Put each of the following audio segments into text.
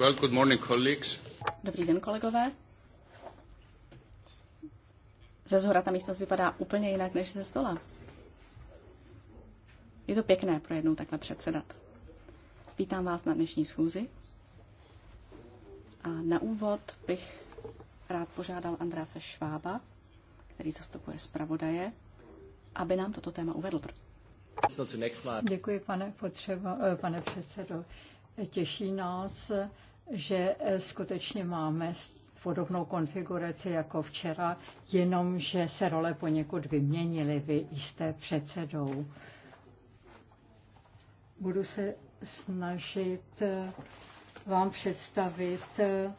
Well, good morning, colleagues. Dobrý den, kolegové. Ze zhora ta místnost vypadá úplně jinak než ze stola. Je to pěkné pro jednou takhle předsedat. Vítám vás na dnešní schůzi. A na úvod bych rád požádal Andráse Švába, který zastupuje zpravodaje, aby nám toto téma uvedl. Děkuji, pane, potřeba, eh, pane předsedo. Těší nás, že eh, skutečně máme podobnou konfiguraci jako včera, jenom že se role poněkud vyměnily. Vy jste předsedou. Budu se snažit eh, vám představit eh,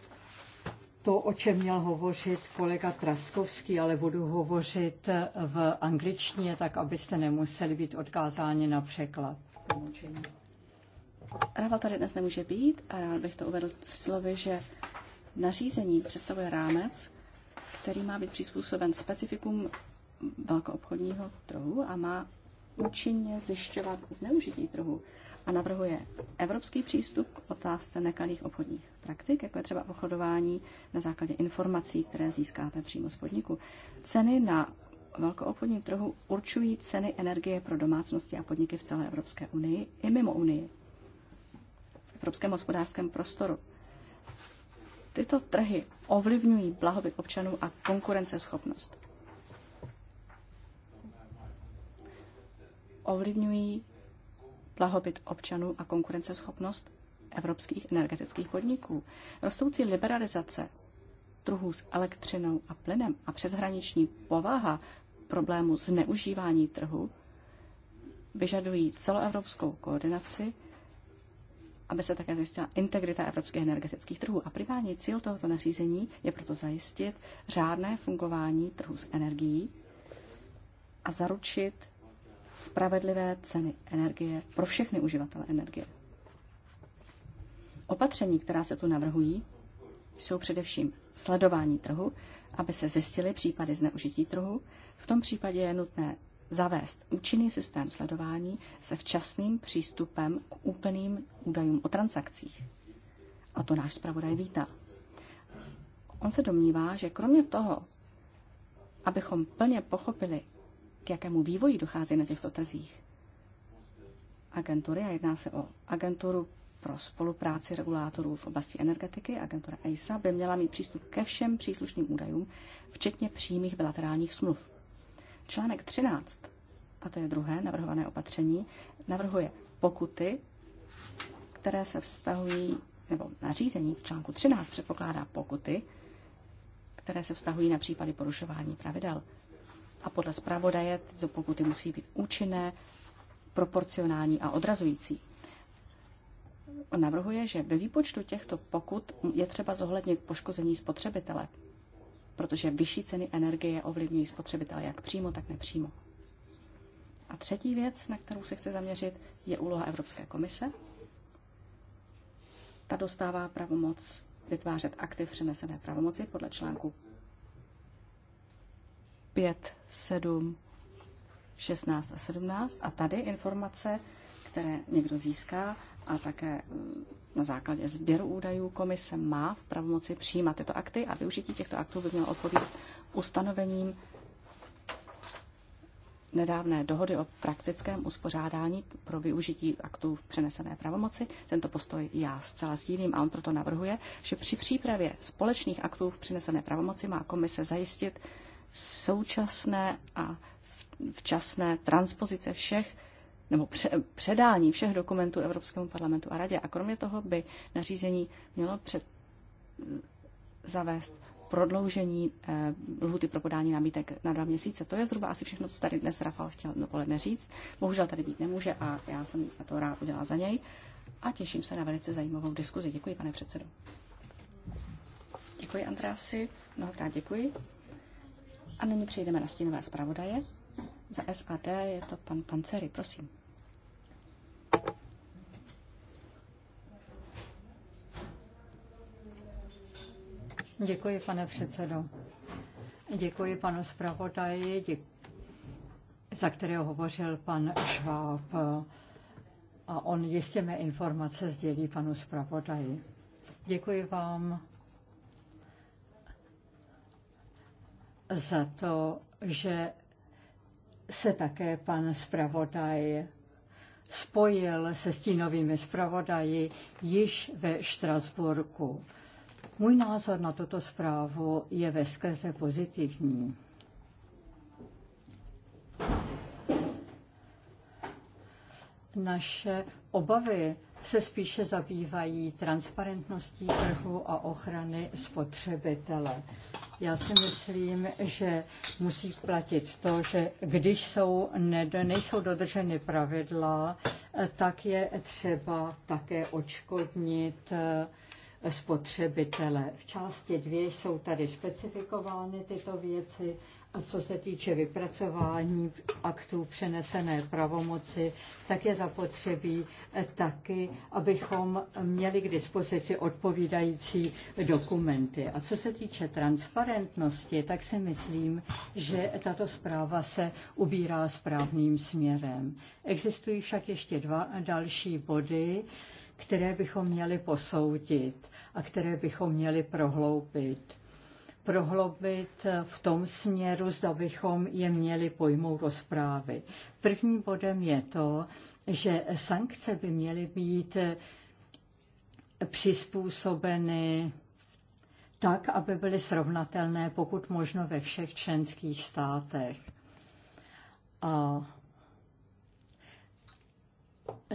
to, o čem měl hovořit kolega Traskovský, ale budu hovořit v angličtině, tak abyste nemuseli být odkázáni na překlad. Tlumočení. Rava tady dnes nemůže být a rád bych to uvedl slovy, že nařízení představuje rámec, který má být přizpůsoben specifikům velkoobchodního trhu a má účinně zjišťovat zneužití trhu a navrhuje evropský přístup k otázce nekalých obchodních praktik, jako je třeba obchodování na základě informací, které získáte přímo z podniku. Ceny na velkoobchodním trhu určují ceny energie pro domácnosti a podniky v celé Evropské unii i mimo unii evropském hospodářském prostoru. Tyto trhy ovlivňují blahobyt občanů a konkurenceschopnost. Ovlivňují blahobyt občanů a konkurenceschopnost evropských energetických podniků. Rostoucí liberalizace trhů s elektřinou a plynem a přeshraniční povaha problému zneužívání trhu vyžadují celoevropskou koordinaci aby se také zjistila integrita evropských energetických trhů. A primární cíl tohoto nařízení je proto zajistit řádné fungování trhu s energií a zaručit spravedlivé ceny energie pro všechny uživatele energie. Opatření, která se tu navrhují, jsou především sledování trhu, aby se zjistily případy zneužití trhu. V tom případě je nutné zavést účinný systém sledování se včasným přístupem k úplným údajům o transakcích. A to náš zpravodaj vítá. On se domnívá, že kromě toho, abychom plně pochopili, k jakému vývoji dochází na těchto trzích agentury, a jedná se o agenturu pro spolupráci regulátorů v oblasti energetiky, agentura EISA by měla mít přístup ke všem příslušným údajům, včetně přímých bilaterálních smluv. Článek 13, a to je druhé navrhované opatření, navrhuje pokuty, které se vztahují, nebo nařízení v článku 13 předpokládá pokuty, které se vztahují na případy porušování pravidel. A podle zpravodaje tyto pokuty musí být účinné, proporcionální a odrazující. On navrhuje, že ve výpočtu těchto pokut je třeba zohlednit poškození spotřebitele protože vyšší ceny energie ovlivňují spotřebitele jak přímo, tak nepřímo. A třetí věc, na kterou se chce zaměřit, je úloha Evropské komise. Ta dostává pravomoc vytvářet aktiv přenesené pravomoci podle článku 5, 7, 16 a 17. A tady informace, které někdo získá, a také mm, na základě sběru údajů komise má v pravomoci přijímat tyto akty a využití těchto aktů by mělo odpovídat ustanovením nedávné dohody o praktickém uspořádání pro využití aktů v přenesené pravomoci. Tento postoj já zcela sdílím a on proto navrhuje, že při přípravě společných aktů v přenesené pravomoci má komise zajistit současné a včasné transpozice všech nebo předání všech dokumentů Evropskému parlamentu a radě. A kromě toho by nařízení mělo před, zavést prodloužení eh, lhuty pro podání nabídek na dva měsíce. To je zhruba asi všechno, co tady dnes Rafal chtěl dopoledne říct. Bohužel tady být nemůže a já jsem to rád udělala za něj. A těším se na velice zajímavou diskuzi. Děkuji, pane předsedo. Děkuji, Andreasi. Mnohokrát děkuji. A nyní přejdeme na stínové zpravodaje. Za SAD je to pan Panceri, prosím. Děkuji, pane předsedo. Děkuji panu zpravodaji, za kterého hovořil pan Šváb. A on jistě mé informace sdělí panu zpravodaji. Děkuji vám za to, že se také pan zpravodaj spojil se stínovými zpravodaji již ve Štrasburku. Můj názor na tuto zprávu je ve skrze pozitivní. Naše obavy se spíše zabývají transparentností trhu a ochrany spotřebitele. Já si myslím, že musí platit to, že když jsou, ne, nejsou dodrženy pravidla, tak je třeba také očkodnit eh, spotřebitele. V části dvě jsou tady specifikovány tyto věci a co se týče vypracování aktů přenesené pravomoci, tak je zapotřebí eh, taky, abychom měli k dispozici odpovídající dokumenty. A co se týče transparentnosti, tak si myslím, že tato zpráva se ubírá správným směrem. Existují však ještě dva další body, které bychom měli posoudit a které bychom měli prohloubit. Prohloubit v tom směru, zda bychom je měli pojmout do zprávy. Prvním bodem je to, že sankce by měly být přizpůsobeny tak, aby byly srovnatelné pokud možno ve všech členských státech. A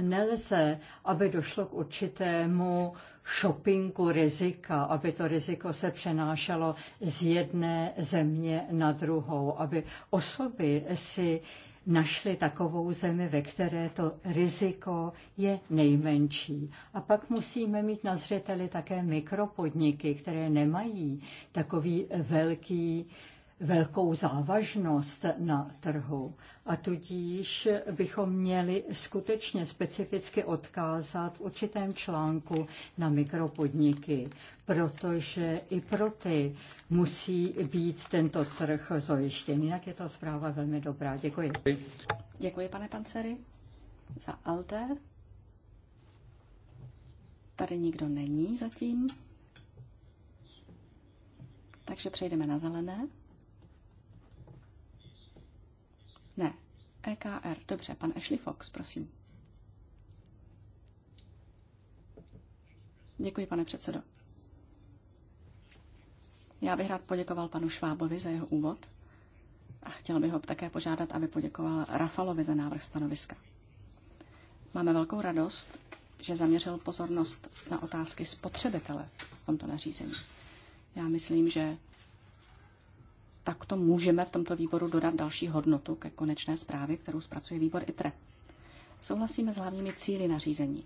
nelze, aby došlo k určitému shoppingu rizika, aby to riziko se přenášelo z jedné země na druhou, aby osoby si našli takovou zemi, ve které to riziko je nejmenší. A pak musíme mít na zřeteli také mikropodniky, které nemají takový velký velkou závažnost na trhu a tudíž bychom měli skutečně specificky odkázat v určitém článku na mikropodniky, protože i pro ty musí být tento trh zajištěn. Jinak je to zpráva velmi dobrá. Děkuji. Děkuji, pane Pancery, za Alte. Tady nikdo není zatím. Takže přejdeme na zelené. EKR. Dobře, pan Ashley Fox, prosím. Děkuji, pane předsedo. Já bych rád poděkoval panu Švábovi za jeho úvod a chtěl bych ho také požádat, aby poděkoval Rafalovi za návrh stanoviska. Máme velkou radost, že zaměřil pozornost na otázky spotřebitele v tomto nařízení. Já myslím, že takto můžeme v tomto výboru dodat další hodnotu ke konečné zprávě, kterou zpracuje výbor ITRE. Souhlasíme s hlavními cíly nařízení.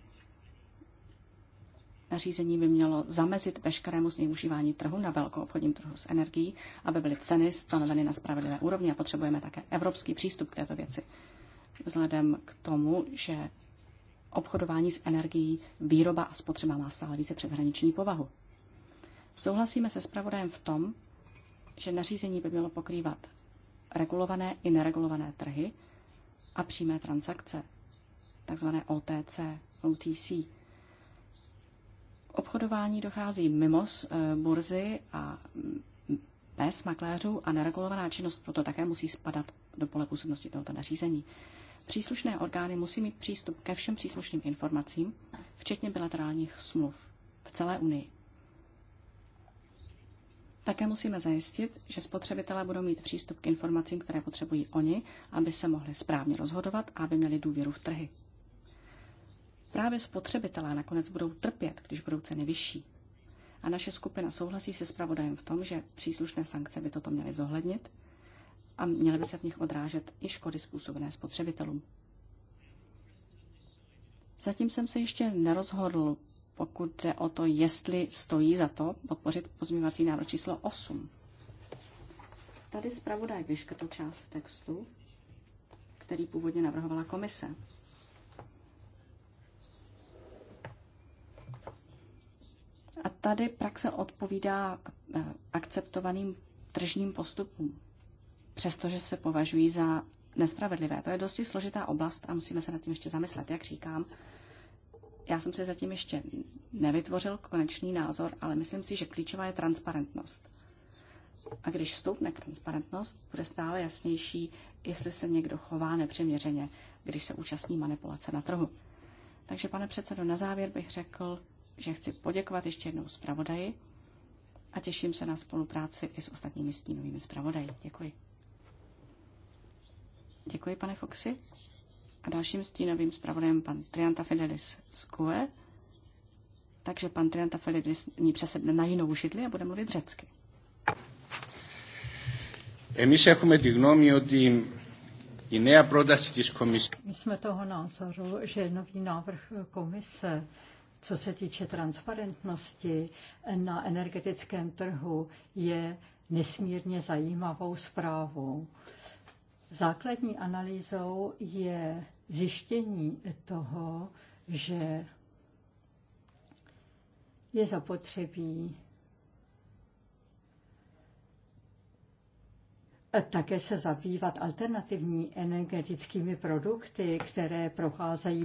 Nařízení by mělo zamezit veškerému zneužívání trhu na velkou obchodním trhu s energií, aby byly ceny stanoveny na spravedlivé úrovni a potřebujeme také evropský přístup k této věci. Vzhledem k tomu, že obchodování s energií, výroba a spotřeba má stále více přeshraniční povahu. Souhlasíme se zpravodajem v tom, že nařízení by mělo pokrývat regulované i neregulované trhy a přímé transakce, takzvané OTC, OTC. obchodování dochází mimo eh, burzy a bez makléřů a neregulovaná činnost proto také musí spadat do pole působnosti tohoto nařízení. Příslušné orgány musí mít přístup ke všem příslušným informacím, včetně bilaterálních smluv v celé Unii. Také musíme zajistit, že spotřebitelé budou mít přístup k informacím, které potřebují oni, aby se mohli správně rozhodovat a aby měli důvěru v trhy. Právě spotřebitelé nakonec budou trpět, když budou ceny vyšší. A naše skupina souhlasí se zpravodajem v tom, že příslušné sankce by toto měly zohlednit a měly by se v nich odrážet i škody způsobené spotřebitelům. Zatím jsem se ještě nerozhodl, pokud jde o to, jestli stojí za to podpořit pozměňovací návrh číslo 8. Tady zpravodaj vyškrtl část textu, který původně navrhovala komise. A tady praxe odpovídá eh, akceptovaným tržním postupům, přestože se považují za nespravedlivé. To je dosti složitá oblast a musíme se nad tím ještě zamyslet. Jak říkám, já jsem si zatím ještě nevytvořil konečný názor, ale myslím si, že klíčová je transparentnost. A když stoupne transparentnost, bude stále jasnější, jestli se někdo chová nepřiměřeně, když se účastní manipulace na trhu. Takže, pane předsedo, na závěr bych řekl, že chci poděkovat ještě jednou zpravodaji a těším se na spolupráci i s ostatními stínovými zpravodaji. Děkuji. Děkuji, pane Foxy. A dalším stínovým zpravodajem pan Trianta Fidelis z Kue. Takže pan Trianta Fidelis ní přesedne na jinou židli a bude mluvit řecky. My jsme toho názoru, že nový návrh komise co se týče transparentnosti na energetickém trhu, je nesmírně zajímavou zprávou. Základní analýzou je zjištění toho, že je zapotřebí také se zabývat alternativní energetickými produkty, které procházejí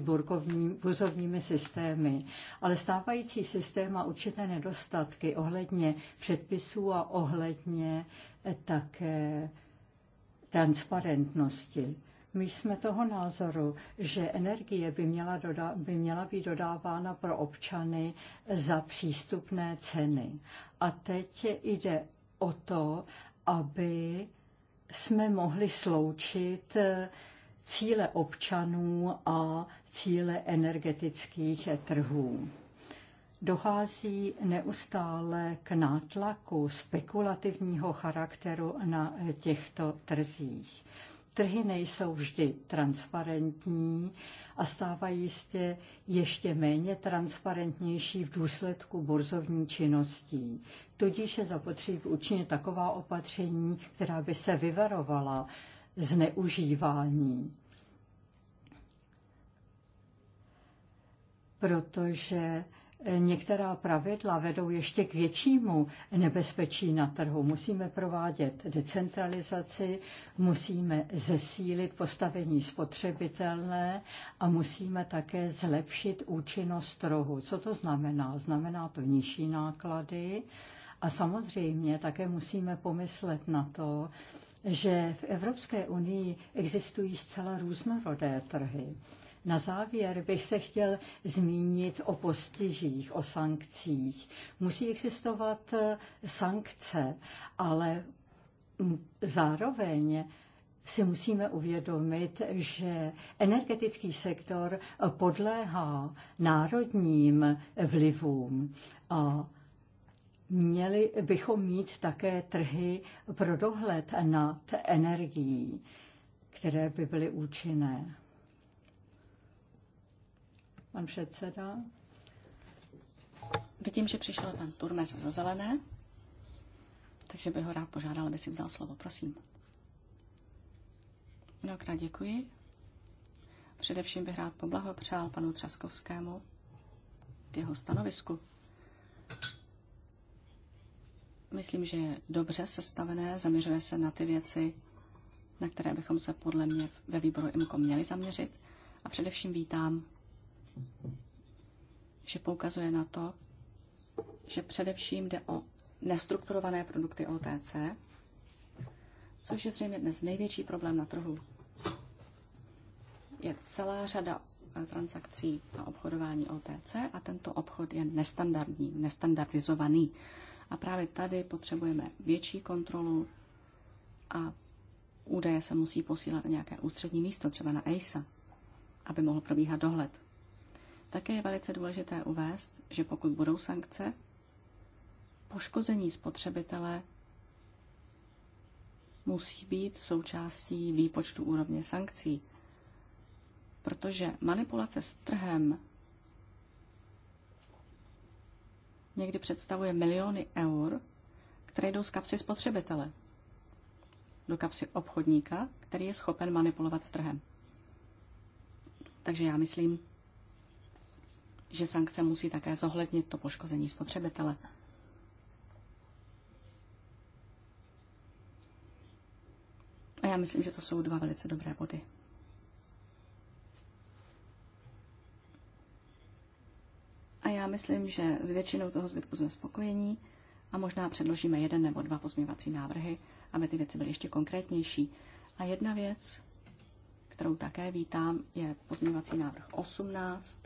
buzovními systémy. Ale stávající systém má určité nedostatky ohledně předpisů a ohledně také transparentnosti. My jsme toho názoru, že energie by měla, doda- by měla být dodávána pro občany za přístupné ceny. A teď jde o to, aby jsme mohli sloučit eh, cíle občanů a cíle energetických trhů dochází neustále k nátlaku spekulativního charakteru na těchto trzích. Trhy nejsou vždy transparentní a stávají se ještě méně transparentnější v důsledku burzovní činností. Tudíž je zapotřebí učinit taková opatření, která by se vyvarovala zneužívání. Protože některá pravidla vedou ještě k většímu nebezpečí na trhu. Musíme provádět decentralizaci, musíme zesílit postavení spotřebitelné a musíme také zlepšit účinnost trhu. Co to znamená? Znamená to nižší náklady a samozřejmě také musíme pomyslet na to, že v Evropské unii existují zcela různorodé trhy. Na závěr bych se chtěl zmínit o postižích, o sankcích. Musí existovat eh, sankce, ale zároveň si musíme uvědomit, že energetický sektor eh, podléhá národním eh, vlivům a měli bychom mít také trhy pro dohled nad energií, které by byly účinné. Pan předseda. Vidím, že přišel pan Turmes za zelené, takže bych ho rád požádal, aby si vzal slovo. Prosím. Mnohokrát děkuji. Především bych rád poblahopřál panu Třaskovskému k jeho stanovisku. Myslím, že je dobře sestavené, zaměřuje se na ty věci, na které bychom se podle mě ve výboru IMKO měli zaměřit. A především vítám že poukazuje na to, že především jde o nestrukturované produkty OTC, což je zřejmě dnes největší problém na trhu. Je celá řada eh, transakcí a obchodování OTC a tento obchod je nestandardní, nestandardizovaný. A právě tady potřebujeme větší kontrolu a údaje se musí posílat na nějaké ústřední místo, třeba na ASA, aby mohl probíhat dohled. Také je velice důležité uvést, že pokud budou sankce, poškození spotřebitele musí být součástí výpočtu úrovně sankcí, protože manipulace s trhem někdy představuje miliony eur, které jdou z kapsy spotřebitele do kapsy obchodníka, který je schopen manipulovat s trhem. Takže já myslím, že sankce musí také zohlednit to poškození spotřebitele. A já myslím, že to jsou dva velice dobré body. A já myslím, že s většinou toho zbytku jsme spokojení a možná předložíme jeden nebo dva pozměvací návrhy, aby ty věci byly ještě konkrétnější. A jedna věc, kterou také vítám, je pozměvací návrh 18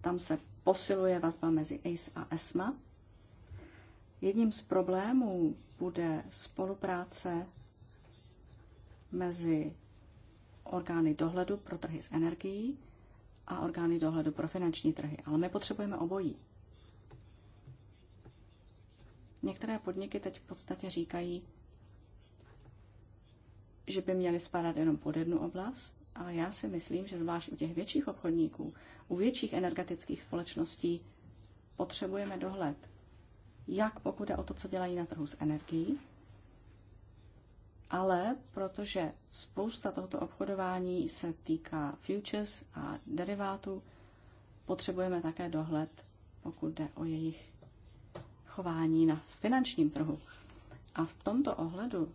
Tam se posiluje vazba mezi ACE a ESMA. Jedním z problémů bude spolupráce mezi orgány dohledu pro trhy s energií a orgány dohledu pro finanční trhy. Ale my potřebujeme obojí. Některé podniky teď v podstatě říkají, že by měly spadat jenom pod jednu oblast ale já si myslím, že zvlášť u těch větších obchodníků, u větších energetických společností potřebujeme dohled. Jak pokud je o to, co dělají na trhu s energií, ale protože spousta tohoto obchodování se týká futures a derivátů, potřebujeme také dohled, pokud jde o jejich chování na finančním trhu. A v tomto ohledu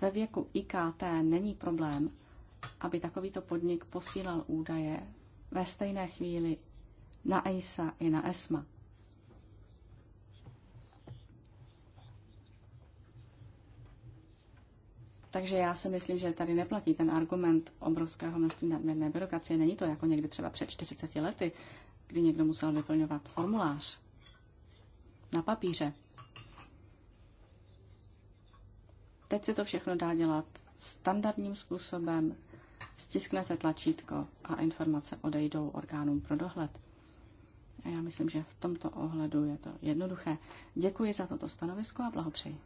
ve věku IKT není problém, aby takovýto podnik posílal údaje ve stejné chvíli na EISA i na ESMA. Takže já si myslím, že tady neplatí ten argument obrovského množství nadměrné byrokracie. Není to jako někdy třeba před 40 lety, kdy někdo musel vyplňovat formulář na papíře. Teď se to všechno dá dělat standardním způsobem stisknete tlačítko a informace odejdou orgánům pro dohled. A já myslím, že v tomto ohledu je to jednoduché. Děkuji za toto stanovisko a blahopřeji.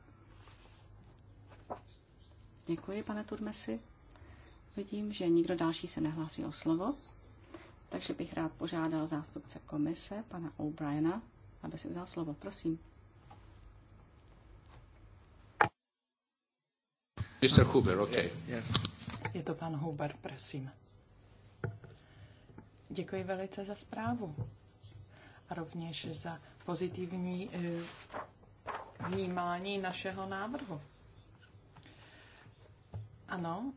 Děkuji, pane Turmesi. Vidím, že nikdo další se nehlásí o slovo, takže bych rád požádal zástupce komise, pana O'Briena, aby si vzal slovo. Prosím. Mr. Huber, okay. Yes. Je to pan Huber, prosím. Děkuji velice za zprávu a rovněž za pozitivní eh, vnímání našeho návrhu. Ano,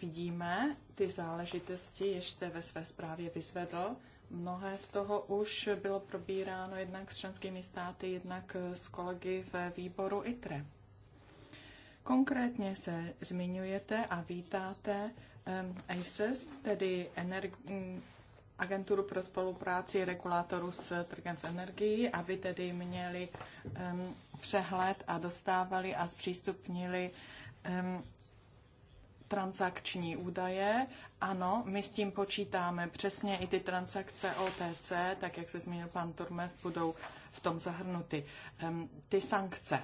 vidíme ty záležitosti, jež jste ve své zprávě vyzvedl. Mnohé z toho už bylo probíráno jednak s členskými státy, jednak eh, s kolegy ve výboru ITRE. Konkrétně se zmiňujete a vítáte ACES, tedy agenturu pro spolupráci regulátorů s trhem s energií, aby tedy měli um, přehled a dostávali a zpřístupnili um, transakční údaje. Ano, my s tím počítáme. Přesně i ty transakce OTC, tak jak se zmínil pan Turmes, budou v tom zahrnuty. Um, ty sankce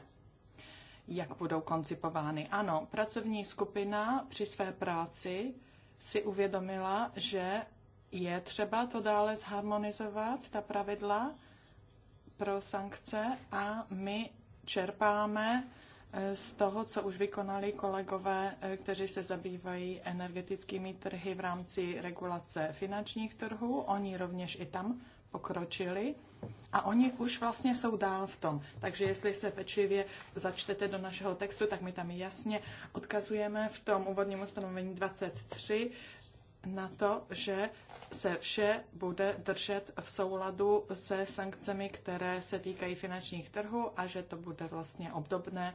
jak budou koncipovány. Ano, pracovní skupina při své práci si uvědomila, že je třeba to dále zharmonizovat, ta pravidla pro sankce a my čerpáme eh, z toho, co už vykonali kolegové, eh, kteří se zabývají energetickými trhy v rámci regulace finančních trhů. Oni rovněž i tam pokročili a oni už vlastně jsou dál v tom. Takže jestli se pečlivě začtete do našeho textu, tak my tam jasně odkazujeme v tom úvodním ustanovení 23 na to, že se vše bude držet v souladu se sankcemi, které se týkají finančních trhů a že to bude vlastně obdobné.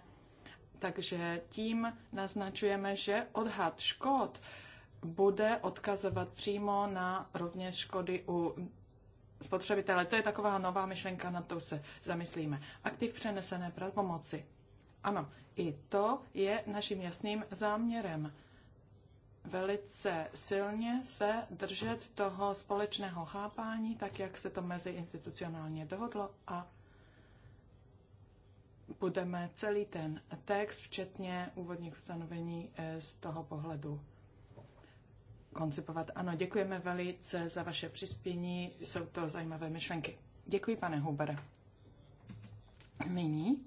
Takže tím naznačujeme, že odhad škod bude odkazovat přímo na rovněž škody u spotřebitele. To je taková nová myšlenka, na to se zamyslíme. Aktiv přenesené pomoci. Ano, i to je naším jasným záměrem. Velice silně se držet toho společného chápání, tak jak se to mezi institucionálně dohodlo a budeme celý ten text, včetně úvodních ustanovení eh, z toho pohledu koncipovat. Ano, děkujeme velice za vaše přispění, jsou to zajímavé myšlenky. Děkuji, pane Hubere. Nyní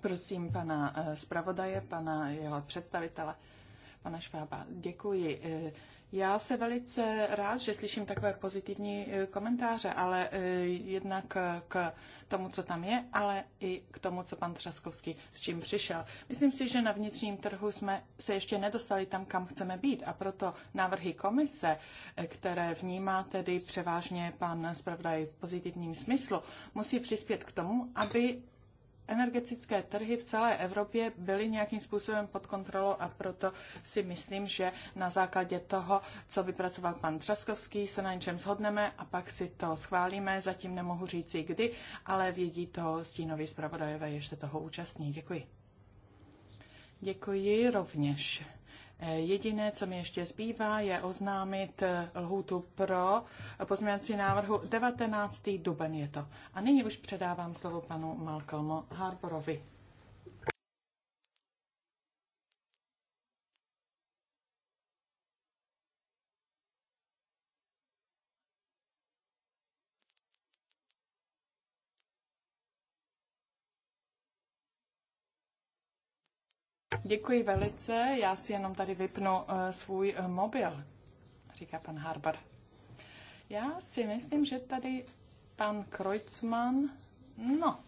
prosím pana eh, zpravodaje, pana jeho představitele, pana Švába. Děkuji. Eh, já se velice rád, že slyším takové pozitivní eh, komentáře, ale eh, jednak eh, k tomu, co tam je, ale i k tomu, co pan Třaskovský s čím přišel. Myslím si, že na vnitřním trhu jsme se ještě nedostali tam, kam chceme být a proto návrhy komise, které vnímá tedy převážně pan zpravodaj v pozitivním smyslu, musí přispět k tomu, aby energetické trhy v celé Evropě byly nějakým způsobem pod kontrolou a proto si myslím, že na základě toho, co vypracoval pan Třaskovský, se na něčem shodneme a pak si to schválíme. Zatím nemohu říci kdy, ale vědí to stínový zpravodajové, ještě toho účastní. Děkuji. Děkuji rovněž. Jediné, co mi ještě zbývá, je oznámit eh, lhůtu pro pozměňovací návrhu 19. duben je to. A nyní už předávám slovo panu Malcolmu Harborovi. Děkuji velice, já si jenom tady vypnu eh, svůj eh, mobil, říká pan Harbar. Já si myslím, že tady pan Kreuzmann. no,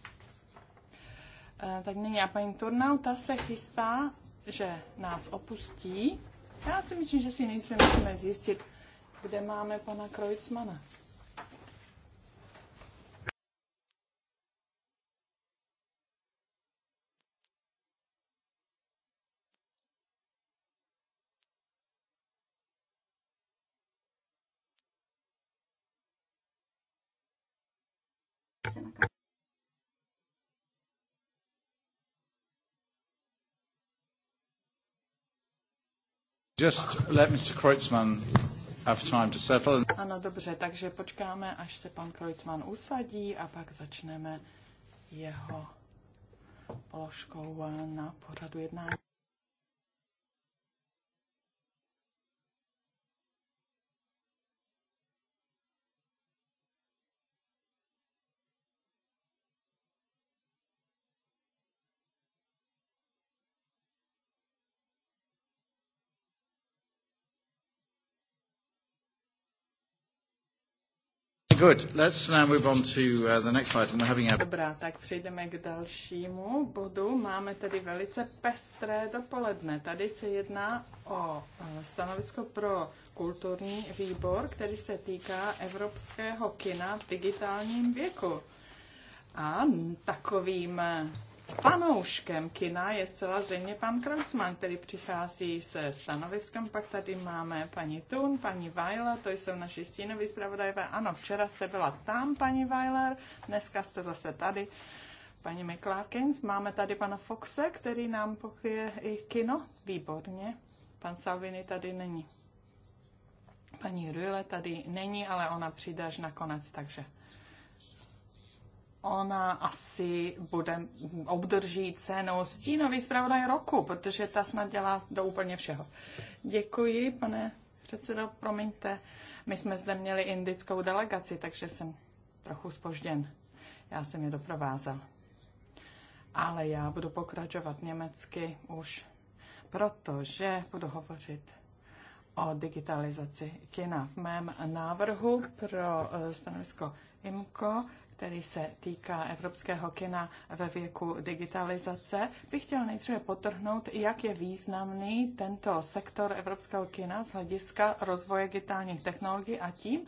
eh, tak není a paní Turnau, ta se chystá, že nás opustí. Já si myslím, že si nejdřív musíme zjistit, kde máme pana Kreuzmana. Just let Mr. Kreutzmann have time to settle. Ano, dobře, takže počkáme, až se pan Kreutzmann usadí a pak začneme jeho položkou na pořadu jednání. Good. Let's now move on to uh, the next item. We're having a... Dobrá, tak přejdeme k dalšímu bodu. Máme tady velice pestré dopoledne. Tady se jedná o uh, stanovisko pro kulturní výbor, který se týká evropského kina v digitálním věku. A takovým eh, Panouškem kina je zcela zřejmě pan Kreutzmann, který přichází se stanoviskem. Pak tady máme paní Tun, paní Weiler, to jsou naši stínoví zpravodajové. Ano, včera jste byla tam, paní Weiler, dneska jste zase tady. Paní McClarkins, máme tady pana Foxe, který nám pokryje i kino. Výborně. Pan Salvini tady není. Paní Ruile tady není, ale ona přijde až nakonec, takže ona asi bude, obdrží cenu stínový zpravodaj roku, protože ta snad dělá do úplně všeho. Děkuji, pane předsedo, promiňte, my jsme zde měli indickou delegaci, takže jsem trochu spožděn. Já jsem je doprovázal. Ale já budu pokračovat německy už, protože budu hovořit o digitalizaci kina. V mém návrhu pro eh, stanovisko IMCO který se týká evropského kina ve věku digitalizace, bych chtěl nejdříve potrhnout, jak je významný tento sektor evropského kina z hlediska rozvoje digitálních technologií a tím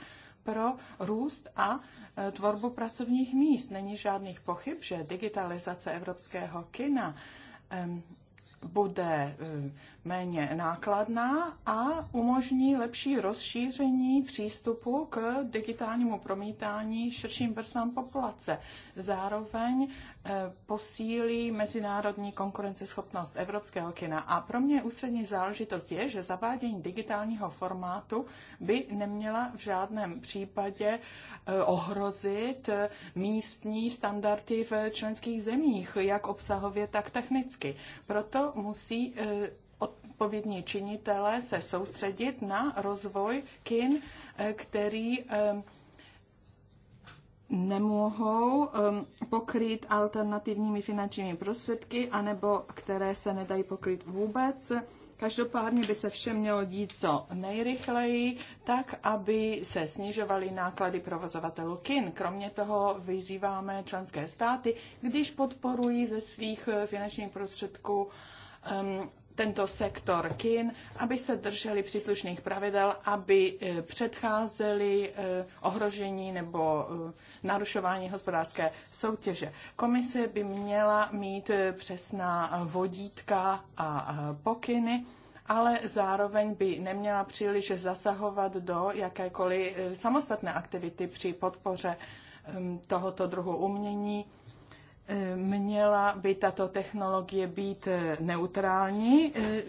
pro růst a e, tvorbu pracovních míst. Není žádných pochyb, že digitalizace evropského kina bude e, méně nákladná a umožní lepší rozšíření přístupu k digitálnímu promítání širším vrstvám populace. Zároveň eh, posílí mezinárodní konkurenceschopnost evropského kina. A pro mě ústřední záležitost je, že zavádění digitálního formátu by neměla v žádném případě eh, ohrozit eh, místní standardy v členských zemích, jak obsahově, tak technicky. Proto musí odpovědní činitelé se soustředit na rozvoj kin, eh, který eh, nemohou eh, pokryt alternativními finančními prostředky, anebo které se nedají pokryt vůbec. Každopádně by se vše mělo dít co nejrychleji, tak aby se snižovaly náklady provozovatelů kin. Kromě toho vyzýváme členské státy, když podporují ze svých finančních prostředků um, tento sektor kin, aby se drželi příslušných pravidel, aby e, předcházeli e, ohrožení nebo e, narušování hospodářské soutěže. Komise by měla mít přesná vodítka a pokyny, ale zároveň by neměla příliš zasahovat do jakékoliv samostatné aktivity při podpoře tohoto druhu umění měla by tato technologie být eh, neutrální. Eh,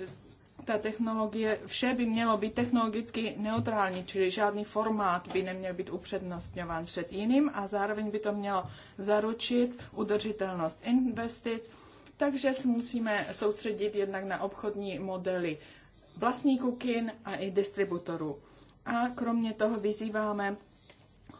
ta technologie, vše by mělo být technologicky neutrální, čili žádný formát by neměl být upřednostňován před jiným a zároveň by to mělo zaručit udržitelnost investic, takže se musíme soustředit jednak na obchodní modely vlastníků kin a i distributorů. A kromě toho vyzýváme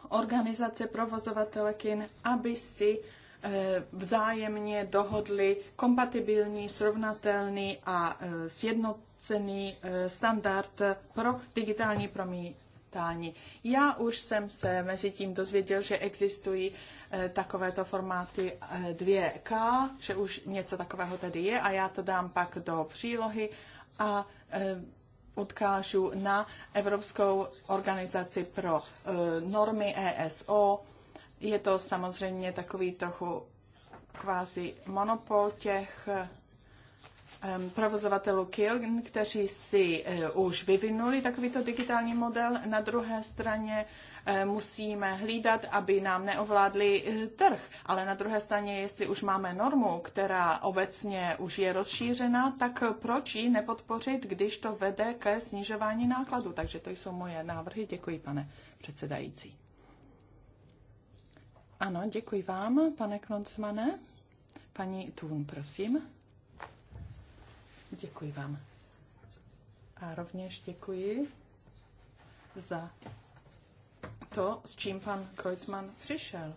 organizace provozovatele kin, aby si Eh, vzájemně dohodli kompatibilní, srovnatelný a eh, sjednocený eh, standard pro digitální promítání. Já už jsem se mezi tím dozvěděl, že existují takovéto formáty 2K, že už něco takového tady je a já to dám pak do přílohy a odkážu na Evropskou organizaci pro normy ESO, je to samozřejmě takový trochu kvázi monopol těch provozovatelů KIL, kteří si e, už vyvinuli takovýto digitální model. Na druhé straně e, musíme hlídat, aby nám neovládli e, trh. Ale na druhé straně, jestli už máme normu, která obecně už je rozšířena, tak proč ji nepodpořit, když to vede ke snižování nákladů? Takže to jsou moje návrhy. Děkuji, pane předsedající. Ano, děkuji vám, pane Kloncmane. Paní Tun, prosím. Děkuji vám. A rovněž děkuji za to, s čím pan Kreuzmann přišel.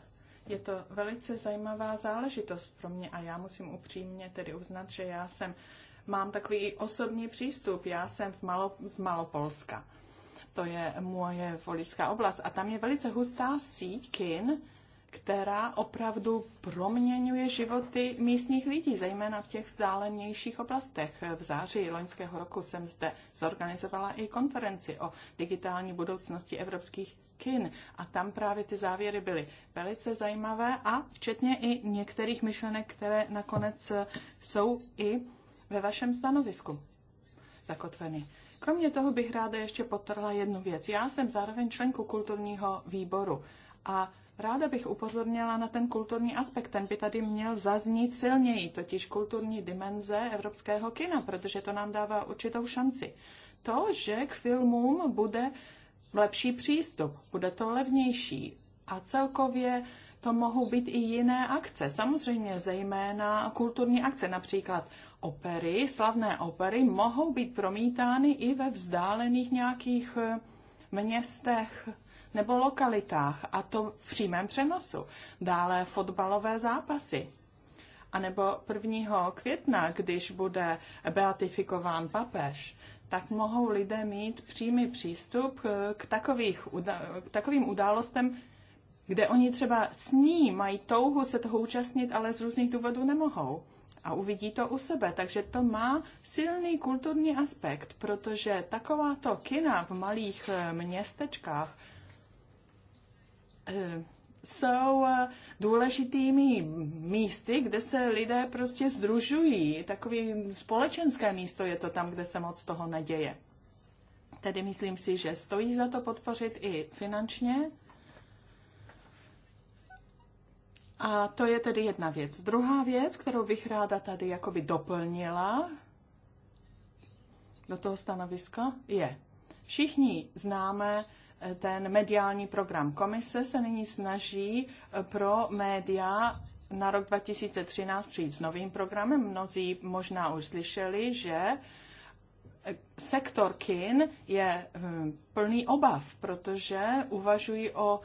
Je to velice zajímavá záležitost pro mě a já musím upřímně tedy uznat, že já jsem, mám takový osobní přístup. Já jsem v Malo, z Malopolska. To je moje volická oblast a tam je velice hustá síť kin, která opravdu proměňuje životy místních lidí, zejména v těch vzdálenějších oblastech. V září loňského roku jsem zde zorganizovala i konferenci o digitální budoucnosti evropských kin a tam právě ty závěry byly velice zajímavé a včetně i některých myšlenek, které nakonec jsou i ve vašem stanovisku zakotveny. Kromě toho bych ráda ještě potrhla jednu věc. Já jsem zároveň členkou kulturního výboru a Ráda bych upozornila na ten kulturní aspekt, ten by tady měl zaznít silněji, totiž kulturní dimenze evropského kina, protože to nám dává určitou šanci. To, že k filmům bude lepší přístup, bude to levnější a celkově to mohou být i jiné akce, samozřejmě zejména kulturní akce, například opery, slavné opery mohou být promítány i ve vzdálených nějakých eh, městech nebo lokalitách, a to v přímém přenosu. Dále fotbalové zápasy. A nebo 1. května, když bude beatifikován papež, tak mohou lidé mít přímý přístup k, takových, k takovým událostem, kde oni třeba sní, mají touhu se toho účastnit, ale z různých důvodů nemohou. A uvidí to u sebe, takže to má silný kulturní aspekt, protože takováto kina v malých eh, městečkách Eh, jsou eh, důležitými místy, kde se lidé prostě združují. Takový společenské místo je to tam, kde se moc toho neděje. Tedy myslím si, že stojí za to podpořit i finančně. A to je tedy jedna věc. Druhá věc, kterou bych ráda tady jakoby doplnila do toho stanoviska, je, všichni známe ten mediální program komise se nyní snaží eh, pro média na rok 2013 přijít s novým programem. Mnozí možná už slyšeli, že eh, sektor kin je eh, plný obav, protože uvažují o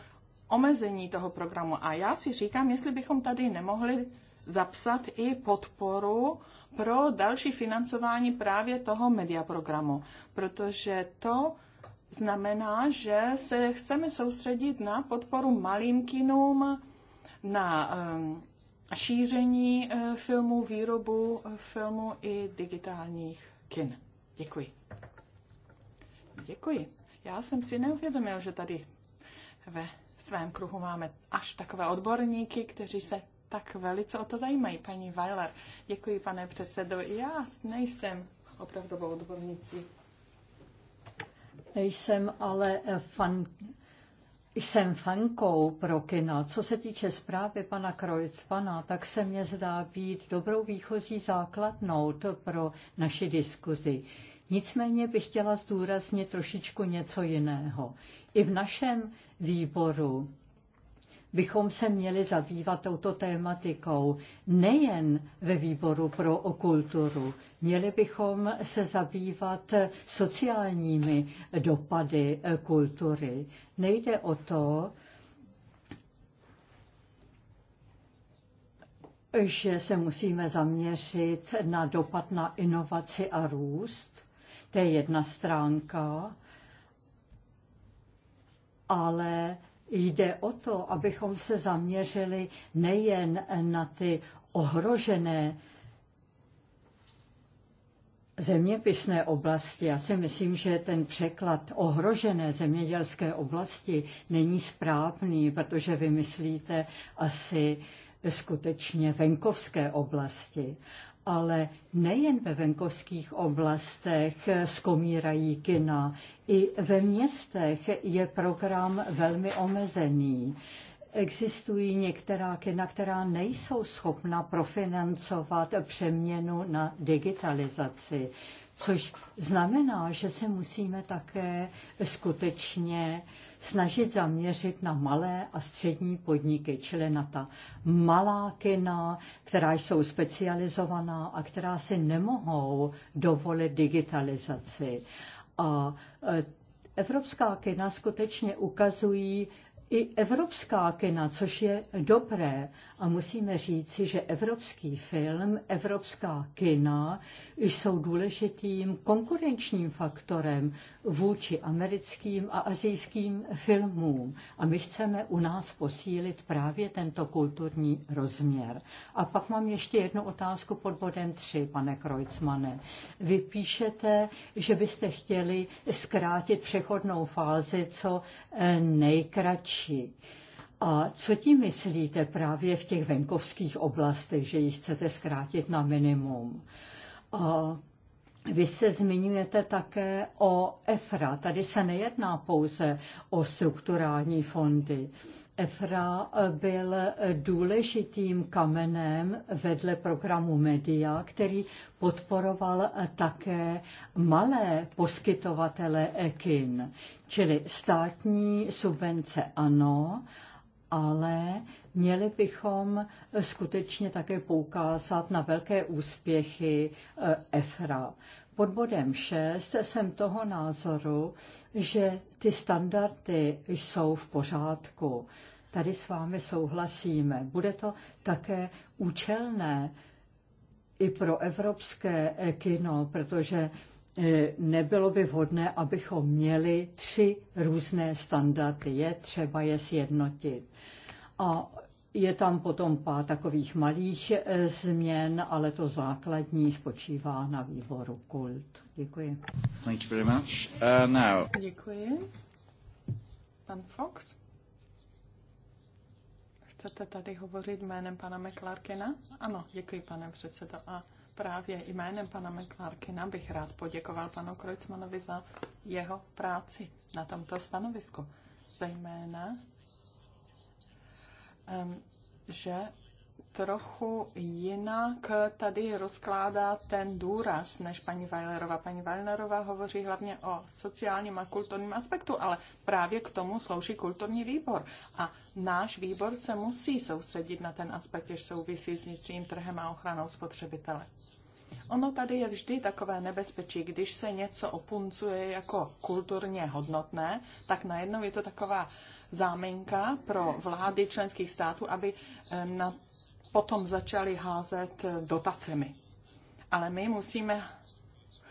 omezení toho programu. A já si říkám, jestli bychom tady nemohli zapsat i podporu pro další financování právě toho mediaprogramu, programu, protože to znamená, že se chceme soustředit na podporu malým kinům, na ehm, šíření eh, filmů, výrobu eh, filmů i digitálních kin. Děkuji. Děkuji. Já jsem si neuvědomil, že tady ve svém kruhu máme až takové odborníky, kteří se tak velice o to zajímají, paní Weiler. Děkuji, pane předsedo. Já nejsem opravdovou odbornicí jsem ale eh, fan, jsem fankou pro kino. Co se týče zprávy pana Krojcpana, tak se mě zdá být dobrou výchozí základnou pro naši diskuzi. Nicméně bych chtěla zdůraznit trošičku něco jiného. I v našem výboru bychom se měli zabývat touto tématikou nejen ve výboru pro okulturu, Měli bychom se zabývat sociálními dopady eh, kultury. Nejde o to, že se musíme zaměřit na dopad na inovaci a růst. To je jedna stránka, ale jde o to, abychom se zaměřili nejen na ty ohrožené zeměpisné oblasti. Já si myslím, že ten překlad ohrožené zemědělské oblasti není správný, protože vy myslíte asi skutečně venkovské oblasti. Ale nejen ve venkovských oblastech skomírají kina, i ve městech je program velmi omezený existují některá kina, která nejsou schopna profinancovat přeměnu na digitalizaci, což znamená, že se musíme také skutečně snažit zaměřit na malé a střední podniky, čili na ta malá kina, která jsou specializovaná a která si nemohou dovolit digitalizaci. A e, Evropská kina skutečně ukazují i evropská kina, což je dobré. A musíme říci, že evropský film, evropská kina jsou důležitým konkurenčním faktorem vůči americkým a azijským filmům. A my chceme u nás posílit právě tento kulturní rozměr. A pak mám ještě jednu otázku pod bodem 3, pane Krojcmane. Vy píšete, že byste chtěli zkrátit přechodnou fázi co eh, nejkratší. A co tím myslíte právě v těch venkovských oblastech, že ji chcete zkrátit na minimum? A vy se zmiňujete také o EFRA. Tady se nejedná pouze o strukturální fondy. EFRA byl důležitým kamenem vedle programu Media, který podporoval také malé poskytovatele EKIN, čili státní subvence ano, ale měli bychom skutečně také poukázat na velké úspěchy eh, EFRA. Pod bodem 6 jsem toho názoru, že ty standardy jsou v pořádku. Tady s vámi souhlasíme. Bude to také účelné i pro evropské eh, kino, protože Eh, nebylo by vhodné, abychom měli tři různé standardy. Je třeba je sjednotit. A je tam potom pár takových malých eh, změn, ale to základní spočívá na výboru kult. Děkuji. Thank you very much. Uh, now. Děkuji. Pan Fox? Chcete tady hovořit jménem pana McLarkena? Ano, děkuji, pane předsedo. A právě jménem pana McClarkina bych rád poděkoval panu Krojcmanovi za jeho práci na tomto stanovisku. Zejména, ehm, že trochu jinak tady rozkládá ten důraz než paní Weilerová. Paní Weilerová hovoří hlavně o sociálním a kulturním aspektu, ale právě k tomu slouží kulturní výbor. A náš výbor se musí soustředit na ten aspekt, jež souvisí s vnitřním trhem a ochranou spotřebitele. Ono tady je vždy takové nebezpečí, když se něco opuncuje jako kulturně hodnotné, tak najednou je to taková záminka pro vlády členských států, aby eh, na potom začali házet dotacemi. Ale my musíme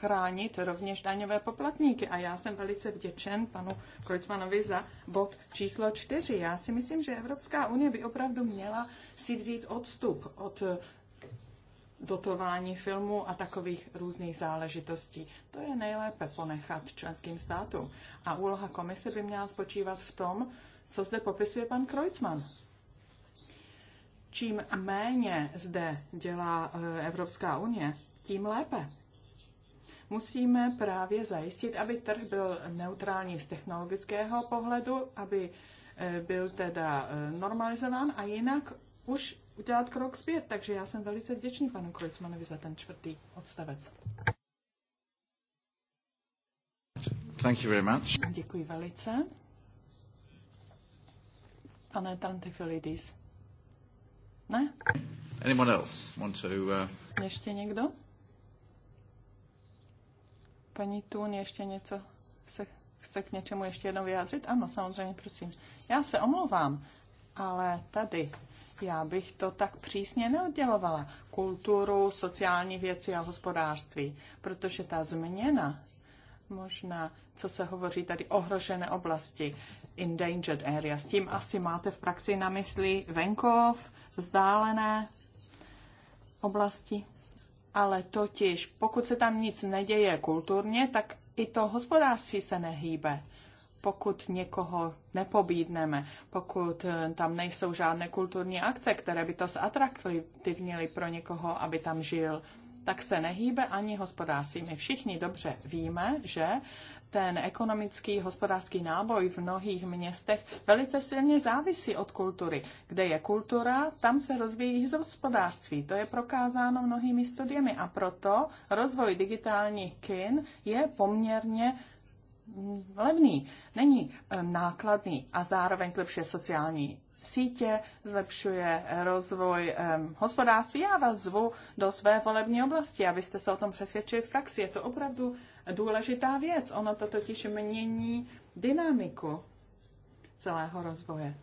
chránit rovněž daňové poplatníky. A já jsem velice vděčen panu Krojcmanovi za bod číslo čtyři. Já si myslím, že Evropská unie by opravdu měla si vzít odstup od dotování filmů a takových různých záležitostí. To je nejlépe ponechat členským státům. A úloha komise by měla spočívat v tom, co zde popisuje pan Krojcman čím méně zde dělá eh, Evropská unie, tím lépe. Musíme právě zajistit, aby trh byl neutrální z technologického pohledu, aby eh, byl teda eh, normalizován a jinak už udělat krok zpět. Takže já jsem velice vděčný panu Krojcmanovi za ten čtvrtý odstavec. Thank you very much. Děkuji velice. Pane Tantifilidis. Ne? Anyone else want to, uh... Ještě někdo? Paní Tun ještě něco se chce k něčemu ještě jednou vyjádřit? Ano, samozřejmě, prosím. Já se omlouvám, ale tady já bych to tak přísně neoddělovala. Kulturu, sociální věci a hospodářství. Protože ta změna, možná, co se hovoří tady, ohrožené oblasti, endangered area, s tím asi máte v praxi na mysli venkov, vzdálené oblasti, ale totiž pokud se tam nic neděje kulturně, tak i to hospodářství se nehýbe. Pokud někoho nepobídneme, pokud eh, tam nejsou žádné kulturní akce, které by to zatraktivnily pro někoho, aby tam žil, tak se nehýbe ani hospodářství. My všichni dobře víme, že ten ekonomický hospodářský náboj v mnohých městech velice silně závisí od kultury. Kde je kultura, tam se rozvíjí hospodářství. To je prokázáno mnohými studiemi a proto rozvoj digitálních kin je poměrně levný, není nákladný a zároveň zlepšuje sociální sítě, zlepšuje rozvoj um, hospodářství. Já vás zvu do své volební oblasti, abyste se o tom přesvědčili v praxi. Je to opravdu důležitá věc. Ono to totiž mění dynamiku celého rozvoje.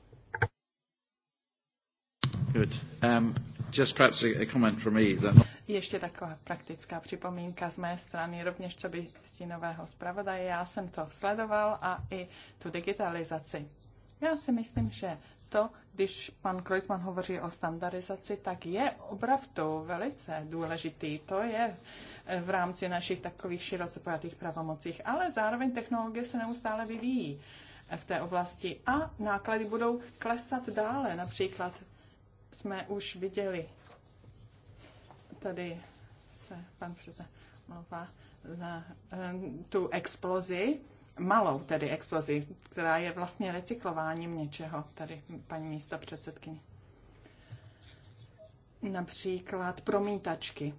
Good. Um, just perhaps a, a comment from me that... Ještě taková praktická připomínka z mé strany, rovněž co by stínového zpravodaje. Já jsem to sledoval a i tu digitalizaci. Já si myslím, že to, když pan Kreuzmann hovoří o standardizaci, tak je opravdu velice důležitý. To je uh, v rámci našich takových široce pojatých pravomocích. Ale zároveň technologie se neustále vyvíjí v té oblasti a náklady budou klesat dále. Například jsme už viděli, tady se pan předseda mluvá eh, tu explozi, malou tedy explozi, která je vlastně recyklováním něčeho, tady paní místo předsedkyně. Například promítačky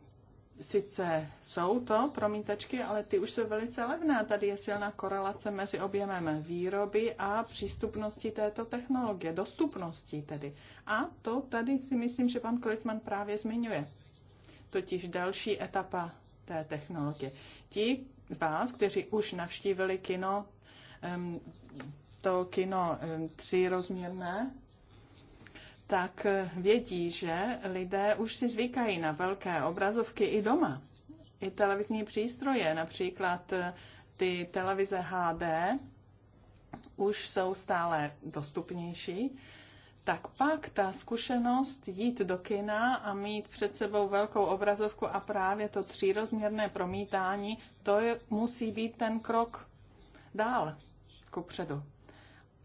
sice jsou to promítačky, ale ty už jsou velice levné. Tady je silná korelace mezi objemem výroby a přístupností této technologie, dostupností tedy. A to tady si myslím, že pan Klicman právě zmiňuje. Totiž další etapa té technologie. Ti z vás, kteří už navštívili kino, to kino třírozměrné, tak vědí, že lidé už si zvykají na velké obrazovky i doma. I televizní přístroje, například eh, ty televize HD, už jsou stále dostupnější, tak pak ta zkušenost jít do kina a mít před sebou velkou obrazovku a právě to třírozměrné promítání, to je, musí být ten krok dál, kupředu.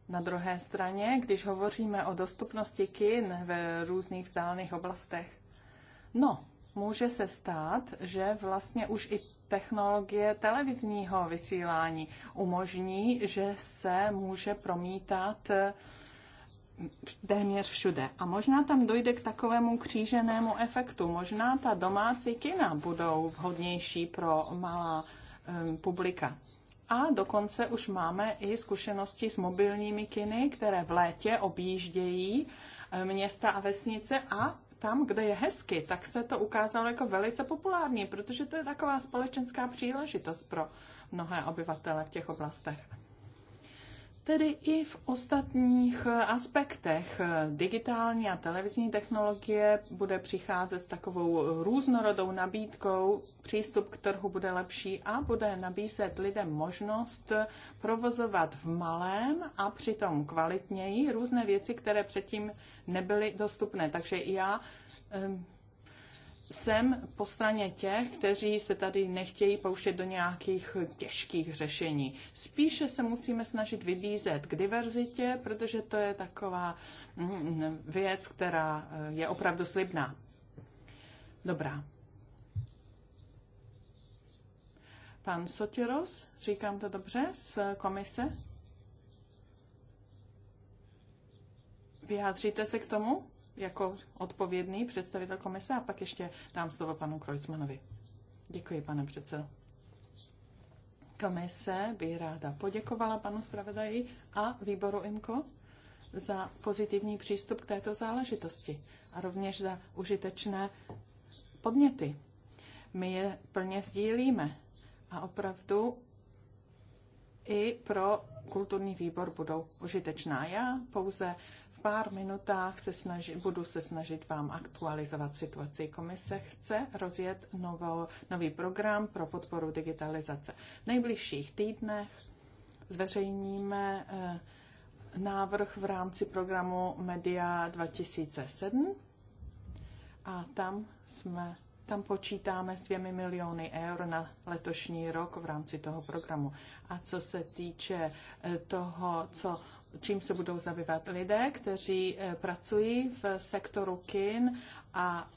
Na druhé straně, když hovoříme o dostupnosti kin v různých vzdálených oblastech, no, může se stát, že vlastně už i technologie televizního vysílání umožní, že se může promítat eh, téměř všude. A možná tam dojde k takovému kříženému efektu. Možná ta domácí kina budou vhodnější pro malá um, publika. A dokonce už máme i zkušenosti s mobilními kiny, které v létě objíždějí eh, města a vesnice a tam, kde je hezky, tak se to ukázalo jako velice populární, protože to je taková společenská příležitost pro mnohé obyvatele v těch oblastech tedy i v ostatních eh, aspektech. Eh, digitální a televizní technologie bude přicházet s takovou eh, různorodou nabídkou, přístup k trhu bude lepší a bude nabízet lidem možnost provozovat v malém a přitom kvalitněji různé věci, které předtím nebyly dostupné. Takže já jsem po straně těch, kteří se tady nechtějí pouštět do nějakých těžkých řešení. Spíše se musíme snažit vybízet k diverzitě, protože to je taková mm, věc, která eh, je opravdu slibná. Dobrá. Pan Sotiros, říkám to dobře, z komise? Vyjádříte se k tomu? jako odpovědný představitel komise a pak ještě dám slovo panu Krojcmanovi. Děkuji, pane předsedo. Komise by ráda poděkovala panu zpravodaji a výboru IMCO za pozitivní přístup k této záležitosti a rovněž za užitečné podněty. My je plně sdílíme a opravdu i pro kulturní výbor budou užitečná. Já pouze pár minutách se snaži, budu se snažit vám aktualizovat situaci. Komise chce rozjet novo, nový program pro podporu digitalizace. V nejbližších týdnech zveřejníme eh, návrh v rámci programu Media 2007 a tam jsme tam počítáme s dvěmi miliony eur na letošní rok v rámci toho programu. A co se týče eh, toho, co čím se budou zabývat lidé, kteří eh, pracují v sektoru kin a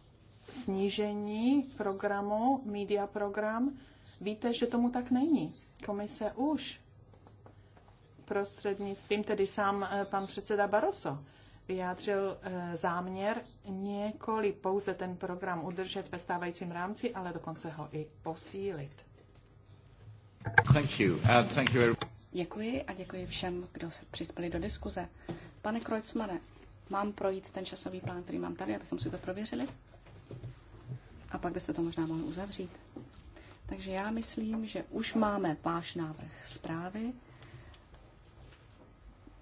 snížení programu, media program. Víte, že tomu tak není. Komise už prostřednictvím, tedy sám eh, pan předseda Baroso, vyjádřil eh, záměr několik pouze ten program udržet ve stávajícím rámci, ale dokonce ho i posílit. Thank you. Uh, thank you Děkuji a děkuji všem, kdo se přispěli do diskuze. Pane Krojcmane, mám projít ten časový plán, který mám tady, abychom si to prověřili? A pak byste to možná mohli uzavřít. Takže já myslím, že už máme váš návrh zprávy.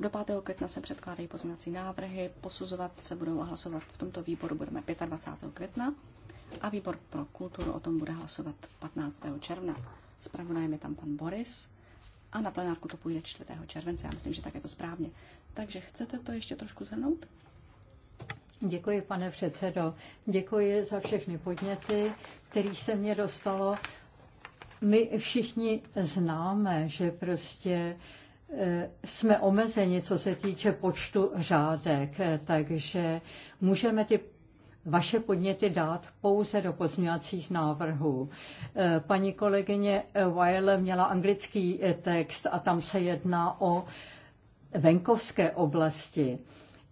Do 5. května se předkládají pozměňovací návrhy, posuzovat se budou a hlasovat v tomto výboru budeme 25. května a výbor pro kulturu o tom bude hlasovat 15. června. Spravodajem je tam pan Boris a na plenárku to půjde 4. července. Já myslím, že tak je to správně. Takže chcete to ještě trošku zhrnout? Děkuji, pane předsedo. Děkuji za všechny podněty, které se mě dostalo. My všichni známe, že prostě e, jsme omezeni, co se týče počtu řádek, e, takže můžeme ty vaše podněty dát pouze do pozměňovacích návrhů. Eh, paní kolegyně Weil měla anglický eh, text a tam se jedná o venkovské oblasti.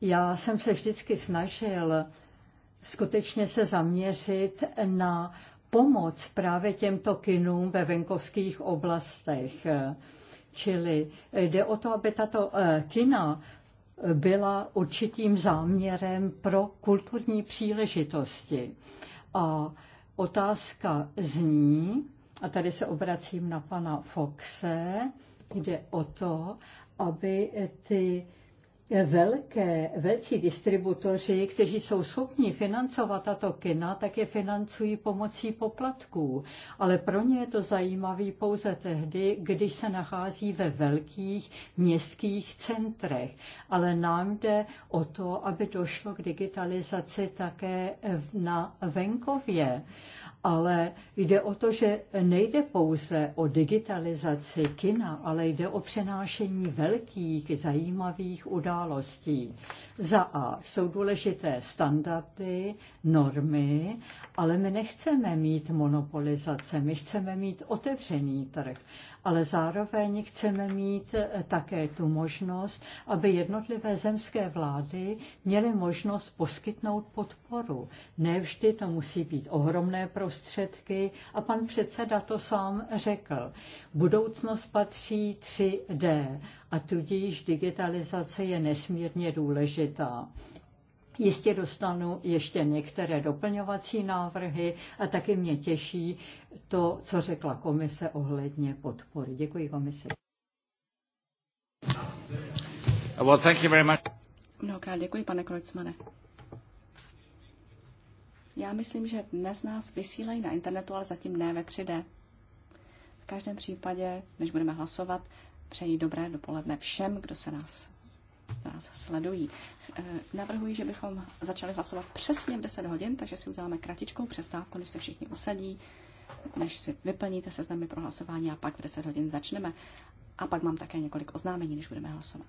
Já jsem se vždycky snažil skutečně se zaměřit na pomoc právě těmto kinům ve venkovských oblastech. Čili jde o to, aby tato eh, kina byla určitým záměrem pro kulturní příležitosti. A otázka zní, a tady se obracím na pana Foxe, jde o to, aby ty velké, velcí distributoři, kteří jsou schopni financovat tato kina, tak je financují pomocí poplatků. Ale pro ně je to zajímavý pouze tehdy, když se nachází ve velkých městských centrech. Ale nám jde o to, aby došlo k digitalizaci také na venkově ale jde o to, že nejde pouze o digitalizaci kina, ale jde o přenášení velkých zajímavých událostí. Za A jsou důležité standardy, normy, ale my nechceme mít monopolizace, my chceme mít otevřený trh ale zároveň chceme mít eh, také tu možnost, aby jednotlivé zemské vlády měly možnost poskytnout podporu. Nevždy to musí být ohromné prostředky a pan předseda to sám řekl. Budoucnost patří 3D a tudíž digitalizace je nesmírně důležitá. Jistě dostanu ještě některé doplňovací návrhy a taky mě těší to, co řekla komise ohledně podpory. Děkuji komisi. Well, thank you very much. No, Mnohokrát děkuji, pane Krojcmane. Já myslím, že dnes nás vysílají na internetu, ale zatím ne ve 3D. V každém případě, než budeme hlasovat, přeji dobré dopoledne všem, kdo se nás nás sledují. Eh, navrhuji, že bychom začali hlasovat přesně v 10 hodin, takže si uděláme kratičkou přestávku, než se všichni usadí, než si vyplníte seznamy pro hlasování a pak v 10 hodin začneme. A pak mám také několik oznámení, než budeme hlasovat.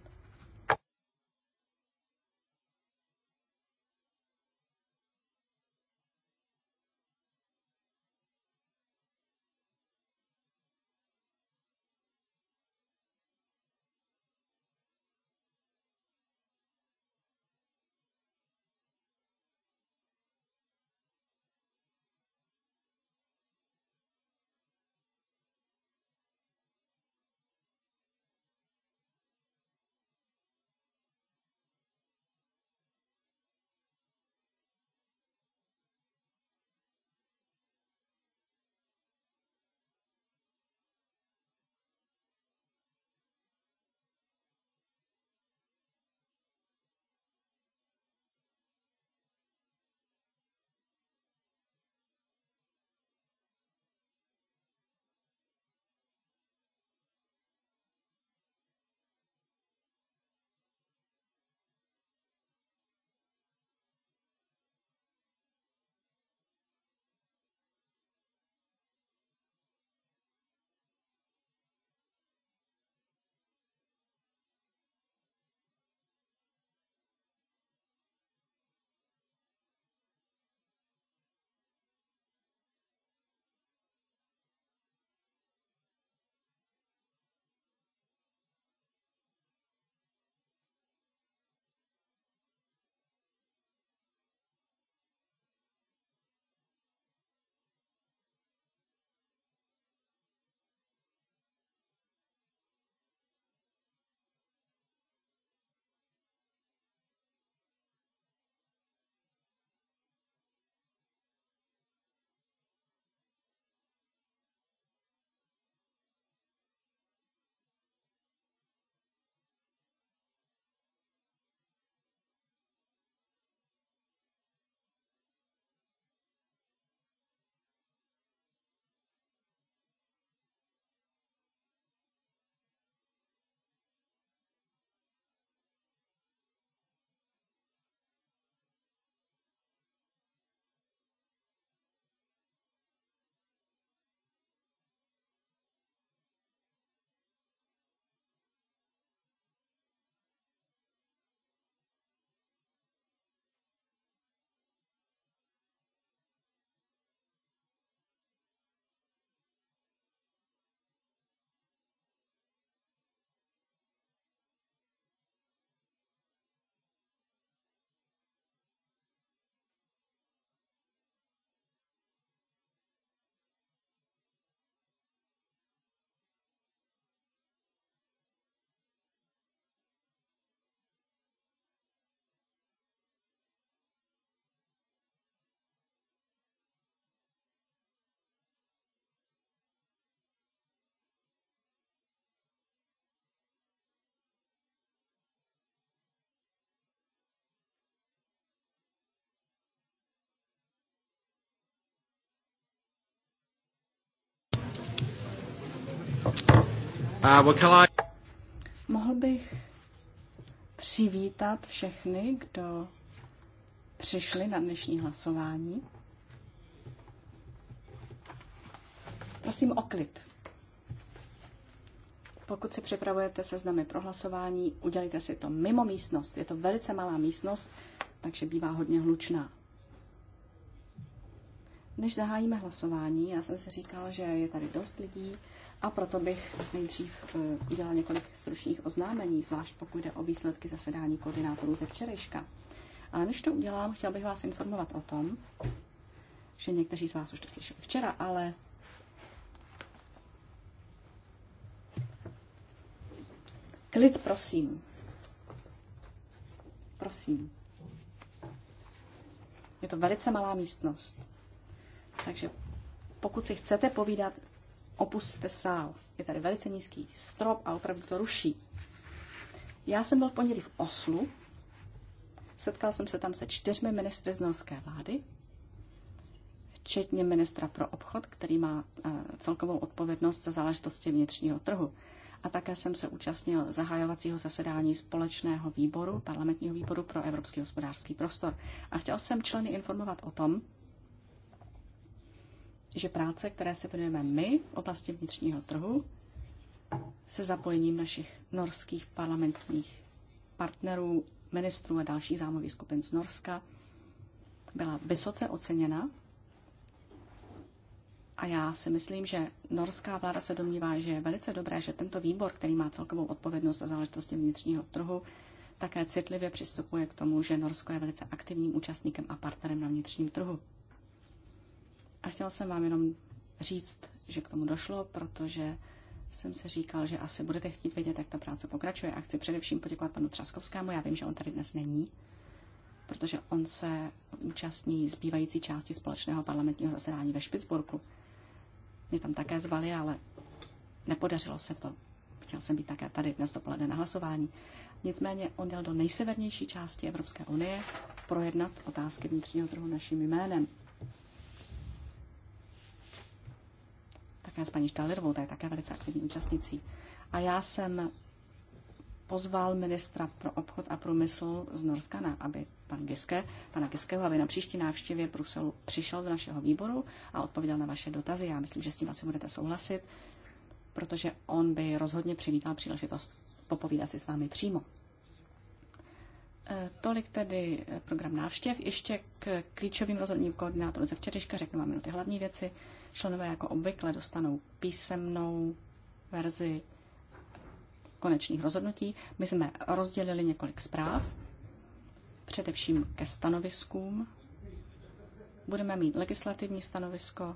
Uh, Mohl bych přivítat všechny, kdo přišli na dnešní hlasování. Prosím o klid. Pokud si připravujete seznamy pro hlasování, udělejte si to mimo místnost. Je to velice malá místnost, takže bývá hodně hlučná. Než zahájíme hlasování, já jsem si říkal, že je tady dost lidí a proto bych nejdřív eh, udělal několik stručných oznámení, zvlášť pokud jde o výsledky zasedání koordinátorů ze včerejška. Ale než to udělám, chtěl bych vás informovat o tom, že někteří z vás už to slyšeli včera, ale klid prosím. Prosím. Je to velice malá místnost. Takže pokud si chcete povídat, opustte sál. Je tady velice nízký strop a opravdu to ruší. Já jsem byl v pondělí v Oslu. Setkal jsem se tam se čtyřmi ministry z norské vlády, včetně ministra pro obchod, který má eh, celkovou odpovědnost za záležitosti vnitřního trhu. A také jsem se účastnil zahájovacího zasedání společného výboru, parlamentního výboru pro evropský hospodářský prostor. A chtěl jsem členy informovat o tom, že práce, které se věnujeme my v oblasti vnitřního trhu, se zapojením našich norských parlamentních partnerů, ministrů a dalších zájmových skupin z Norska, byla vysoce oceněna. A já si myslím, že norská vláda se domnívá, že je velice dobré, že tento výbor, který má celkovou odpovědnost za záležitosti vnitřního trhu, také citlivě přistupuje k tomu, že Norsko je velice aktivním účastníkem a partnerem na vnitřním trhu. A chtěla jsem vám jenom říct, že k tomu došlo, protože jsem se říkal, že asi budete chtít vědět, jak ta práce pokračuje. A chci především poděkovat panu Třaskovskému. Já vím, že on tady dnes není, protože on se účastní zbývající části společného parlamentního zasedání ve Špicburku. Mě tam také zvali, ale nepodařilo se to. Chtěl jsem být také tady dnes dopoledne na hlasování. Nicméně on jel do nejsevernější části Evropské unie projednat otázky vnitřního trhu naším jménem. také s paní Štalerovou, ta je také velice aktivní účastnicí. A já jsem pozval ministra pro obchod a průmysl z Norska, na, aby pan Giske, pana Giskeho, aby na příští návštěvě Bruselu přišel do našeho výboru a odpověděl na vaše dotazy. Já myslím, že s tím asi budete souhlasit, protože on by rozhodně přivítal příležitost popovídat si s vámi přímo. Eh, tolik tedy eh, program návštěv. Ještě k klíčovým rozhodním koordinátorům ze včerejška řeknu vám ty hlavní věci. Členové jako obvykle dostanou písemnou verzi konečných rozhodnutí. My jsme rozdělili několik zpráv, především ke stanoviskům. Budeme mít legislativní stanovisko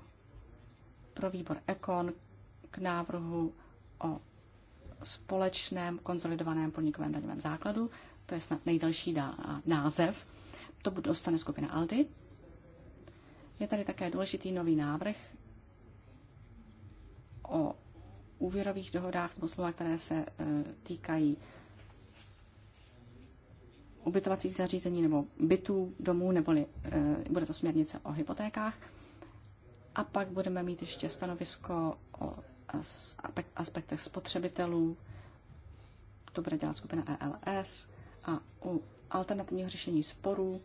pro výbor EKON k návrhu o společném konsolidovaném podnikovém daňovém základu to je snad nejdelší název, to bude dostane skupina Aldi. Je tady také důležitý nový návrh o úvěrových dohodách nebo slova, které se e, týkají ubytovacích zařízení nebo bytů, domů, neboli e, bude to směrnice o hypotékách. A pak budeme mít ještě stanovisko o aspektech spotřebitelů. To bude dělat skupina ELS. A u alternativního řešení sporů,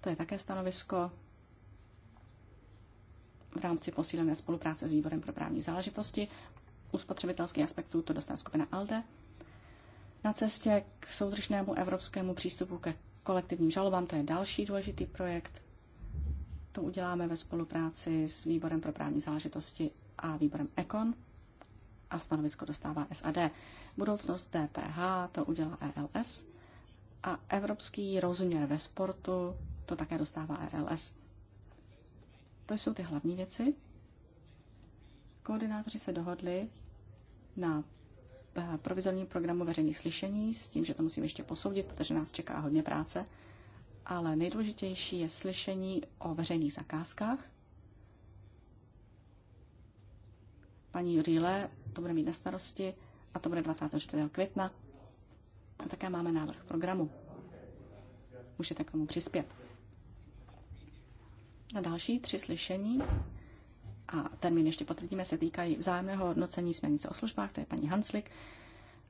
to je také stanovisko v rámci posílené spolupráce s Výborem pro právní záležitosti. U spotřebitelských aspektů to dostane skupina ALDE. Na cestě k soudržnému evropskému přístupu ke kolektivním žalobám, to je další důležitý projekt. To uděláme ve spolupráci s Výborem pro právní záležitosti a Výborem Econ a stanovisko dostává SAD. Budoucnost DPH to udělá ELS a evropský rozměr ve sportu to také dostává ELS. To jsou ty hlavní věci. Koordinátoři se dohodli na eh, provizorním programu veřejných slyšení s tím, že to musím ještě posoudit, protože nás čeká hodně práce. Ale nejdůležitější je slyšení o veřejných zakázkách. Paní Juríle to bude mít na starosti a to bude 24. května. A také máme návrh programu. Můžete k tomu přispět. Na další tři slyšení a termín ještě potvrdíme, se týkají vzájemného hodnocení směrnice o službách, to je paní Hanslik,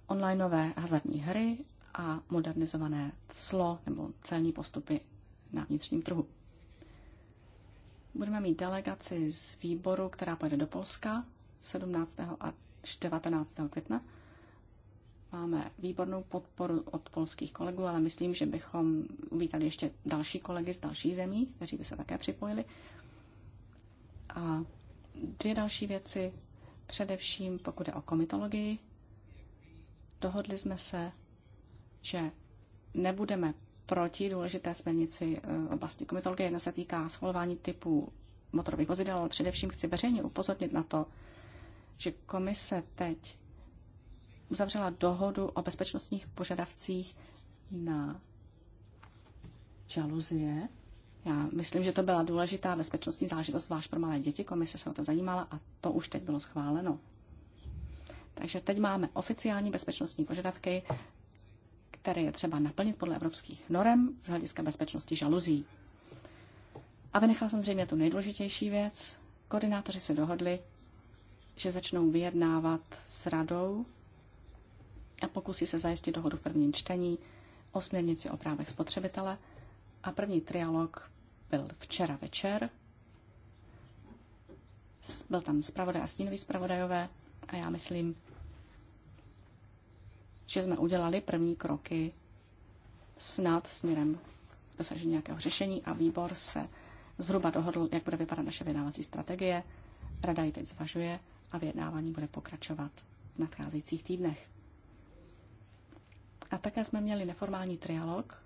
onlineové hazardní hry a modernizované clo nebo celní postupy na vnitřním trhu. Budeme mít delegaci z výboru, která pojede do Polska 17. a 19. května Máme výbornou podporu od polských kolegů, ale myslím, že bychom uvítali ještě další kolegy z dalších zemí, kteří by se také připojili. A dvě další věci, především pokud je o komitologii. Dohodli jsme se, že nebudeme proti důležité směrnici eh, oblasti komitologie. Jedna se týká schvalování typů motorových vozidel, ale především chci veřejně upozornit na to, že komise teď uzavřela dohodu o bezpečnostních požadavcích na žaluzie. Já myslím, že to byla důležitá bezpečnostní záležitost, zvlášť pro malé děti. Komise se o to zajímala a to už teď bylo schváleno. Takže teď máme oficiální bezpečnostní požadavky, které je třeba naplnit podle evropských norem z hlediska bezpečnosti žaluzí. A vynechal jsem zřejmě tu nejdůležitější věc. Koordinátoři se dohodli, že začnou vyjednávat s radou a pokusí se zajistit dohodu v prvním čtení o směrnici o právech spotřebitele a první trialog byl včera večer. Byl tam zpravodaj a stínový zpravodajové a já myslím, že jsme udělali první kroky snad směrem dosažení nějakého řešení a výbor se zhruba dohodl, jak bude vypadat naše vyjednávací strategie. Rada ji teď zvažuje a vyjednávání bude pokračovat v nadcházejících týdnech. A také jsme měli neformální trialog,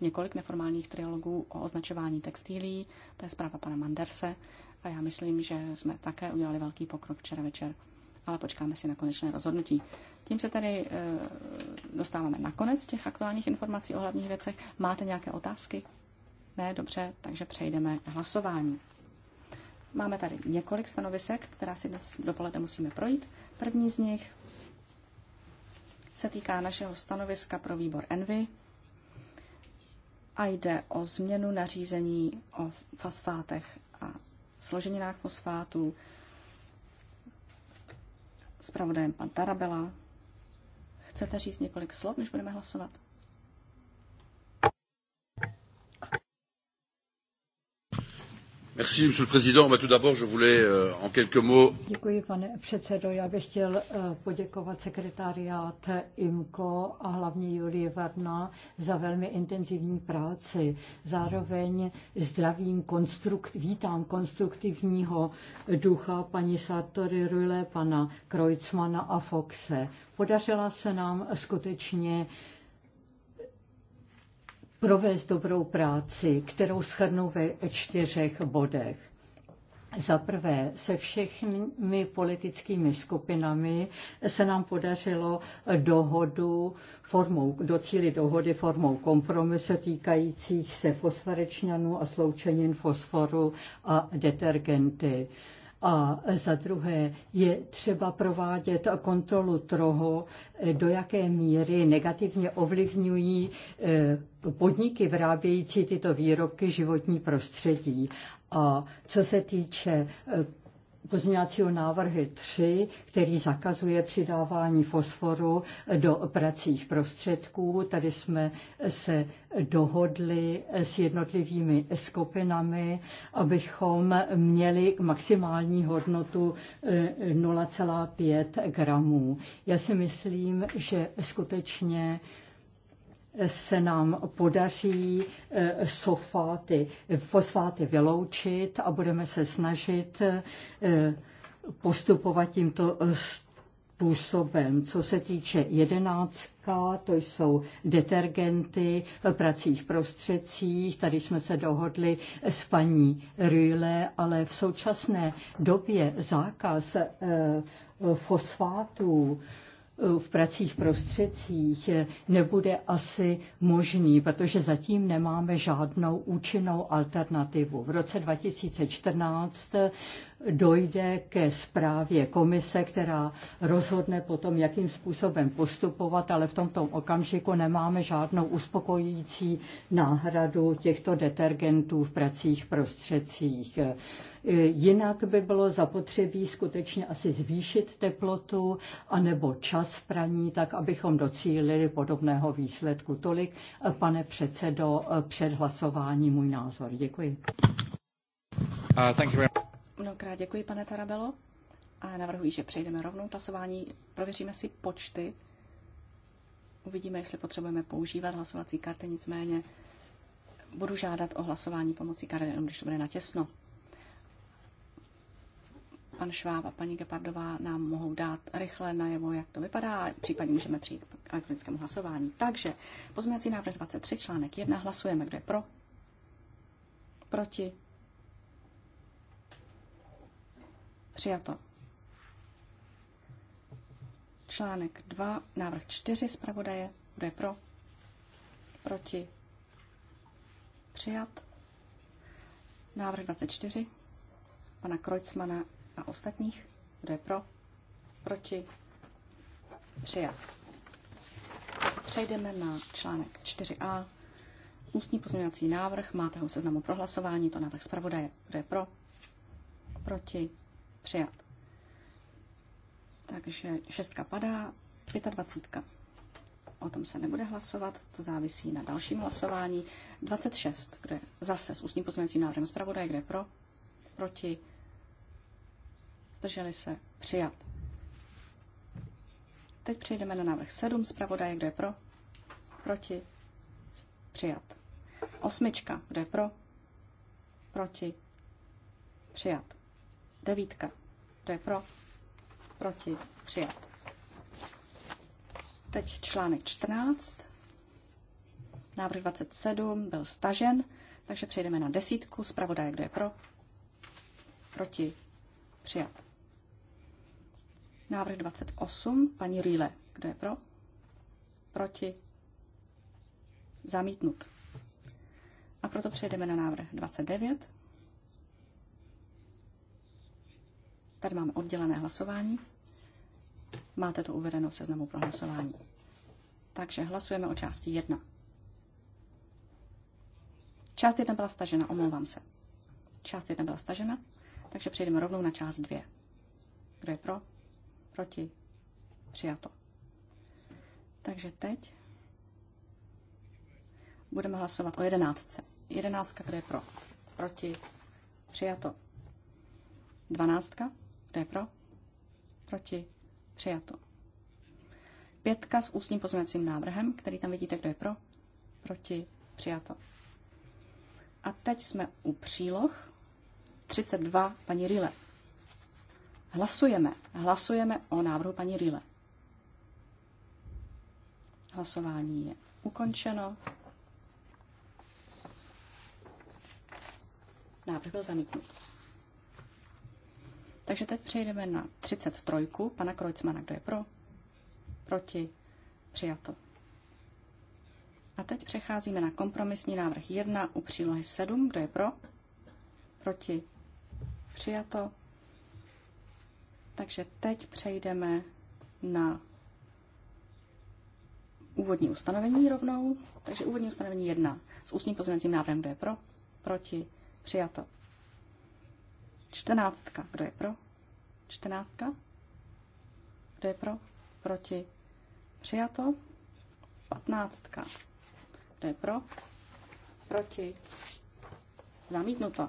několik neformálních trialogů o označování textilí, to je zpráva pana Manderse a já myslím, že jsme také udělali velký pokrok včera večer, ale počkáme si na konečné rozhodnutí. Tím se tady e, eh, dostáváme na konec těch aktuálních informací o hlavních věcech. Máte nějaké otázky? Ne, dobře, takže přejdeme k hlasování. Máme tady několik stanovisek, která si dnes dopoledne musíme projít. První z nich se týká našeho stanoviska pro výbor Envy a jde o změnu nařízení o fosfátech a složeninách fosfátů. Spravodajem pan Tarabela. Chcete říct několik slov, než budeme hlasovat? Merci, Monsieur le Président. tout d'abord, je voulais euh, en quelques mots. Děkuji, pane předsedo. Já bych chtěl uh, poděkovat sekretariát IMCO a hlavně Julie Varna za velmi intenzivní práci. Zároveň zdravím konstrukt, vítám konstruktivního ducha paní Sartory Rule, pana Kreutzmana a Foxe. Podařila se nám skutečně uh, provést dobrou práci, kterou schrnu ve čtyřech bodech. Za prvé, se všemi politickými skupinami se nám podařilo dohodu formou, docílit dohody formou kompromisu týkajících se fosforečňanů a sloučenin fosforu a detergenty. A za druhé je třeba provádět kontrolu toho, do jaké míry negativně ovlivňují eh, podniky vyrábějící tyto výrobky životní prostředí. A co se týče eh, pozměňovacího návrhy 3, který zakazuje přidávání fosforu do pracích prostředků. Tady jsme se dohodli s jednotlivými skupinami, abychom měli maximální hodnotu 0,5 eh, gramů. Já si myslím, že skutečně se nám podaří eh, sofáty, fosfáty vyloučit a budeme se snažit eh, postupovat tímto eh, způsobem. Co se týče jedenáctka, to jsou detergenty v pracích prostředcích. Tady jsme se dohodli s paní Rüle, ale v současné době zákaz fosfátů v pracích prostředcích eh, nebude asi možný, protože zatím nemáme žádnou účinnou alternativu. V roce 2014 eh, dojde ke zprávě komise, která rozhodne potom, jakým způsobem postupovat, ale v tomto okamžiku nemáme žádnou uspokojící náhradu těchto detergentů v pracích prostředcích. E, jinak by bylo zapotřebí skutečně asi zvýšit teplotu anebo čas praní, tak abychom docílili podobného výsledku. Tolik, e, pane předsedo, e, před hlasování můj názor. Děkuji. Uh, thank you very much. Mnohokrát děkuji, pane Tarabelo. A navrhuji, že přejdeme rovnou k hlasování. Prověříme si počty. Uvidíme, jestli potřebujeme používat hlasovací karty. Nicméně budu žádat o hlasování pomocí karty, jenom když to bude natěsno. Pan Šváb a paní Gepardová nám mohou dát rychle najevo, jak to vypadá, a případně můžeme přijít k elektronickému hlasování. Takže pozměňovací návrh 23, článek 1, hlasujeme, kdo je pro, proti, Přijato. Článek 2, návrh 4 zpravodaje. Kdo je pro? Proti? Přijat. Návrh 24 pana Kreutzmana a ostatních. Kdo je pro? Proti? Přijat. Přejdeme na článek 4a. Ústní pozměňovací návrh, máte ho seznamu prohlasování, to návrh zpravodaje. Kdo je pro? Proti? Přijat. Takže šestka padá, 25. O tom se nebude hlasovat, to závisí na dalším hlasování. 26, kde zase s ústním pozměňovacím návrhem zpravodaj, kde pro, proti, zdrželi se, přijat. Teď přejdeme na návrh 7 zpravodaje, kde je pro, proti, přijat. Osmička, kde je pro, proti, přijat. Devítka. Kdo je pro? Proti? Přijat. Teď článek 14. Návrh 27 byl stažen, takže přejdeme na desítku. Zpravodaj, kdo je pro? Proti? Přijat. Návrh 28, paní Rýle, kdo je pro? Proti? Zamítnut. A proto přejdeme na návrh 29. Tady máme oddělené hlasování. Máte to uvedeno v seznamu pro hlasování. Takže hlasujeme o části 1. Část 1 byla stažena, omlouvám se. Část 1 byla stažena, takže přejdeme rovnou na část 2. Kdo je pro? Proti? Přijato. Takže teď budeme hlasovat o jedenáctce. Jedenáctka, kdo je pro? Proti? Přijato. Dvanáctka. Kdo je pro? Proti? Přijato. Pětka s ústním pozměňovacím návrhem, který tam vidíte, kdo je pro? Proti? Přijato. A teď jsme u příloh 32 paní Rile. Hlasujeme. Hlasujeme o návrhu paní Rile. Hlasování je ukončeno. Návrh byl zamítnut. Takže teď přejdeme na 33. Pana Krojcmana, kdo je pro? Proti? Přijato. A teď přecházíme na kompromisní návrh 1 u přílohy 7. Kdo je pro? Proti? Přijato. Takže teď přejdeme na úvodní ustanovení rovnou. Takže úvodní ustanovení 1 s ústním pozměňovacím návrhem, kdo je pro? Proti? Přijato. Čtrnáctka. Kdo je pro? Čtrnáctka. Kdo je pro? Proti. Přijato. Patnáctka. Kdo je pro? Proti. Zamítnuto.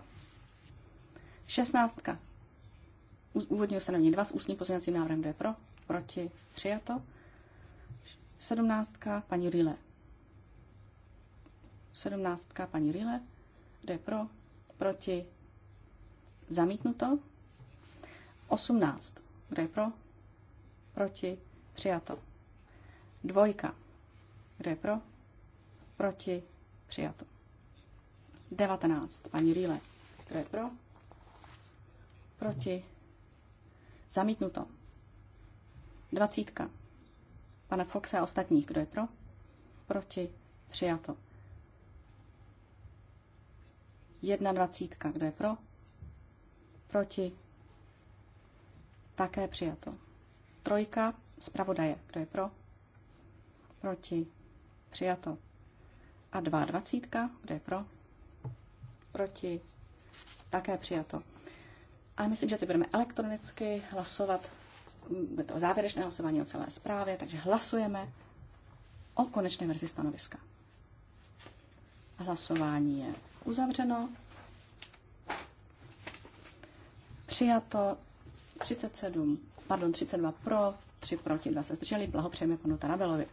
Šestnáctka. Úvodní ustanovení 2 s ústním pozměňovacím návrhem. Kdo je pro? Proti. Přijato. Sedmnáctka. Paní Rile. Sedmnáctka. Paní Rile. Kdo je pro? Proti. Zamítnuto. 18. Kdo je pro? Proti? Přijato. Dvojka. Kdo je pro? Proti? Přijato. 19. Paní Rýle. Kdo je pro? Proti? Zamítnuto. 20. Pane Foxe a ostatních. Kdo je pro? Proti? Přijato. 21. Kdo je pro? Proti? Také přijato. Trojka zpravodaje. Kdo je pro? Proti? Přijato. A dva dvacítka. Kdo je pro? Proti? Také přijato. A myslím, že teď budeme elektronicky hlasovat to závěrečné hlasování o celé zprávě, takže hlasujeme o konečné verzi stanoviska. Hlasování je uzavřeno. Přijato 37, pardon, 32 pro, 3 proti, 2 se zdrželi. Blahopřejeme panu Tarabelovi.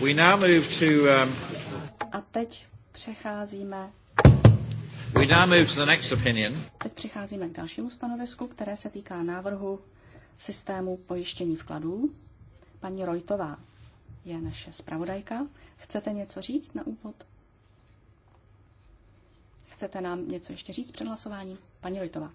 We now move to, um... A teď přecházíme We now move to the next opinion. Teď přecházíme k dalšímu stanovisku, které se týká návrhu systému pojištění vkladů. Paní Rojtová je naše zpravodajka. Chcete něco říct na úvod? Chcete nám něco ještě říct před hlasováním? Paní Rojtová.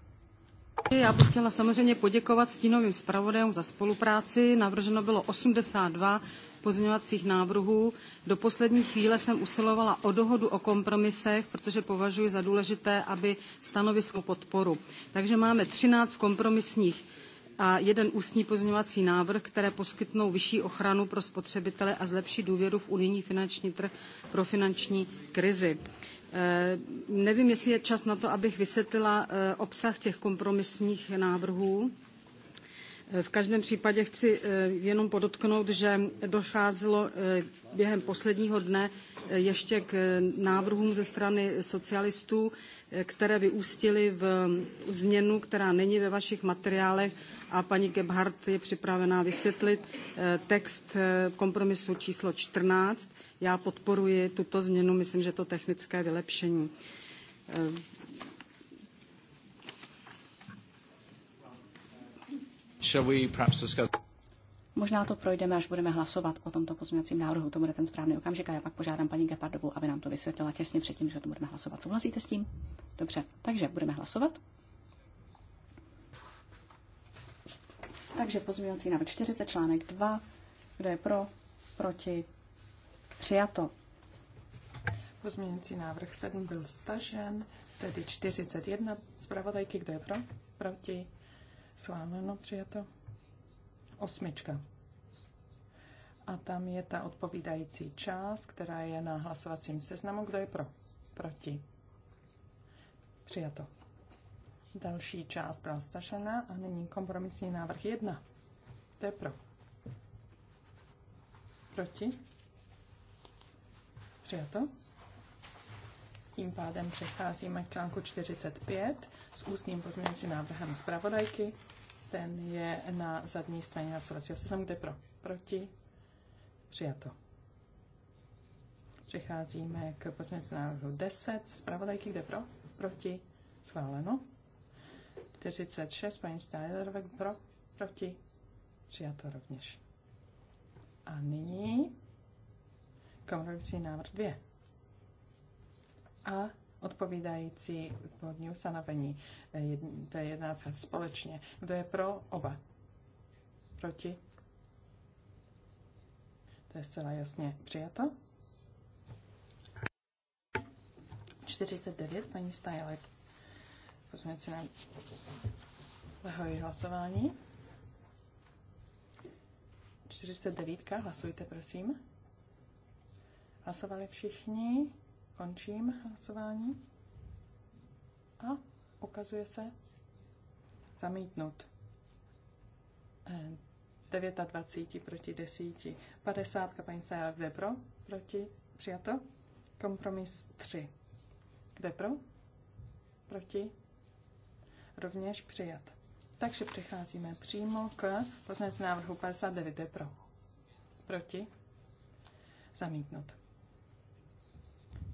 Já bych chtěla samozřejmě poděkovat stínovým zpravodajům za spolupráci. Navrženo bylo 82 pozměňovacích návrhů. Do poslední chvíle jsem usilovala o dohodu o kompromisech, protože považuji za důležité, aby stanovisko podporu. Takže máme 13 kompromisních a jeden ústní pozměňovací návrh, které poskytnou vyšší ochranu pro spotřebitele a zlepší důvěru v unijní finanční trh pro finanční krizi. Eh, nevím, jestli je čas na to, abych vysvětlila eh, obsah těch kompromisních návrhů. Eh, v každém případě chci jenom podotknout, že docházelo během posledního dne ještě k návrhům ze strany socialistů, které vyústily v mm, změnu, která není ve vašich materiálech a paní Gebhardt je připravená vysvětlit text kompromisu číslo 14 já podporuji tuto změnu, myslím, že to technické vylepšení. Eh, Shall we perhaps discuss... Možná to projdeme, až budeme hlasovat o tomto pozměňovacím návrhu. To bude ten správný okamžik a já pak požádám paní Gepardovou, aby nám to vysvětlila těsně předtím, že to budeme hlasovat. Souhlasíte s tím? Dobře, takže budeme hlasovat. Takže pozměňovací návrh 40, článek 2. Kdo je pro, proti, Přijato. Pozměňující návrh 7 byl stažen, tedy 41 zpravodajky, kdo je pro, proti, schváleno, přijato. Osmička. A tam je ta odpovídající část, která je na hlasovacím seznamu, kdo je pro, proti. Přijato. Další část byla stažena a nyní kompromisní návrh 1. To je pro. Proti? Přijato. Tím pádem přecházíme k článku 45 s ústním pozměňovacím návrhem zpravodajky. Ten je na zadní straně hlasovacího seznamu, kde pro, proti, přijato. Přecházíme k pozměňovacímu návrhu 10 zpravodajky, kde pro, proti, schváleno. 46 paní Stajlerovek, pro, proti, přijato rovněž. A nyní kompromisní návrh 2 a odpovídající vodní ustanovení. To je jedná se společně. Kdo je pro oba? Proti? To je zcela jasně přijato. 49, paní Stajlek. Pozměňující nám zahojí hlasování. 49, hlasujte, prosím. Hlasovali všichni. Končím hlasování. A ukazuje se zamítnut. 29 eh, proti 10. 50 paní Stajal, kde pro? Proti? Přijato? Kompromis 3. Kde pro? Proti? Rovněž přijat. Takže přecházíme přímo k poslanec návrhu 59. Kde pro? Proti? Zamítnout.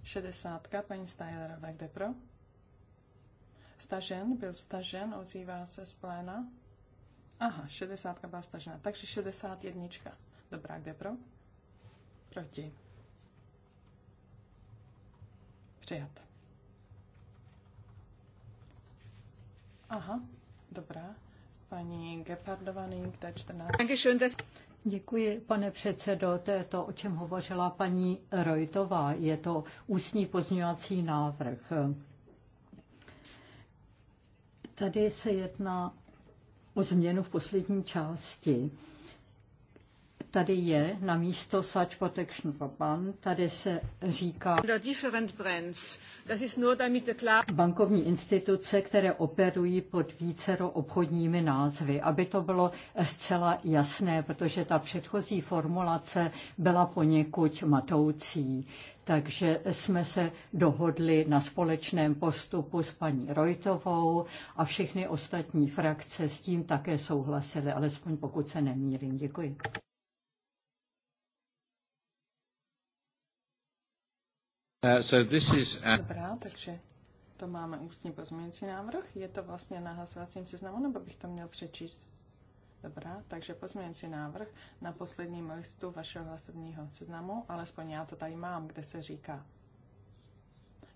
60, paní Stajlerové, kde pro? Stažen, byl stažen, ozývá se z pléna. Aha, 60 byla stažena, takže 61. Dobrá, kde pro? Proti. Přijat. Aha, dobrá. Paní Gepardová, nyní kde 14. Děkuji, pane předsedo. To je to, o čem hovořila paní Rojtová. Je to ústní pozměňovací návrh. Tady se jedná o změnu v poslední části tady je na místo Such Protection for tady se říká bankovní instituce, které operují pod vícero obchodními názvy, aby to bylo zcela jasné, protože ta předchozí formulace byla poněkud matoucí. Takže jsme se dohodli na společném postupu s paní Rojtovou a všechny ostatní frakce s tím také souhlasily, alespoň pokud se nemýlím. Děkuji. Uh, so this is, uh... Dobrá, takže to máme ústní pozměňující návrh. Je to vlastně na hlasovacím seznamu, nebo bych to měl přečíst? Dobrá, takže pozměňující návrh na posledním listu vašeho hlasovního seznamu, alespoň já to tady mám, kde se říká.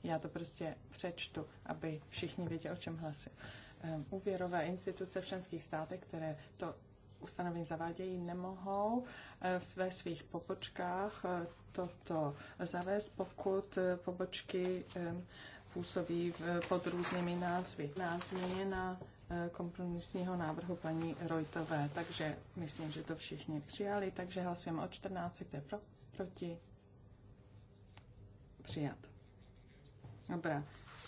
Já to prostě přečtu, aby všichni věděli, o čem hlasují. Um, úvěrové instituce v členských státech, které to ustanovení zavádějí, nemohou eh, ve svých pobočkách eh, toto zavést, pokud eh, pobočky působí pod různými názvy. Názvy na kompromisního návrhu paní Rojtové. Takže myslím, že to všichni přijali, takže hlasujeme o 14, kde pro, proti. Přijat. Dobrá.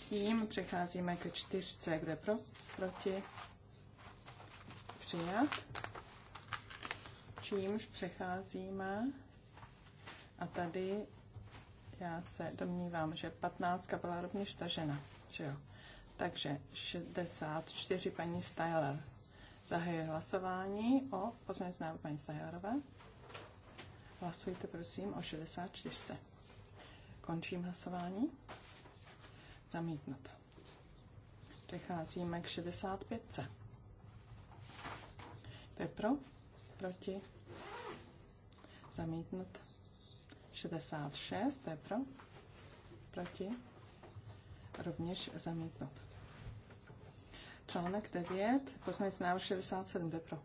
Tím přecházíme ke čtyřce, kde pro, proti. Přijat čímž přecházíme a tady já se domnívám, že 15 byla rovněž stažena, že jo. Takže 64 paní Styler. zahajuje hlasování o pozměnit návrh paní Stajerové. Hlasujte prosím o 64. Končím hlasování. Zamítnuto. Přecházíme k 65. To je pro, proti, Zamítnut. 66, to je pro. Proti. Rovněž zamítnut. Článek 9, poslanec návrh 67, to je pro.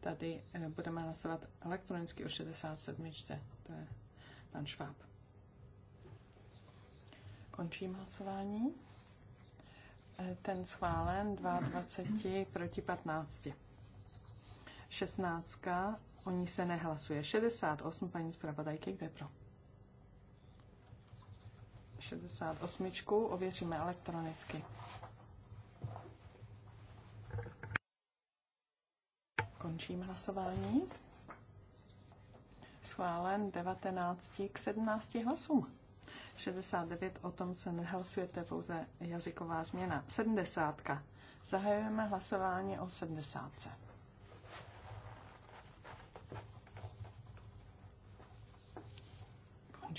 Tady eh, budeme hlasovat elektronicky o 67, to je pan Šváb. Končím hlasování. Eh, ten schválen 22 proti 15. 16 O ní se nehlasuje. 68 paní zpravodajky, kde pro? 68 ověříme elektronicky. Končím hlasování. Schválen 19 k 17 hlasům. 69 o tom se nehlasujete, pouze jazyková změna. 70. Zahajujeme hlasování o 70.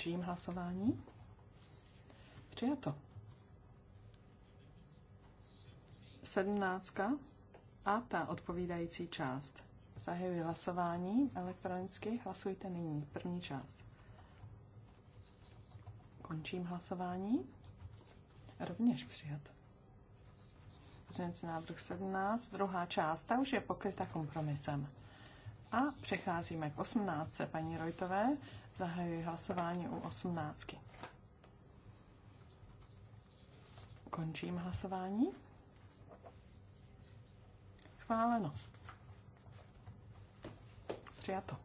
Končím hlasování. Přijato. Sedmnáctka a ta odpovídající část. Zahajuji hlasování elektronicky. Hlasujte nyní. První část. Končím hlasování. Rovněž přijat. Pozměňovací návrh 17, druhá část, ta už je pokryta kompromisem. A přecházíme k 18. paní Rojtové. Zahajuji hlasování u 18. Končím hlasování. Schváleno. Přijato.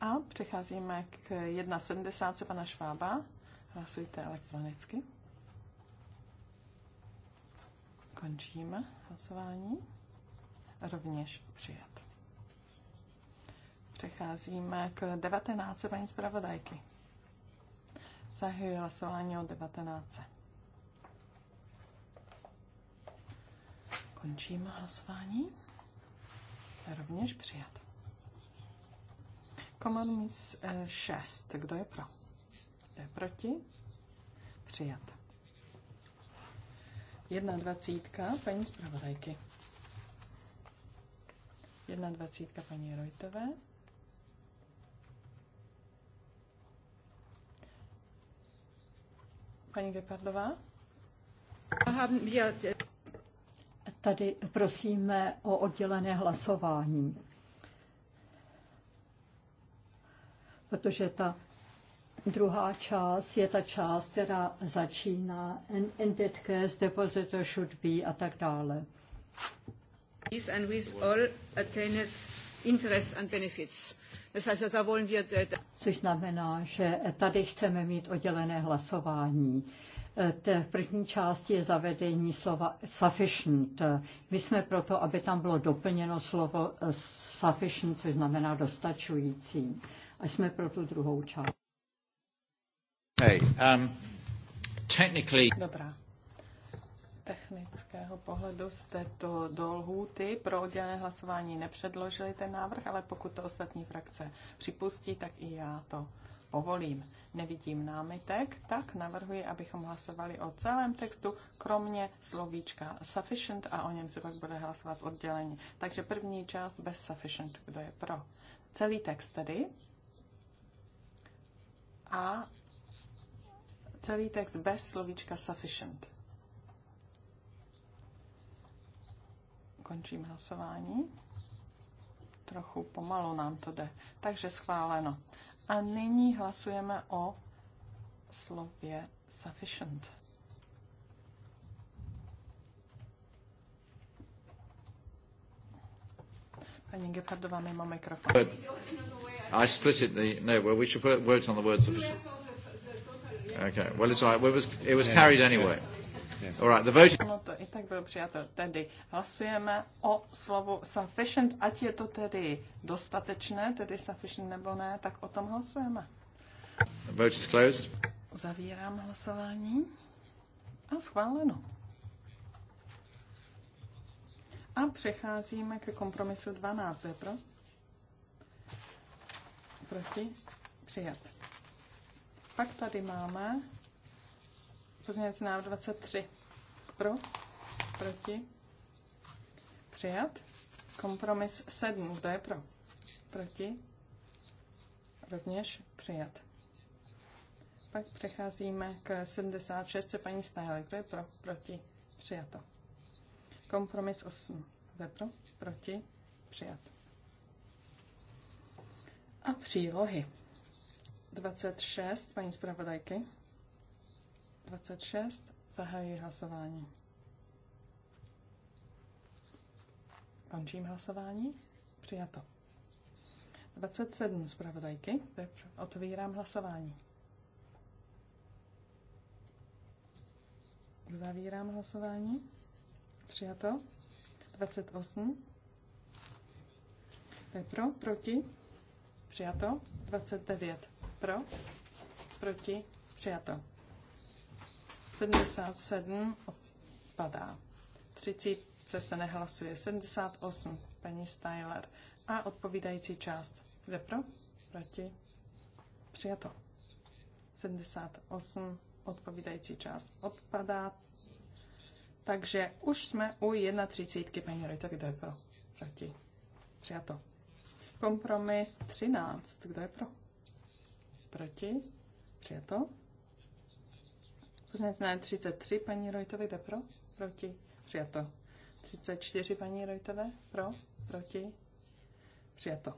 A přecházíme k 1.70 pana Švába. Hlasujte elektronicky. Končíme hlasování. Rovněž přijat přecházíme k 19. paní zpravodajky. Zahajuji hlasování o 19. Končím hlasování. Rovněž přijat. Kompromis 6. Eh, Kdo je pro? Kdo je proti? Přijat. dvacítka paní zpravodajky. dvacítka paní Rojtové. Paní Gepardová. Tady prosíme o oddělené hlasování, protože ta druhá část je ta část, která začíná "In that case, depositor should be a tak dále. And with all Äh, což znamená, že tady chceme mít oddělené hlasování. Äh, té v první části je zavedení slova sufficient. My jsme proto, aby tam bylo doplněno slovo äh, sufficient, což znamená dostačující. A jsme pro tu druhou část. Hey, um, technically... Dobrá technického pohledu jste to do lhůty pro oddělené hlasování nepředložili ten návrh, ale pokud to ostatní frakce připustí, tak i já to povolím. Nevidím námitek, tak navrhuji, abychom hlasovali o celém textu, kromě slovíčka sufficient a o něm se pak bude hlasovat odděleně. Takže první část bez sufficient, kdo je pro. Celý text tedy. A celý text bez slovíčka sufficient. Končím hlasování. Trochu pomalu nám to jde. Takže schváleno. A nyní hlasujeme o slově sufficient. Paní Gepardová mimo mikrofon. I split it the, no, well, we should put words on the word sufficient. Okay, well, it's all right. It was, it was carried anyway. All right, the vote to i tak bylo přijato. Tedy hlasujeme o slovu sufficient, ať je to tedy dostatečné, tedy sufficient nebo ne, tak o tom hlasujeme. The vote is closed. Zavírám hlasování a schváleno. A přecházíme ke kompromisu 12. je pro? Proti? Přijat. Pak tady máme pozměňovací návrh 23. Pro? Proti? Přijat. Kompromis 7. Kdo je pro? Proti? Rovněž přijat. Pak přecházíme k 76. Paní Stále. Kdo je pro? Proti? Přijato. Kompromis 8. Kdo je pro? Proti? Přijat. A přílohy. 26, paní zpravodajky. 26 Zahajuji hlasování. Končím hlasování. Přijato. 27 zpravodajky. Otvírám hlasování. Zavírám hlasování. Přijato. 28. To je pro, proti. Přijato. 29. Pro, proti. Přijato. 77 odpadá. 30 se nehlasuje. 78 paní Styler a odpovídající část. Kde pro? Proti? Přijato. 78 odpovídající část odpadá. Takže už jsme u 31. Paní Rojta, kdo je pro? Proti. Přijato. Kompromis 13. Kdo je pro? Proti. Přijato. Poslanec na 33, paní Rojtovi jde pro? Proti? Přijato. 34, paní Rojtové, pro? Proti? Přijato.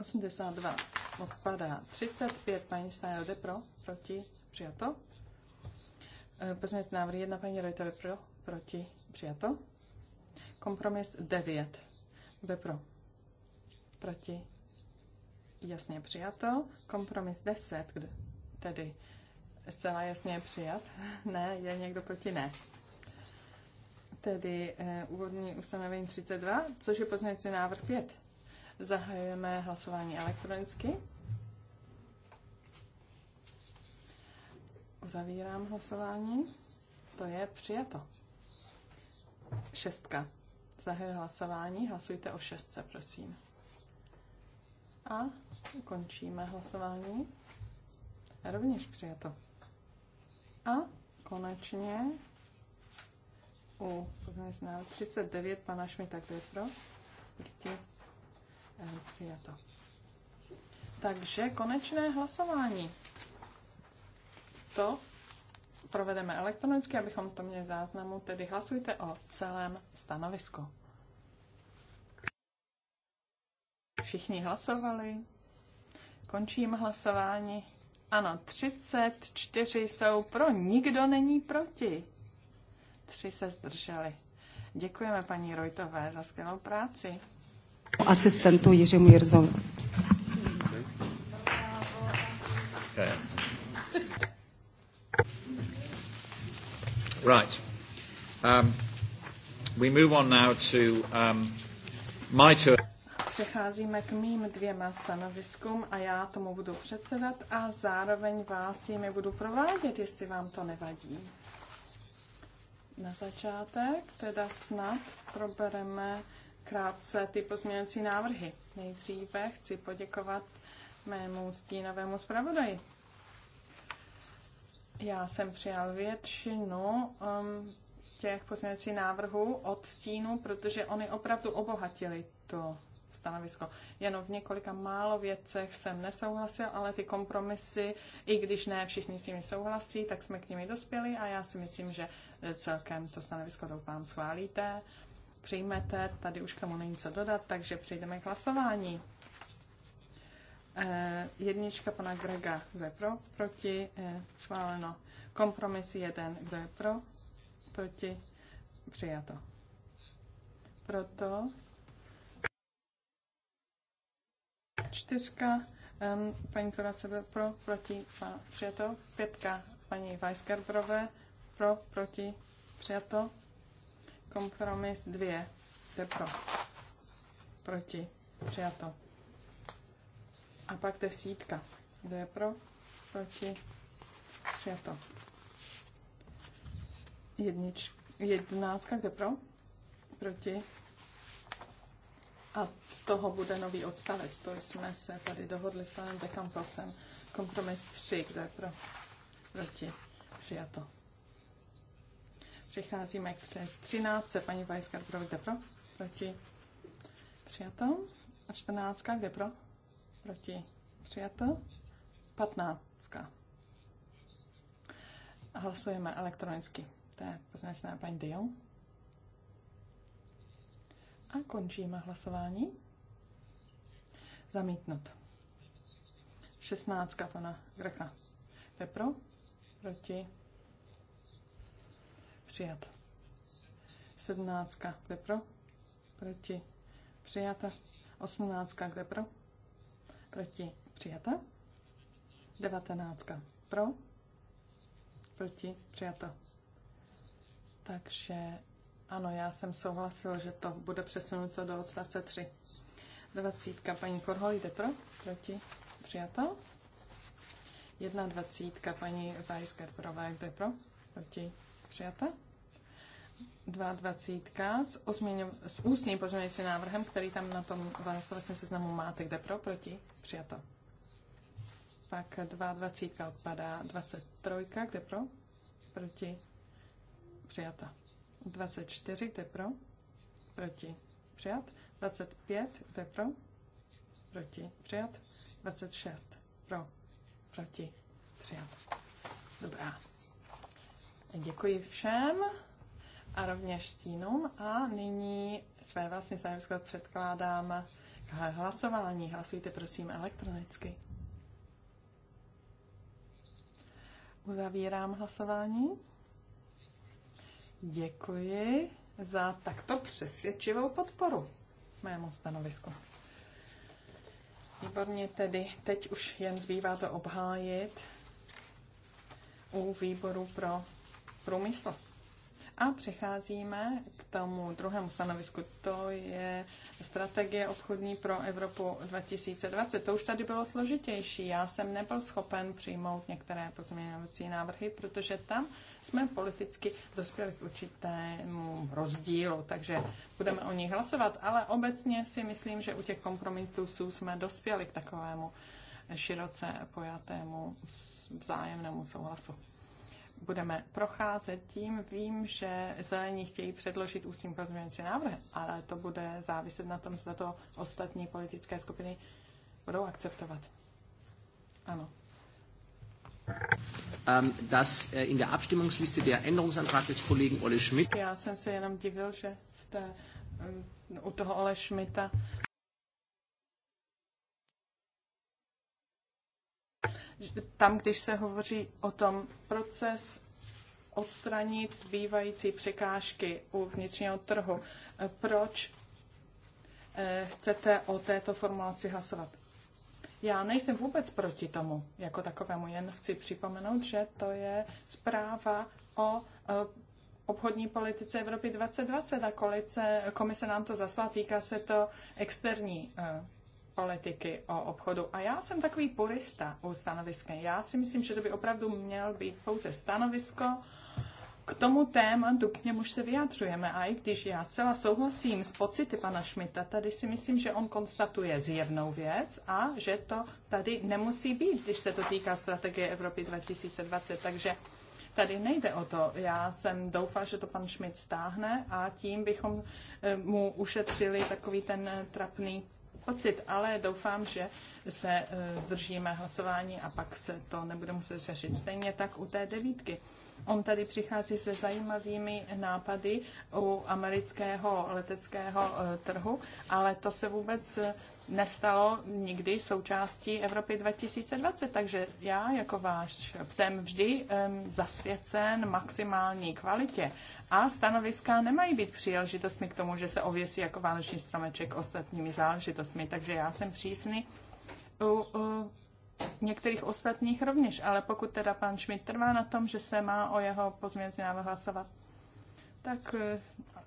82 odpadá. 35, paní Stájel, jde pro? Proti? Přijato. Eh, poslanec návrh 1, paní Rojtové, pro? Proti? Přijato. Kompromis 9. Jde pro? Proti? Jasně přijato. Kompromis 10, kde tedy zcela jasně přijat. Ne, je někdo proti ne. Tedy eh, úvodní ustanovení 32, což je pozměňující návrh 5. Zahajujeme hlasování elektronicky. Uzavírám hlasování. To je přijato. Šestka. Zahajuji hlasování. Hlasujte o šestce, prosím. A ukončíme hlasování. Rovněž přijato. A konečně u pozměňovací návrh 39 pana Šmita, kdo je pro? Eh, přijato. Takže konečné hlasování. To provedeme elektronicky, abychom to měli záznamu, tedy hlasujte o celém stanovisku. Všichni hlasovali. Končím hlasování. Ano, 34 jsou pro, nikdo není proti. Tři se zdrželi. Děkujeme paní Rojtové za skvělou práci. Asistentu Jiřimu Jirzovi. Right. Um, we move on now to um, my turn přecházíme k mým dvěma stanoviskům a já tomu budu předsedat a zároveň vás jimi budu provádět, jestli vám to nevadí. Na začátek teda snad probereme krátce ty pozměňovací návrhy. Nejdříve chci poděkovat mému stínovému zpravodaji. Já jsem přijal většinu um, těch pozměňovacích návrhů od stínu, protože oni opravdu obohatili to stanovisko. Jenom v několika málo věcech jsem nesouhlasil, ale ty kompromisy, i když ne všichni s nimi souhlasí, tak jsme k nimi dospěli a já si myslím, že eh, celkem to stanovisko doufám schválíte, přijmete, tady už k tomu není co dodat, takže přejdeme k hlasování. Eh, jednička pana Grega, kdo je pro, proti, eh, schváleno. Kompromis jeden, kdo je pro, proti, přijato. Proto Čtyřka, um, paní Korace pro, proti, přijato. Pětka, paní Weisgerbrové pro, proti, přijato. Kompromis dvě, to pro, proti, přijato. A pak desítka, kdo je pro, proti, přijato. Jednič, jedenáctka, kde pro, proti, a z toho bude nový odstavec. To jsme se tady dohodli s panem Dekamposem. Kompromis 3, kde je pro, proti, přijato. Přicházíme k 13. Paní Vajskar, pro, kde pro, proti, přijato. A 14. kde pro, proti, přijato. 15. Hlasujeme elektronicky. To je poznačená paní Dion. A končíme hlasování. Zamítnut. 16. pana Grecha. To je pro? Proti? Přijat. 17. Kde pro? Proti? Přijata. 18. Kde pro? Proti? Přijata. 19. Pro? Proti? Přijata. Takže ano, já jsem souhlasil, že to bude přesunuto do odstavce 3. 20. Paní Korhol jde pro, proti, přijato. 21. Paní Weisgerberová jde pro, proti, přijata. 22 s, ozměňo, s ústním pozměňovacím návrhem, který tam na tom hlasovacím seznamu máte, kde pro, proti, přijato. Pak 220. odpadá, 23, kde pro, proti, přijata. 24, kde pro, proti, přijat. 25, kde pro, proti, přijat. 26, pro, proti, přijat. Dobrá. Děkuji všem a rovněž stínům a nyní své vlastní stanovisko předkládám k hlasování. Hlasujte prosím elektronicky. Uzavírám hlasování. Děkuji za takto přesvědčivou podporu mému stanovisku. Výborně tedy, teď už jen zbývá to obhájit u výboru pro průmysl. A přecházíme k tomu druhému stanovisku. To je strategie obchodní pro Evropu 2020. To už tady bylo složitější. Já jsem nebyl schopen přijmout některé pozměňovací návrhy, protože tam jsme politicky dospěli k určitému rozdílu, takže budeme o nich hlasovat. Ale obecně si myslím, že u těch kompromisů jsme dospěli k takovému široce pojatému vzájemnému souhlasu budeme procházet tím. Vím, že zelení chtějí předložit ústní pozměňující návrh, ale to bude záviset na tom, zda to ostatní politické skupiny budou akceptovat. Ano. Um, in der Abstimmungsliste der Änderungsantrag des Kollegen Olle Schmidt. Já jsem se jenom divil, že v té, mm, u toho Ole Schmidta tam, když se hovoří o tom proces odstranit zbývající překážky u vnitřního trhu. Proč eh, chcete o této formulaci hlasovat? Já nejsem vůbec proti tomu jako takovému, jen chci připomenout, že to je zpráva o eh, obchodní politice Evropy 2020 a komise nám to zaslala, týká se to externí eh, politiky o obchodu. A já jsem takový purista u stanoviska. Já si myslím, že to by opravdu měl být pouze stanovisko k tomu tématu, k němuž se vyjadřujeme. A i když já zcela souhlasím s pocity pana Šmita, tady si myslím, že on konstatuje zjevnou věc a že to tady nemusí být, když se to týká strategie Evropy 2020. Takže tady nejde o to. Já jsem doufal, že to pan Šmit stáhne a tím bychom eh, mu ušetřili takový ten eh, trapný pocit, ale doufám, že se e, zdržíme hlasování a pak se to nebude muset řešit. Stejně tak u té devítky. On tady přichází se zajímavými nápady u amerického leteckého e, trhu, ale to se vůbec e, nestalo nikdy součástí Evropy 2020, takže já jako váš jsem vždy zasvěcen maximální kvalitě a stanoviska nemají být příležitostmi k tomu, že se ověsí jako vánoční stromeček ostatními záležitostmi. Takže já jsem přísný u, u některých ostatních rovněž. Ale pokud teda pan Schmidt trvá na tom, že se má o jeho pozměnci návrh hlasovat, tak eh,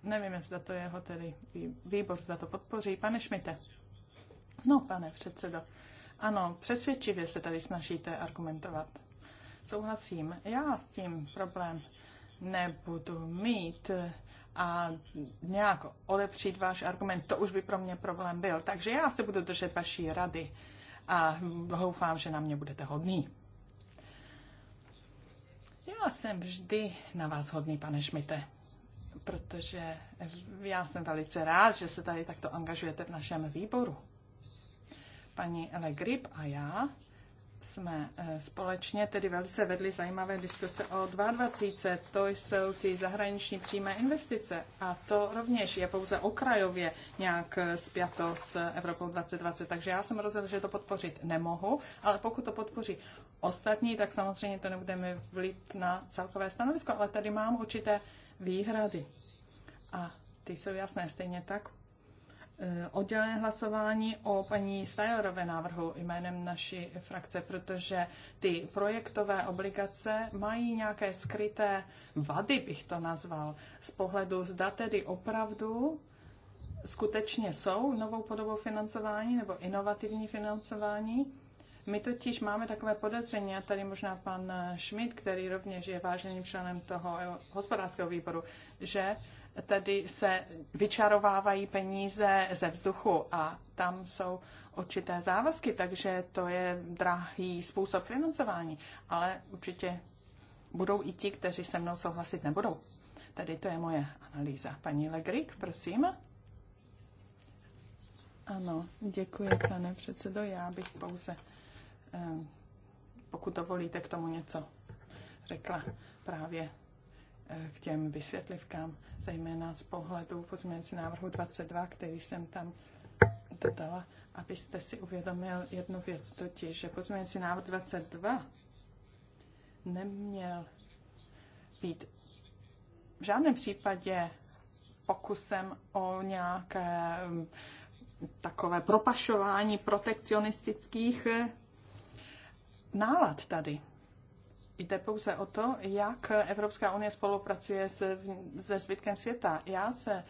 nevím, jestli to jeho tedy výbor, za to podpoří. Pane Šmite. No, pane předsedo. Ano, přesvědčivě se tady snažíte argumentovat. Souhlasím. Já s tím problém nebudu mít a nějak odepřít váš argument, to už by pro mě problém byl. Takže já se budu držet vaší rady a doufám, že na mě budete hodný. Já jsem vždy na vás hodný, pane Šmite, protože já jsem velice rád, že se tady takto angažujete v našem výboru. Paní Ele Grip a já jsme eh, společně tedy velice vedli zajímavé diskuse o 22. To jsou ty zahraniční přímé investice a to rovněž je pouze okrajově nějak eh, spjato s Evropou 2020. Takže já jsem rozhodl, že to podpořit nemohu, ale pokud to podpoří ostatní, tak samozřejmě to nebude mi vliv na celkové stanovisko, ale tady mám určité výhrady. A ty jsou jasné stejně tak, Eh, oddělené hlasování o paní Stajorové návrhu jménem naší frakce, protože ty projektové obligace mají nějaké skryté vady, bych to nazval, z pohledu zda tedy opravdu skutečně jsou novou podobou financování nebo inovativní financování. My totiž máme takové podezření, a tady možná pan Schmidt, který rovněž je váženým členem toho eh, hospodářského výboru, že tedy se vyčarovávají peníze ze vzduchu a tam jsou určité závazky, takže to je drahý způsob financování, ale určitě budou i ti, kteří se mnou souhlasit nebudou. Tady to je moje analýza. Paní Legrik, prosím. Ano, děkuji, pane předsedo. Já bych pouze, eh, pokud dovolíte, k tomu něco řekla právě k těm vysvětlivkám, zejména z pohledu pozměňující návrhu 22, který jsem tam dodala, abyste si uvědomil jednu věc, totiž, že pozměňující návrh 22 neměl být v žádném případě pokusem o nějaké mm, takové propašování protekcionistických eh, nálad tady. Jde pouze o to, jak Evropská unie spolupracuje se, se zbytkem světa. Já se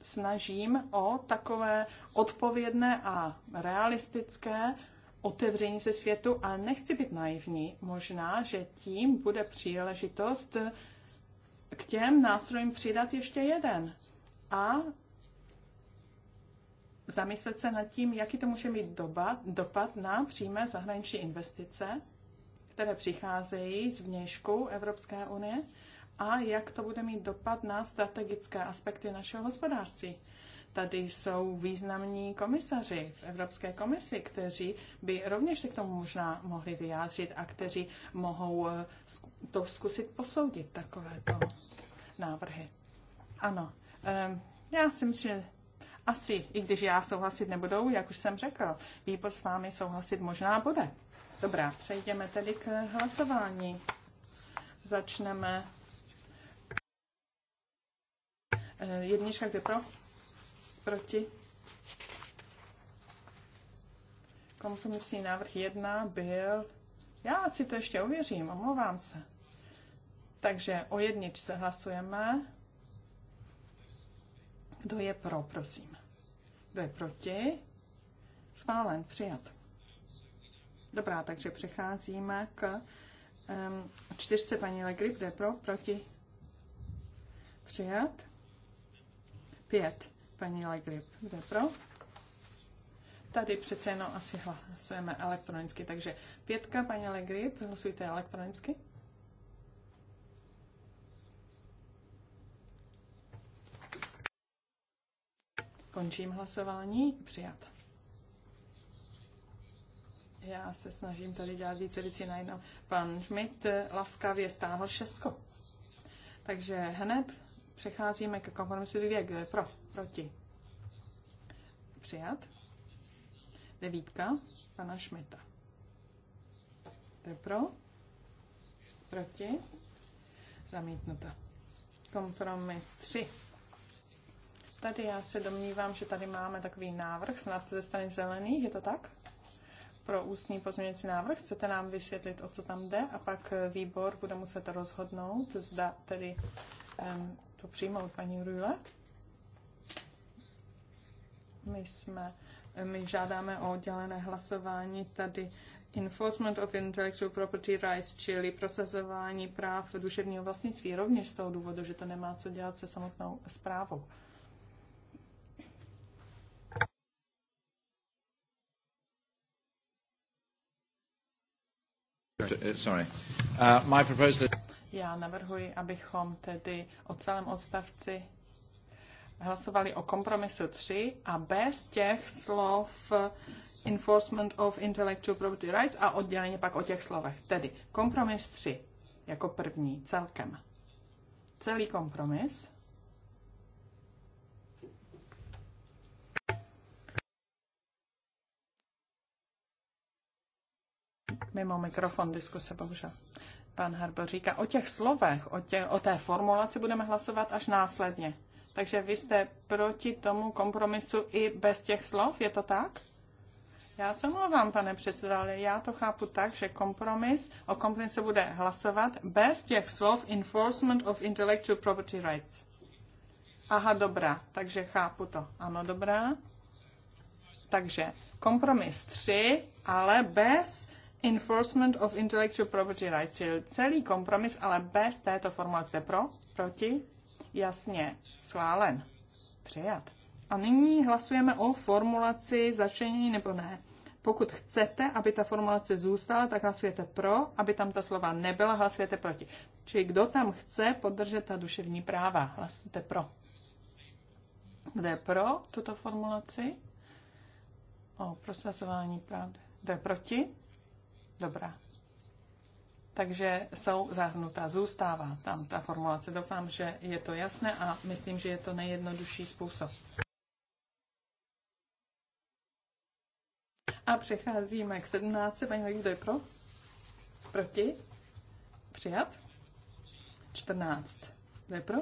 snažím o takové odpovědné a realistické otevření se světu a nechci být naivní. Možná, že tím bude příležitost k těm nástrojům přidat ještě jeden a zamyslet se nad tím, jaký to může mít doba, dopad na přímé zahraniční investice které přicházejí z vnějšku Evropské unie a jak to bude mít dopad na strategické aspekty našeho hospodářství. Tady jsou významní komisaři v Evropské komisi, kteří by rovněž se k tomu možná mohli vyjádřit a kteří mohou eh, to zkusit posoudit, takovéto návrhy. Ano, ehm, já si myslím, že asi, i když já souhlasit nebudou, jak už jsem řekl, výbor s vámi souhlasit možná bude. Dobrá, přejdeme tedy k hlasování. Začneme. Eh, jednička, kde pro? Proti? Kompromisní návrh jedna, byl... Já si to ještě ověřím, omlouvám se. Takže o jedničce hlasujeme. Kdo je pro, prosím? Kdo je proti? Schválen, přijat. Dobrá, takže přecházíme k um, čtyřce paní Legrip, jde pro, proti, přijat. Pět paní Legrip, jde pro. Tady přece jenom asi hlasujeme elektronicky, takže pětka paní Legrip, hlasujte elektronicky. Končím hlasování. Přijat. Já se snažím tady dělat více věcí najednou. Pan Schmidt eh, laskavě stáhl šesko. Takže hned přecházíme k kompromisu dvě. Kdo je pro? Proti. Přijat. Devítka pana Šmita. Kdo je pro? Proti. Zamítnuta. Kompromis 3. Tady já se domnívám, že tady máme takový návrh, snad ze strany zelených, je to tak? pro ústní pozměňující návrh. Chcete nám vysvětlit, o co tam jde a pak eh, výbor bude muset rozhodnout, zda tedy um, to přijmout paní Rujle. My jsme, my žádáme o oddělené hlasování tady Enforcement of Intellectual Property Rights, čili prosazování práv duševního vlastnictví, rovněž z toho důvodu, že to nemá co dělat se samotnou zprávou. Uh, sorry. Uh, my proposal... Já navrhuji, abychom tedy o celém odstavci hlasovali o kompromisu 3 a bez těch slov enforcement of intellectual property rights a odděleně pak o těch slovech. Tedy kompromis 3 jako první celkem. Celý kompromis Mimo mikrofon diskuse, bohužel. Pan Harbo říká, o těch slovech, o, tě, o té formulaci budeme hlasovat až následně. Takže vy jste proti tomu kompromisu i bez těch slov, je to tak? Já se mluvám, pane předsedo, ale já to chápu tak, že kompromis, o kompromisu bude hlasovat bez těch slov Enforcement of Intellectual Property Rights. Aha, dobrá, takže chápu to. Ano, dobrá. Takže kompromis 3, ale bez Enforcement of Intellectual Property Rights, čili celý kompromis, ale bez této formulace pro, proti, jasně, schválen, přijat. A nyní hlasujeme o formulaci začlenění nebo ne. Pokud chcete, aby ta formulace zůstala, tak hlasujete pro, aby tam ta slova nebyla, hlasujete proti. Čili kdo tam chce podržet ta duševní práva, hlasujete pro. Kdo je pro tuto formulaci o prosazování pravdy? Kdo je proti? Dobrá. Takže jsou zahrnutá, zůstává tam ta formulace. Doufám, že je to jasné a myslím, že je to nejjednodušší způsob. A přecházíme k 17. Paní kdo je pro? Proti? Přijat? 14. Kdo je pro?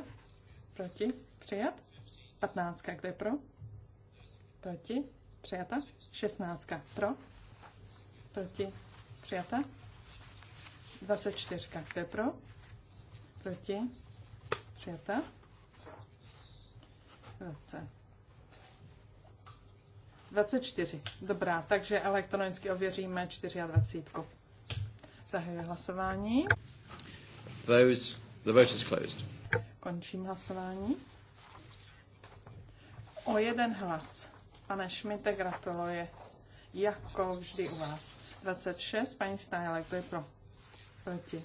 Proti? Přijat? 15. Kdo je pro? Proti? Přijata? 16. Pro? Proti? Přijata. 24. Kdo je pro? Proti? Přijata. 20. 24. Dobrá, takže elektronicky ověříme 24. Zahajuje hlasování. Those, the vote is closed. Končím hlasování. O jeden hlas. Pane Šmite gratuluje jako vždy u vás. 26, paní Stajle, kdo je pro? Proti.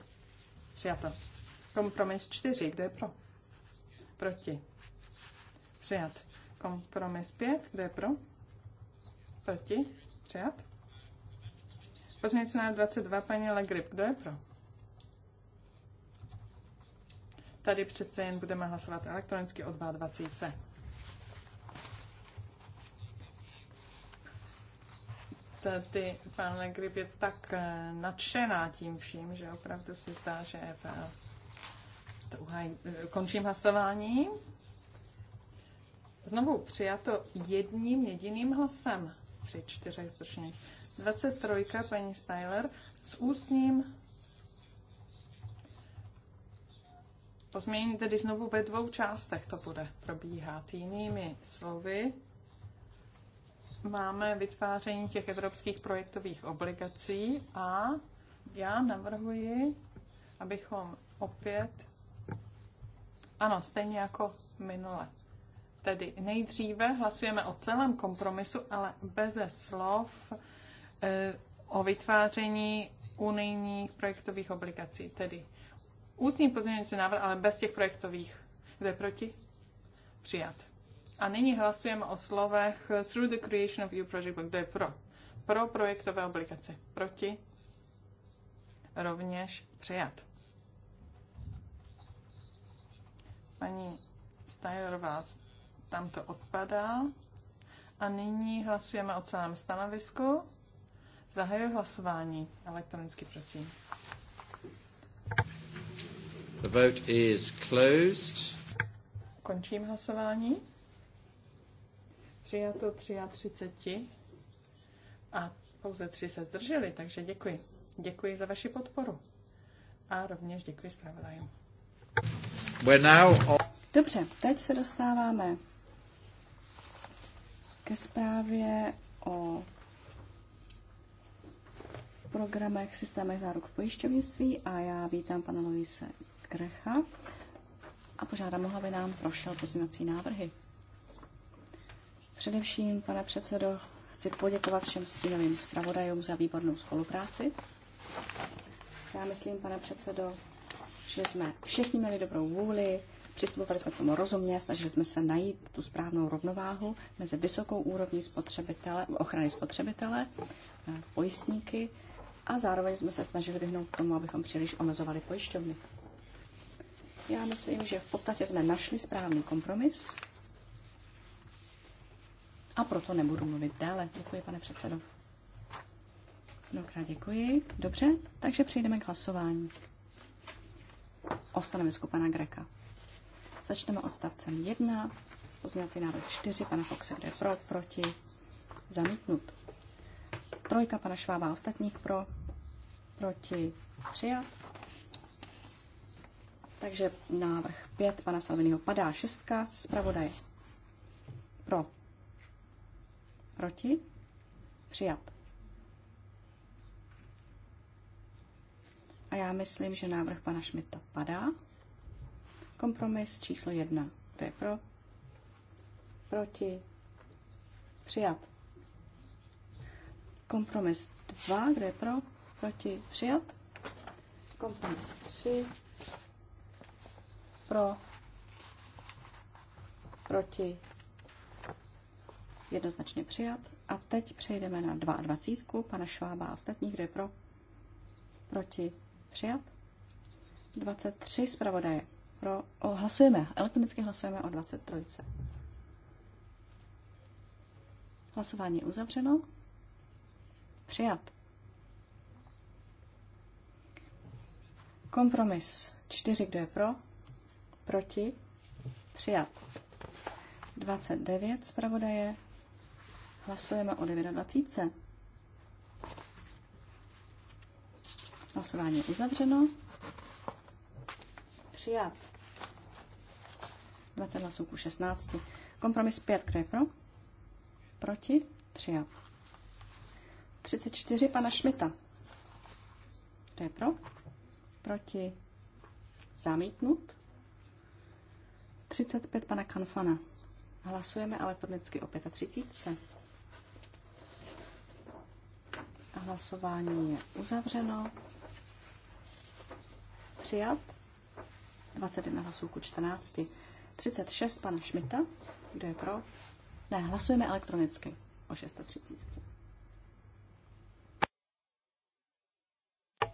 Přijato. Kompromis 4, kdo je pro? Proti. Přijat. Kompromis 5, kdo je pro? Proti. Přijat. se na 22, paní Legrip, kdo je pro? Tady přece jen budeme hlasovat elektronicky od 22. tady pan Legrib je tak eh, nadšená tím vším, že opravdu se zdá, že to uhaj... Končím hlasování. Znovu přijato jedním jediným hlasem při čtyřech zdrženích. 23. paní Styler s ústním pozměnění tedy znovu ve dvou částech to bude probíhat jinými slovy máme vytváření těch evropských projektových obligací a já navrhuji, abychom opět, ano, stejně jako minule, tedy nejdříve hlasujeme o celém kompromisu, ale beze slov e, o vytváření unijních projektových obligací, tedy ústní pozměňující návrh, ale bez těch projektových. Kdo je proti? Přijat. A nyní hlasujeme o slovech Through the creation of EU project book. Kdo je pro? Pro projektové obligace. Proti? Rovněž přijat. Paní stajerová, tam to odpadá. A nyní hlasujeme o celém stanovisku. Zahajuji hlasování elektronicky, prosím. The vote is closed. Končím hlasování. Přijato 33 a pouze 3 se zdrželi, takže děkuji. Děkuji za vaši podporu. A rovněž děkuji zpravodajům. Dobře, teď se dostáváme ke zprávě o programech, systémech záruk v pojišťovnictví a já vítám pana Luise Krecha a požádám ho, aby nám prošel pozměňovací návrhy. Především, pane předsedo, chci poděkovat všem stínovým zpravodajům za výbornou spolupráci. Já myslím, pane předsedo, že jsme všichni měli dobrou vůli, přistupovali jsme k tomu rozumně, snažili jsme se najít tu správnou rovnováhu mezi vysokou úrovní spotřebitele, ochrany spotřebitele, eh, pojistníky a zároveň jsme se snažili vyhnout tomu, abychom příliš omezovali pojišťovny. Já myslím, že v podstatě jsme našli správný kompromis a proto nebudu mluvit dále. Děkuji, pane předsedo. Dobrá, děkuji. Dobře, takže přejdeme k hlasování o stanovisku pana Greka. Začneme odstavcem 1, pozměňovací návrh 4, pana Foxe, kde je pro, proti, zamítnut. Trojka pana Švába ostatních pro, proti, přijat. Takže návrh 5 pana Salviniho padá, šestka, zpravodaj pro, Proti? Přijat. A já myslím, že návrh pana Šmita padá. Kompromis číslo jedna. To je pro? Proti? Přijat. Kompromis 2. Kdo je pro? Proti? Přijat. Kompromis 3. Pro? Proti? Jednoznačně přijat. A teď přejdeme na 22. Pana Švába a ostatní, kde je pro? Proti? Přijat. 23. Zpravodaje. Pro, o, hlasujeme. Elektronicky hlasujeme o 23. Hlasování uzavřeno. Přijat. Kompromis 4, kdo je pro? Proti? Přijat. 29 zpravodaje Hlasujeme o 29. Hlasování je uzavřeno. Přijat. 20 hlasů ku 16. Kompromis 5, kdo je pro? Proti? Přijat. 34 pana Šmita. Kdo je pro? Proti? Zamítnut. 35 pana Kanfana. Hlasujeme elektronicky o 35. Hlasování je uzavřeno. Přijat. 21 hlasů ku 14. 36 pana Šmita. Kdo je pro? Ne, hlasujeme elektronicky o 630.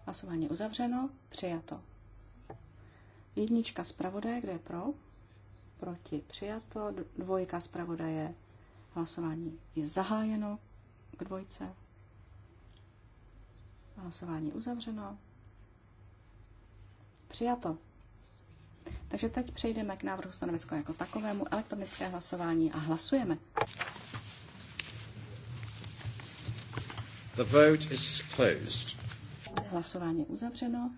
Hlasování uzavřeno, přijato. Jednička zpravodaje, kde je pro? Proti přijato. Dvojka zpravodaje, hlasování je zahájeno k dvojce. Hlasování uzavřeno. Přijato. Takže teď přejdeme k návrhu stanoviska jako takovému, elektronické hlasování a hlasujeme. The vote is closed. Hlasování uzavřeno.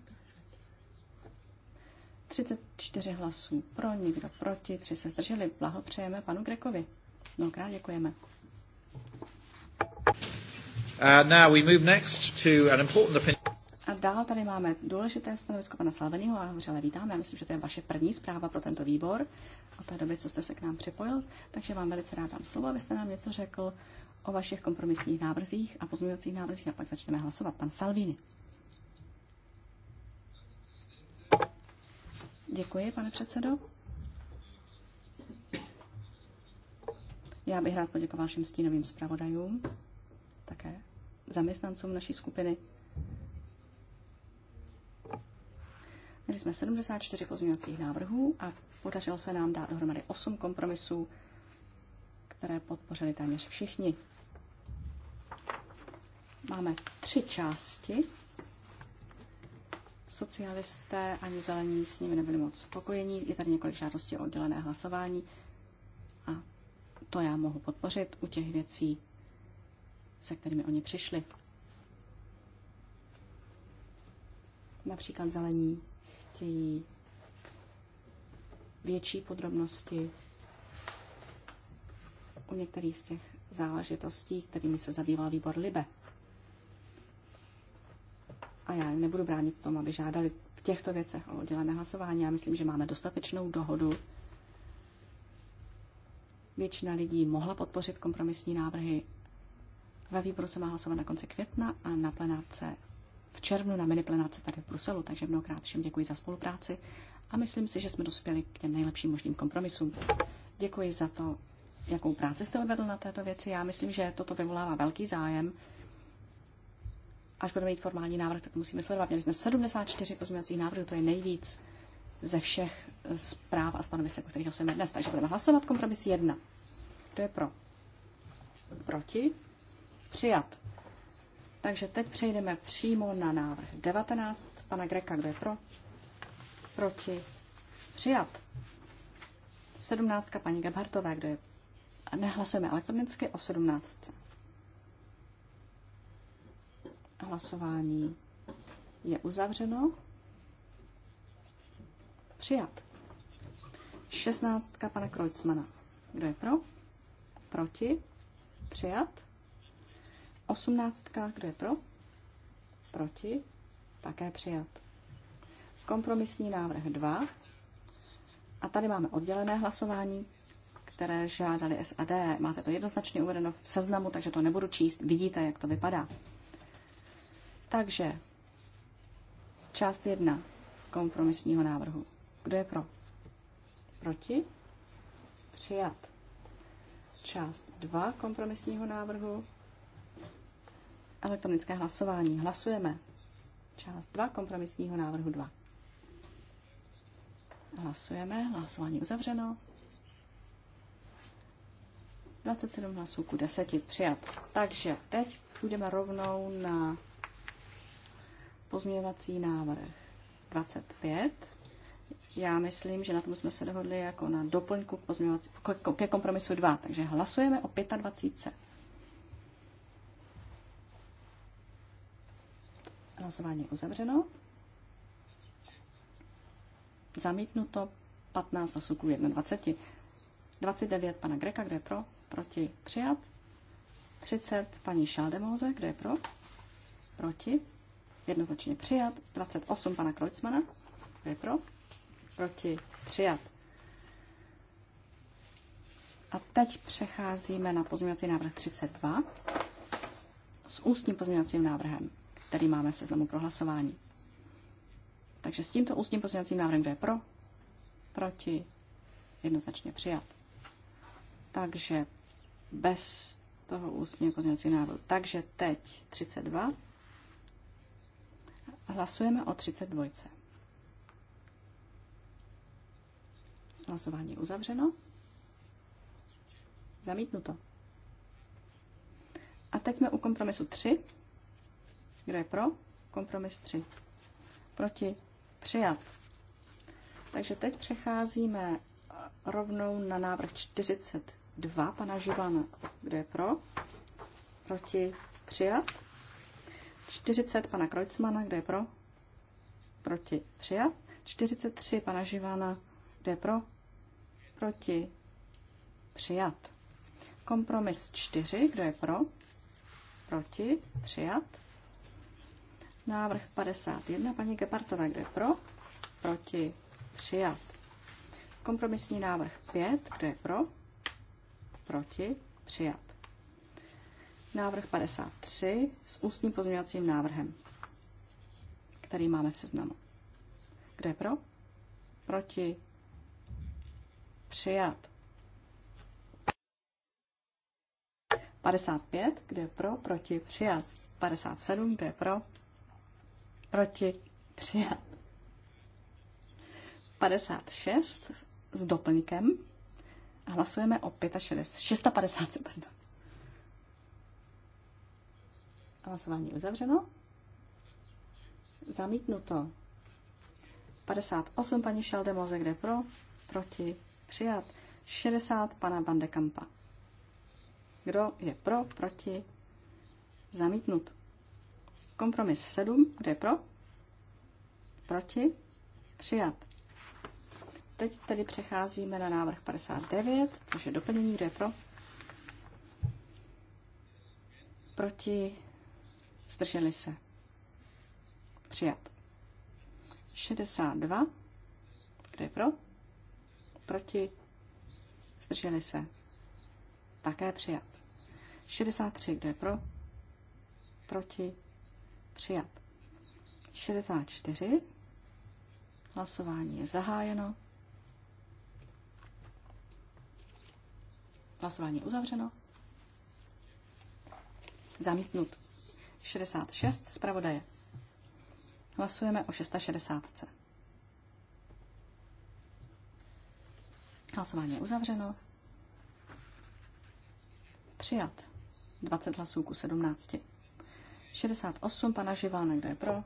34 hlasů pro, nikdo proti, tři se zdrželi. Blahopřejeme panu Grekovi. Mnohokrát děkujeme. Uh, now we move next to an important opinion. A dál tady máme důležité stanovisko pana Salveního a hořele vítáme. Já myslím, že to je vaše první zpráva pro tento výbor O té době, co jste se k nám připojil. Takže vám velice rád dám slovo, abyste nám něco řekl o vašich kompromisních návrzích a pozměňovacích návrzích a pak začneme hlasovat. Pan Salvini. Děkuji, pane předsedo. Já bych rád poděkoval všem stínovým zpravodajům také zaměstnancům naší skupiny. Měli jsme 74 pozměňovacích návrhů a podařilo se nám dát dohromady 8 kompromisů, které podpořili téměř všichni. Máme tři části. Socialisté ani zelení s nimi nebyli moc spokojení. Je tady několik žádostí o oddělené hlasování a to já mohu podpořit u těch věcí, se kterými oni přišli. Například zelení chtějí větší podrobnosti u některých z těch záležitostí, kterými se zabýval výbor Libe. A já nebudu bránit tomu, aby žádali v těchto věcech o oddělené hlasování. Já myslím, že máme dostatečnou dohodu. Většina lidí mohla podpořit kompromisní návrhy ve výboru se má hlasovat na konci května a na plenárce v červnu na mini plenárce tady v Bruselu, takže mnohokrát všem děkuji za spolupráci a myslím si, že jsme dospěli k těm nejlepším možným kompromisům. Děkuji za to, jakou práci jste odvedl na této věci. Já myslím, že toto vyvolává velký zájem. Až budeme mít formální návrh, tak musíme sledovat. Měli jsme 74 pozměňovacích návrhů, to je nejvíc ze všech eh, zpráv a stanovisek, o kterých jsme dnes. Takže budeme hlasovat kompromis 1. Kdo je pro? Proti? Přijat. Takže teď přejdeme přímo na návrh 19. Pana Greka, kdo je pro? Proti? Přijat. 17. Paní Gebhartová, kdo je? Nehlasujeme elektronicky o 17. Hlasování je uzavřeno. Přijat. 16. Pana Krojcmana. Kdo je pro? Proti? Přijat. Osmnáctka, kdo je pro? Proti? Také přijat. Kompromisní návrh 2. A tady máme oddělené hlasování, které žádali SAD. Máte to jednoznačně uvedeno v seznamu, takže to nebudu číst. Vidíte, jak to vypadá. Takže část 1 kompromisního návrhu. Kdo je pro? Proti? Přijat. Část 2 kompromisního návrhu. Elektronické hlasování. Hlasujeme. Část 2 kompromisního návrhu 2. Hlasujeme. Hlasování uzavřeno. 27 hlasů ku 10 přijat. Takže teď půjdeme rovnou na pozměňovací návrh 25. Já myslím, že na tom jsme se dohodli jako na doplňku k, ke kompromisu 2. Takže hlasujeme o 25. Hlasování uzavřeno. Zamítnuto 15 hlasů k 21. 29 pana Greka, kde je pro, proti přijat. 30 paní Šaldemóze, kde je pro, proti, jednoznačně přijat. 28 pana Kreutzmana, kde je pro, proti přijat. A teď přecházíme na pozměňovací návrh 32 s ústním pozměňovacím návrhem který máme v seznamu pro hlasování. Takže s tímto ústním pozměňovacím návrhem, kdo je pro, proti, jednoznačně přijat. Takže bez toho ústního pozměňovacího návrhu. Takže teď 32. Hlasujeme o 32. Hlasování je uzavřeno. Zamítnuto. A teď jsme u kompromisu 3. Kdo je pro? Kompromis 3. Proti? Přijat. Takže teď přecházíme rovnou na návrh 42 pana Živana. Kdo je pro? Proti? Přijat. 40 pana Krojcmana. Kdo je pro? Proti? Přijat. 43 pana Živana. Kdo je pro? Proti? Přijat. Kompromis 4. Kdo je pro? Proti? Přijat. Návrh 51 paní Gepartové, kde pro? Proti přijat. Kompromisní návrh 5, kdo je pro? Proti přijat. Návrh 53 s ústním pozměňovacím návrhem, který máme v seznamu. Kdo je pro? Proti přijat. 55, kde je pro? Proti přijat. 57, kde je pro? proti, přijat. 56 s doplňkem a hlasujeme o 65, 650, pardon. Hlasování uzavřeno. Zamítnuto. 58 paní Šeldemoze, kde pro, proti, přijat. 60 pana Bandekampa. Kdo je pro, proti, zamítnut. Kompromis 7. Kdo je pro? Proti? Přijat. Teď tedy přecházíme na návrh 59, což je doplnění. Kdo je pro? Proti? Zdrželi se. Přijat. 62. Kdo je pro? Proti? Zdrželi se. Také přijat. 63. Kdo je pro? Proti? Přijat. 64. Hlasování je zahájeno. Hlasování je uzavřeno. Zamítnut. 66. Zpravodaje. Hlasujeme o 660. Hlasování je uzavřeno. Přijat. 20 hlasů ku 17. 68 pana Živána, kdo je pro,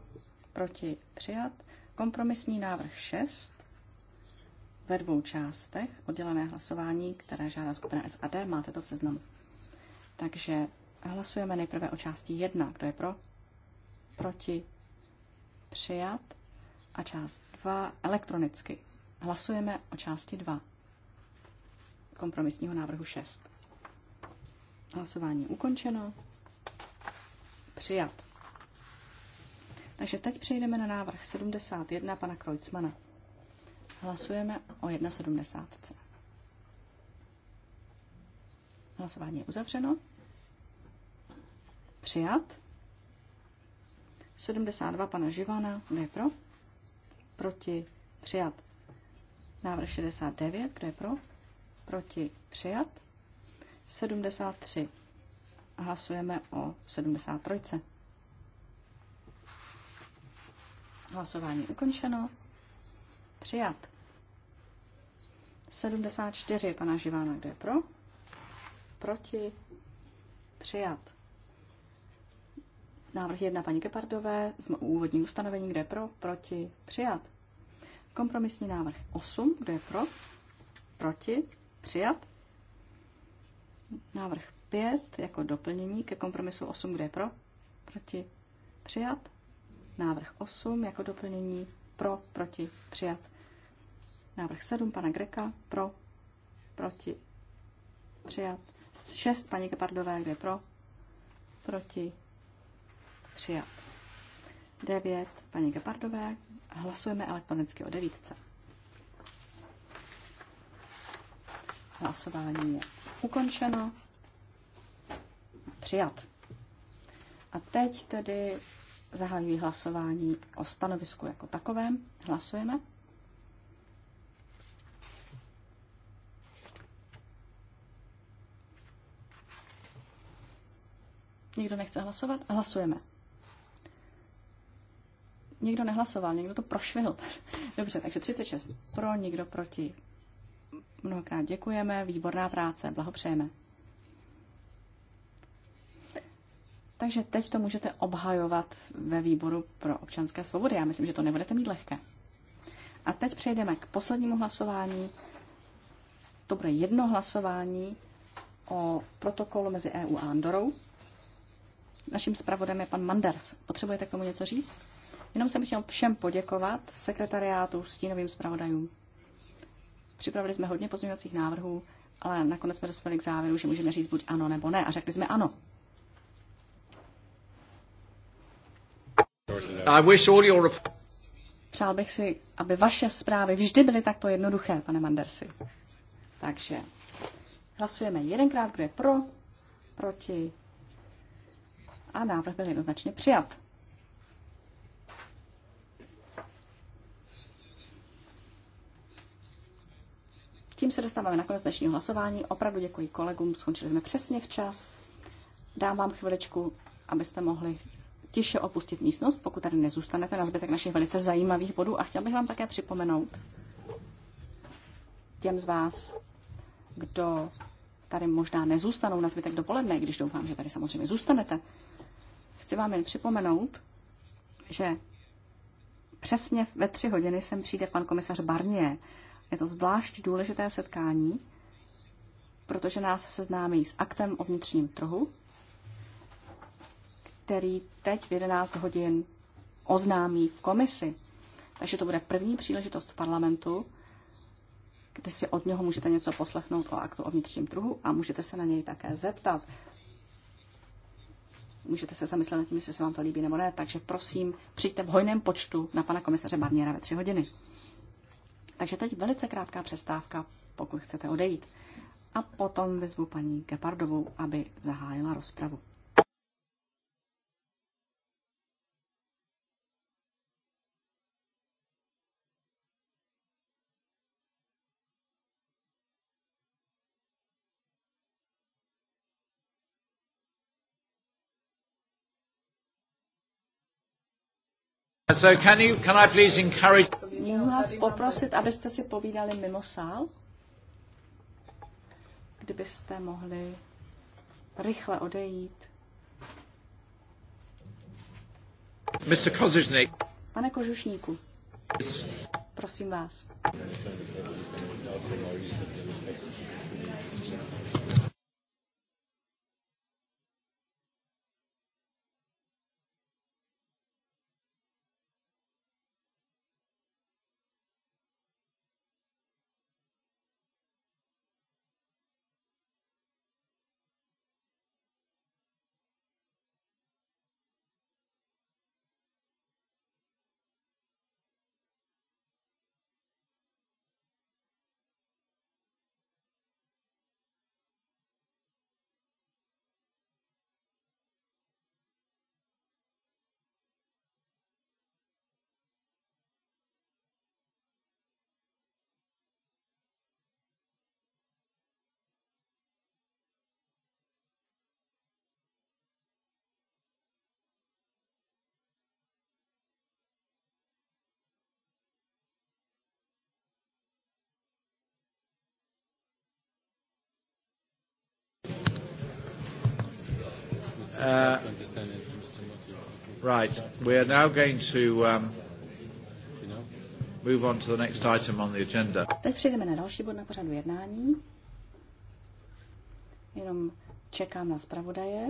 proti přijat. Kompromisní návrh 6 ve dvou částech, oddělené hlasování, které žádá skupina SAD, máte to v seznamu. Takže hlasujeme nejprve o části 1, kdo je pro, proti přijat a část 2 elektronicky. Hlasujeme o části 2 kompromisního návrhu 6. Hlasování ukončeno. Přijat. Takže teď přejdeme na návrh 71 pana Kreutzmana. Hlasujeme o 1,70. Hlasování je uzavřeno. Přijat. 72 pana Živana. Kdo je pro? Proti. Přijat. Návrh 69. Kdo je pro? Proti. Přijat. 73 a hlasujeme o 73. Hlasování ukončeno. Přijat. 74 pana Živána, kdo je pro? Proti? Přijat. Návrh 1 paní Kepardové, z úvodní ustanovení, kde je pro? Proti? Přijat. Kompromisní návrh 8, kde je pro? Proti? Přijat. Návrh 5 jako doplnění ke kompromisu 8, kde je pro, proti, přijat. Návrh 8 jako doplnění pro, proti, přijat. Návrh 7 pana Greka pro, proti, přijat. 6 paní Gepardové, kde je pro, proti, přijat. 9 paní Gepardové. Hlasujeme elektronicky o devítce. Hlasování je ukončeno. Přijat. A teď tedy zahajuji hlasování o stanovisku jako takovém. Hlasujeme. Nikdo nechce hlasovat? Hlasujeme. Nikdo nehlasoval, někdo to prošvihl. Dobře, takže 36 pro, nikdo proti. Mnohokrát děkujeme, výborná práce, blahopřejeme. Takže teď to můžete obhajovat ve výboru pro občanské svobody. Já myslím, že to nebudete mít lehké. A teď přejdeme k poslednímu hlasování. To bude jedno hlasování o protokolu mezi EU a Andorou. Naším zpravodem je pan Manders. Potřebujete k tomu něco říct? Jenom jsem chtěl všem poděkovat, sekretariátu, stínovým zpravodajům. Připravili jsme hodně pozměňovacích návrhů, ale nakonec jsme dospěli k závěru, že můžeme říct buď ano nebo ne. A řekli jsme ano. Přál bych si, aby vaše zprávy vždy byly takto jednoduché, pane Mandersi. Takže hlasujeme jedenkrát, kdo je pro, proti a návrh byl jednoznačně přijat. Tím se dostáváme na konec dnešního hlasování. Opravdu děkuji kolegům, skončili jsme přesně včas. Dám vám chviličku, abyste mohli tiše opustit místnost, pokud tady nezůstanete na zbytek našich velice zajímavých bodů. A chtěl bych vám také připomenout těm z vás, kdo tady možná nezůstanou na zbytek dopoledne, když doufám, že tady samozřejmě zůstanete, chci vám jen připomenout, že přesně ve tři hodiny sem přijde pan komisař Barnier. Je to zvlášť důležité setkání, protože nás seznámí s aktem o vnitřním trhu, který teď v 11 hodin oznámí v komisi. Takže to bude první příležitost v parlamentu, kdy si od něho můžete něco poslechnout o aktu o vnitřním trhu a můžete se na něj také zeptat. Můžete se zamyslet nad tím, jestli se vám to líbí nebo ne. Takže prosím, přijďte v hojném počtu na pana komisaře Barniera ve tři hodiny. Takže teď velice krátká přestávka, pokud chcete odejít. A potom vyzvu paní Gepardovou, aby zahájila rozpravu. So can you, can I please encourage... Mohu vás poprosit, abyste si povídali mimo sál? Kdybyste mohli rychle odejít. Mr. Kozušnik. Pane Kožušníku. Prosím vás. Uh, right, we are now going to um, move on to the next item on the agenda. Teď přejdeme na další bod na pořadu jednání. Jenom čekám na zpravodaje.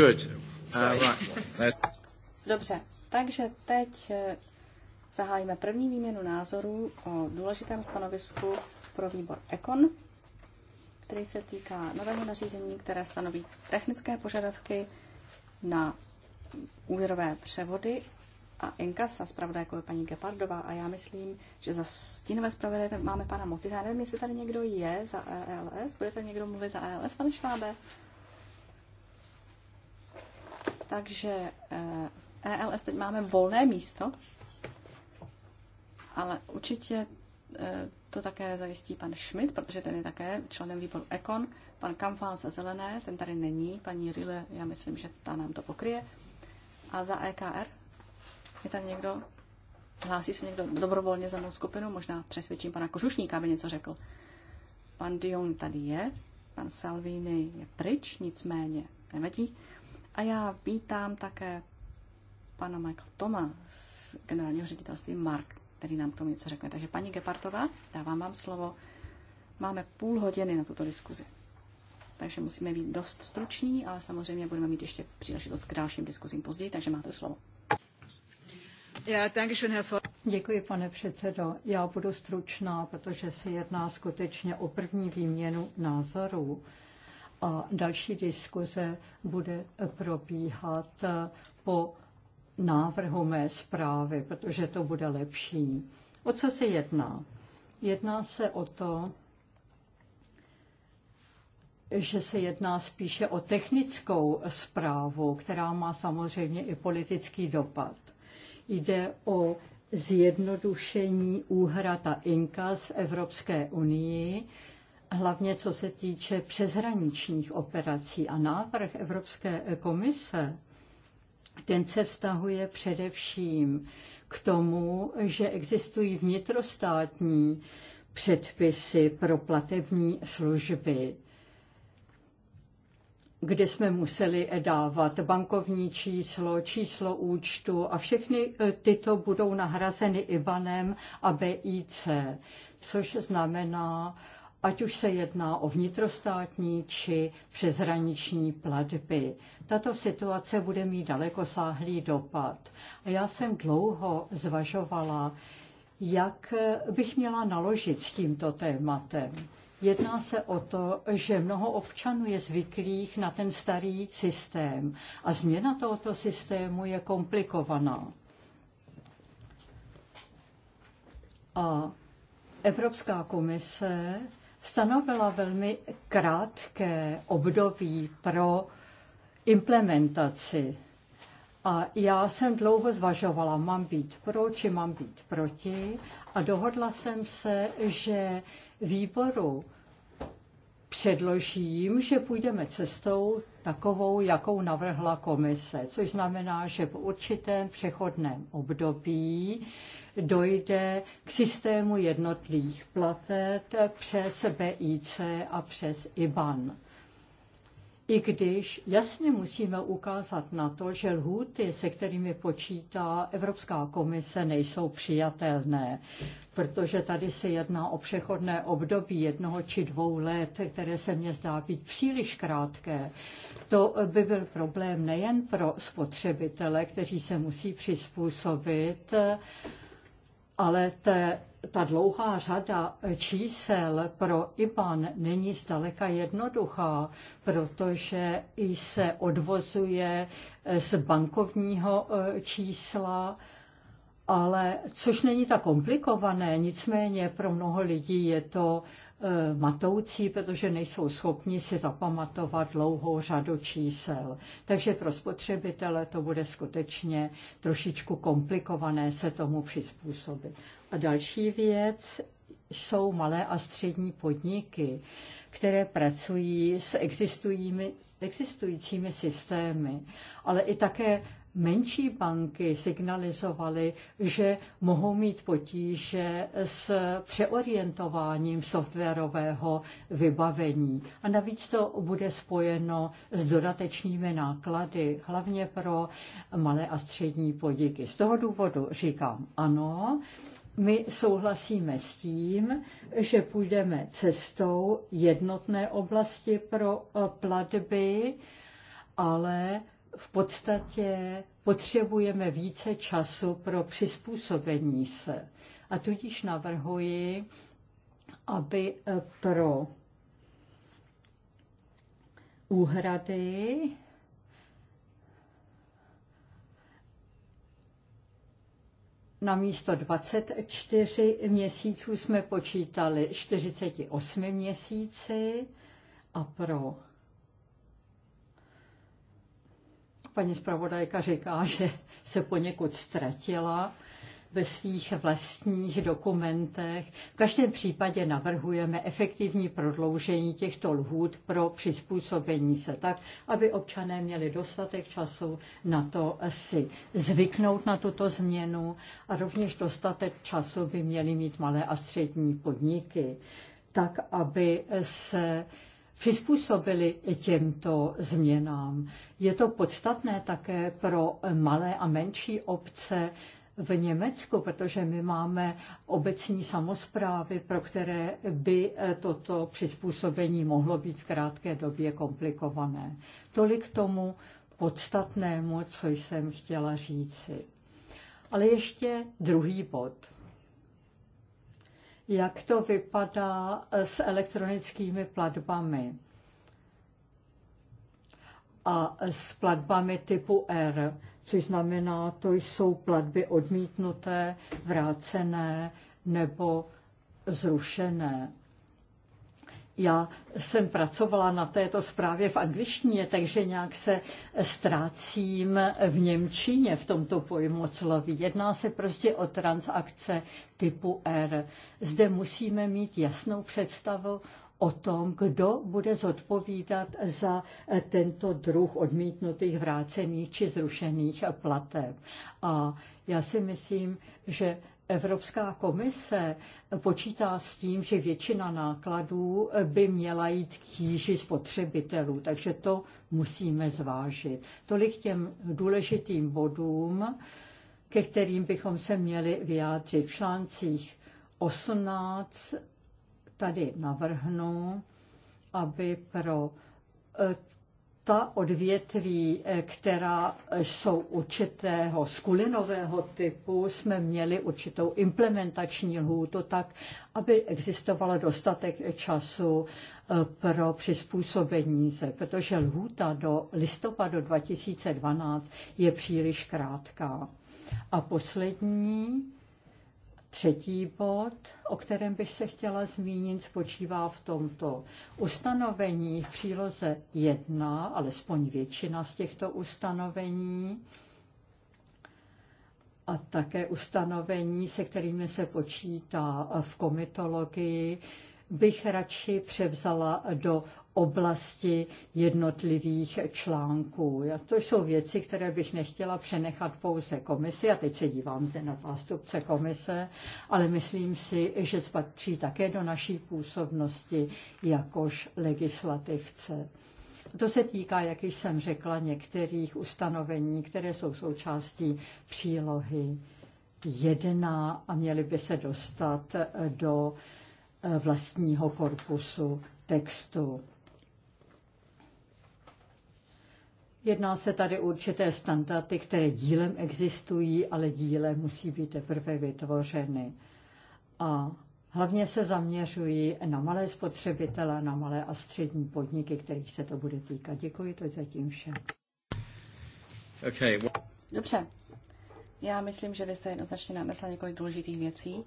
Good. Uh, Dobře, takže teď eh, zahájíme první výměnu názorů o důležitém stanovisku pro výbor ECON, který se týká nového nařízení, které stanoví technické požadavky na úvěrové převody a inkasa jako je paní Gepardová a já myslím, že za stínové zpravodaj máme pana Moty. Já nevím, jestli tady někdo je za ELS. Bude tady někdo mluvit za ELS, pane Švábe? Takže eh, v ELS teď máme volné místo, ale určitě eh, to také zajistí pan Schmidt, protože ten je také členem výboru Econ, pan Kamfán za Zelené, ten tady není, paní Rile, já myslím, že ta nám to pokryje. A za EKR je tam někdo, hlásí se někdo dobrovolně za mou skupinu, možná přesvědčím pana Kožušníka, aby něco řekl. Pan Dion tady je, pan Salvini je pryč, nicméně nevadí. A já vítám také pana Michael Toma z generálního ředitelství Mark, který nám k tomu něco řekne. Takže paní Gepartová, dávám vám slovo. Máme půl hodiny na tuto diskuzi. Takže musíme být dost struční, ale samozřejmě budeme mít ještě příležitost k dalším diskuzím později, takže máte slovo. Děkuji, pane předsedo. Já budu stručná, protože se jedná skutečně o první výměnu názorů a další diskuze bude probíhat eh, po návrhu mé zprávy, protože to bude lepší. O co se jedná? Jedná se o to, že se jedná spíše o technickou zprávu, která má samozřejmě i politický dopad. Jde o zjednodušení úhrad a inkas v Evropské unii hlavně co se týče přeshraničních operací a návrh Evropské komise, ten se vztahuje především k tomu, že existují vnitrostátní předpisy pro platební služby kde jsme museli dávat bankovní číslo, číslo účtu a všechny e, tyto budou nahrazeny IBANem a BIC, což znamená ať už se jedná o vnitrostátní či přeshraniční platby. Tato situace bude mít dalekosáhlý dopad. A já jsem dlouho zvažovala, jak bych měla naložit s tímto tématem. Jedná se o to, že mnoho občanů je zvyklých na ten starý systém a změna tohoto systému je komplikovaná. A Evropská komise stanovila velmi krátké období pro implementaci. A já jsem dlouho zvažovala, mám být pro, či mám být proti. A dohodla jsem se, že výboru předložím, že půjdeme cestou takovou, jakou navrhla komise, což znamená, že po určitém přechodném období dojde k systému jednotných platet přes BIC a přes IBAN. I když jasně musíme ukázat na to, že lhůty, se kterými počítá Evropská komise, nejsou přijatelné, protože tady se jedná o přechodné období jednoho či dvou let, které se mně zdá být příliš krátké. To by byl problém nejen pro spotřebitele, kteří se musí přizpůsobit, ale te, ta dlouhá řada čísel pro IBAN není zdaleka jednoduchá, protože i se odvozuje z bankovního e, čísla, ale což není tak komplikované, nicméně pro mnoho lidí je to Eh, matoucí, protože nejsou schopni si zapamatovat dlouhou řadu čísel. Takže pro spotřebitele to bude skutečně trošičku komplikované se tomu přizpůsobit. A další věc jsou malé a střední podniky, které pracují s existujícími, existujícími systémy, ale i také menší banky signalizovaly, že mohou mít potíže s přeorientováním softwarového vybavení. A navíc to bude spojeno s dodatečnými náklady, hlavně pro malé a střední podniky. Z toho důvodu říkám ano, my souhlasíme s tím, že půjdeme cestou jednotné oblasti pro platby, ale v podstatě potřebujeme více času pro přizpůsobení se. A tudíž navrhuji, aby eh, pro úhrady na místo 24 měsíců jsme počítali 48 měsíci a pro Paní zpravodajka říká, že se poněkud ztratila ve svých vlastních dokumentech. V každém případě navrhujeme efektivní prodloužení těchto lhůt pro přizpůsobení se tak, aby občané měli dostatek času na to si zvyknout na tuto změnu a rovněž dostatek času by měly mít malé a střední podniky tak, aby se přizpůsobili těmto změnám. Je to podstatné také pro malé a menší obce, v Německu, protože my máme obecní samozprávy, pro které by eh, toto přizpůsobení mohlo být v krátké době komplikované. Tolik tomu podstatnému, co jsem chtěla říci. Ale ještě druhý bod jak to vypadá eh, s elektronickými platbami a eh, s platbami typu R, což znamená, to jsou platby odmítnuté, vrácené nebo zrušené. Já jsem pracovala na této zprávě v angličtině, takže nějak se ztrácím v Němčině v tomto pojmu sloví. Jedná se prostě o transakce typu R. Zde musíme mít jasnou představu o tom, kdo bude zodpovídat za tento druh odmítnutých, vrácených či zrušených plateb. A já si myslím, že Evropská komise počítá s tím, že většina nákladů by měla jít k tíži spotřebitelů, takže to musíme zvážit. Tolik těm důležitým bodům, ke kterým bychom se měli vyjádřit. V článcích 18 tady navrhnu, aby pro eh, ta odvětví, eh, která jsou určitého skulinového typu, jsme měli určitou implementační lhůtu tak, aby existovalo dostatek času eh, pro přizpůsobení se, protože lhůta do listopadu 2012 je příliš krátká. A poslední Třetí bod, o kterém bych se chtěla zmínit, spočívá v tomto. Ustanovení v příloze 1, alespoň většina z těchto ustanovení, a také ustanovení, se kterými se počítá v komitologii, bych radši převzala do oblasti jednotlivých článků. To jsou věci, které bych nechtěla přenechat pouze komisi, a teď se dívám na zástupce komise, ale myslím si, že spatří také do naší působnosti jakož legislativce. To se týká, jak jsem řekla, některých ustanovení, které jsou součástí přílohy jedna a měly by se dostat do eh, vlastního korpusu textu. Jedná se tady určité standardy, které dílem existují, ale dílem musí být teprve vytvořeny. A hlavně se zaměřují na malé spotřebitele, na malé a střední podniky, kterých se to bude týkat. Děkuji, to je zatím vše. Okay. Dobře. Já myslím, že vy jste jednoznačně nadnesla několik důležitých věcí.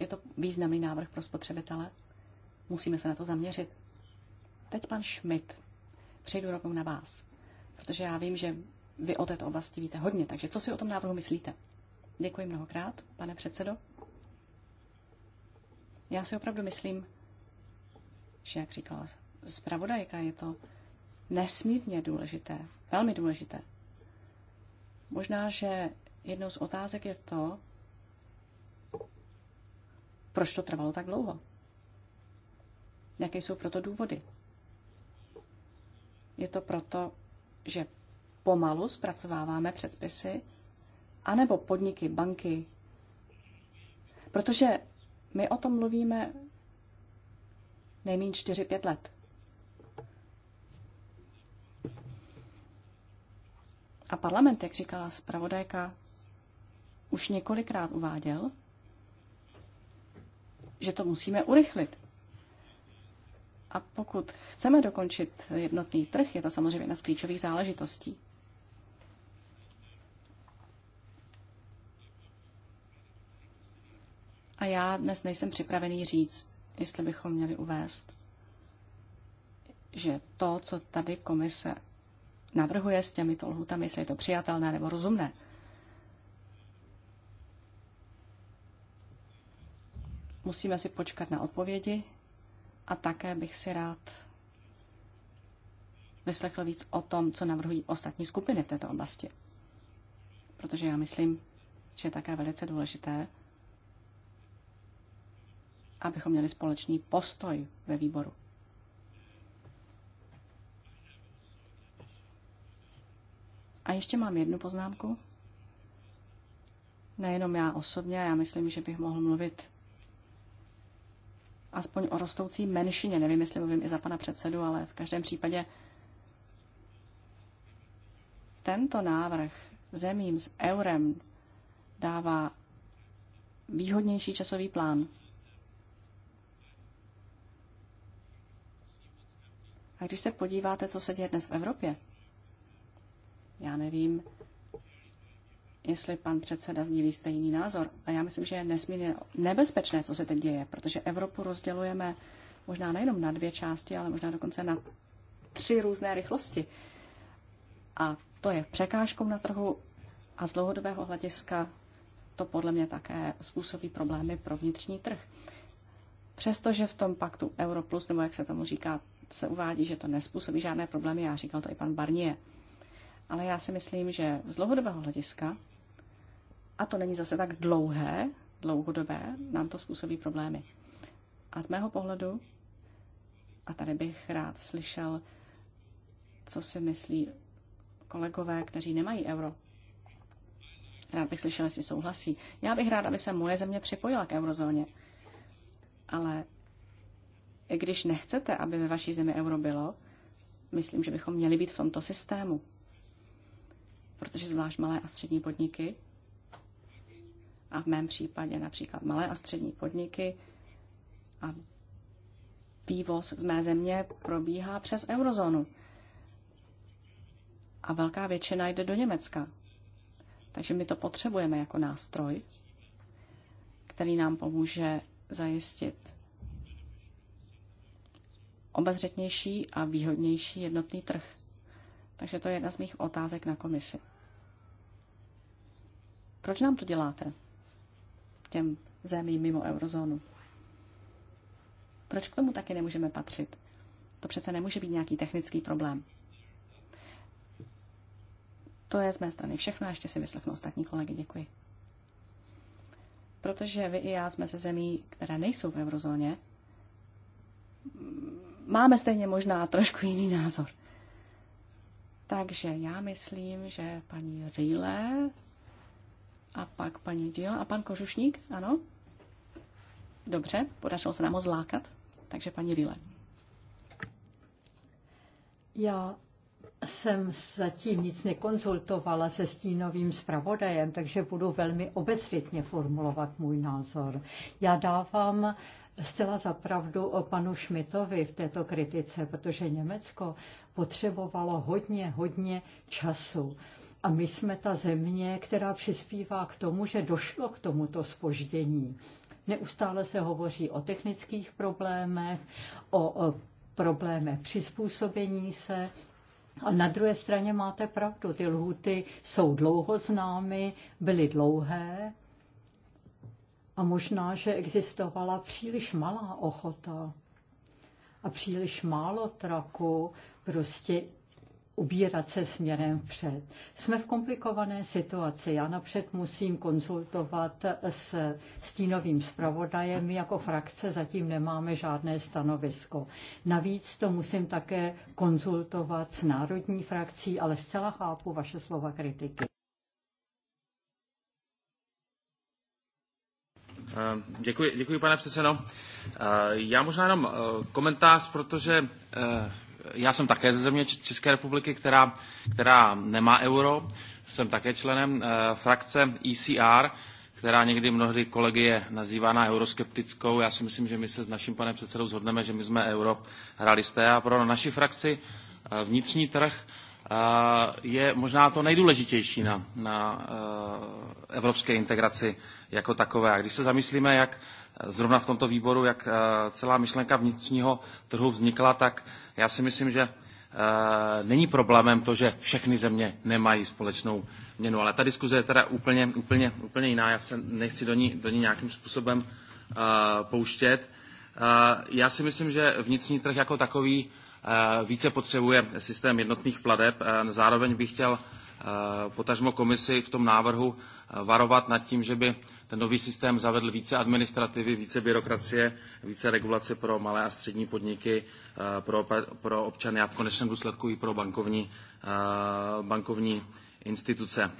Je to významný návrh pro spotřebitele. Musíme se na to zaměřit. Teď pan Schmidt. Přejdu rovnou na vás. Protože já vím, že vy o této oblasti víte hodně, takže co si o tom návrhu myslíte? Děkuji mnohokrát, pane předsedo. Já si opravdu myslím, že, jak říkala zpravodajka, je to nesmírně důležité, velmi důležité. Možná, že jednou z otázek je to, proč to trvalo tak dlouho. Jaké jsou proto důvody? Je to proto, že pomalu zpracováváme předpisy, anebo podniky, banky. Protože my o tom mluvíme nejméně 4-5 let. A parlament, jak říkala zpravodajka, už několikrát uváděl, že to musíme urychlit. A pokud chceme dokončit jednotný trh, je to samozřejmě jedna z klíčových záležitostí. A já dnes nejsem připravený říct, jestli bychom měli uvést, že to, co tady komise navrhuje s těmito lhutami, jestli je to přijatelné nebo rozumné. Musíme si počkat na odpovědi a také bych si rád vyslechl víc o tom, co navrhují ostatní skupiny v této oblasti. Protože já myslím, že je také velice důležité, abychom měli společný postoj ve výboru. A ještě mám jednu poznámku. Nejenom já osobně, já myslím, že bych mohl mluvit aspoň o rostoucí menšině. Nevím, jestli mluvím i za pana předsedu, ale v každém případě tento návrh zemím s eurem dává výhodnější časový plán. A když se podíváte, co se děje dnes v Evropě, já nevím, jestli pan předseda sdílí stejný názor. A já myslím, že je nesmírně nebezpečné, co se teď děje, protože Evropu rozdělujeme možná nejenom na dvě části, ale možná dokonce na tři různé rychlosti. A to je překážkou na trhu a z dlouhodobého hlediska to podle mě také způsobí problémy pro vnitřní trh. Přestože v tom paktu Euro plus, nebo jak se tomu říká, se uvádí, že to nespůsobí žádné problémy, já říkal to i pan Barnier. Ale já si myslím, že z dlouhodobého hlediska, a to není zase tak dlouhé, dlouhodobé, nám to způsobí problémy. A z mého pohledu, a tady bych rád slyšel, co si myslí kolegové, kteří nemají euro. Rád bych slyšel, jestli souhlasí. Já bych rád, aby se moje země připojila k eurozóně. Ale i když nechcete, aby ve vaší zemi euro bylo, myslím, že bychom měli být v tomto systému protože zvlášť malé a střední podniky, a v mém případě například malé a střední podniky a vývoz z mé země probíhá přes eurozónu. A velká většina jde do Německa. Takže my to potřebujeme jako nástroj, který nám pomůže zajistit obezřetnější a výhodnější jednotný trh. Takže to je jedna z mých otázek na komisi. Proč nám to děláte? Těm zemím mimo eurozónu. Proč k tomu taky nemůžeme patřit? To přece nemůže být nějaký technický problém. To je z mé strany všechno a ještě si vyslechnu ostatní kolegy. Děkuji. Protože vy i já jsme ze zemí, které nejsou v eurozóně, máme stejně možná trošku jiný názor. Takže já myslím, že paní Rýle a pak paní Dio a pan Kožušník, ano? Dobře, podařilo se nám ho zlákat. Takže paní Rýle. Já jsem zatím nic nekonzultovala se stínovým zpravodajem, takže budu velmi obezřetně formulovat můj názor. Já dávám zcela zapravdu o panu Šmitovi v této kritice, protože Německo potřebovalo hodně, hodně času. A my jsme ta země, která přispívá k tomu, že došlo k tomuto spoždění. Neustále se hovoří o technických problémech, o problémech přizpůsobení se, a na druhé straně máte pravdu, ty lhuty jsou dlouho známy, byly dlouhé a možná, že existovala příliš malá ochota a příliš málo traku prostě ubírat se směrem před. Jsme v komplikované situaci. Já napřed musím konzultovat s stínovým zpravodajem. My jako frakce zatím nemáme žádné stanovisko. Navíc to musím také konzultovat s národní frakcí, ale zcela chápu vaše slova kritiky. Eh, děkuji, děkuji pane předsedo. Eh, já možná jenom eh, komentář, protože já jsem také ze země České republiky, která, která nemá euro. Jsem také členem frakce ECR, která někdy mnohdy kolegy je nazývána euroskeptickou. Já si myslím, že my se s naším panem předsedou zhodneme, že my jsme euro realisté a pro naši frakci vnitřní trh Eh, je možná to nejdůležitější na, na eh, evropské integraci jako takové. A když se zamyslíme, jak eh, zrovna v tomto výboru, jak celá myšlenka vnitřního trhu vznikla, tak já si myslím, že není problémem to, že všechny země nemají společnou měnu. Ale ta diskuze je teda úplně, úplně, úplně jiná. Já se nechci do ní, do ní nějakým způsobem pouštět. Já si myslím, že vnitřní trh jako takový Eh, více potřebuje systém jednotných plateb. Eh, zároveň bych chtěl eh, potažmo komisi v tom návrhu varovat nad tím, že by ten nový systém zavedl více administrativy, více byrokracie, více regulace pro malé a střední podniky, pro, pro občany a v konečném důsledku i pro bankovní, bankovní instituce.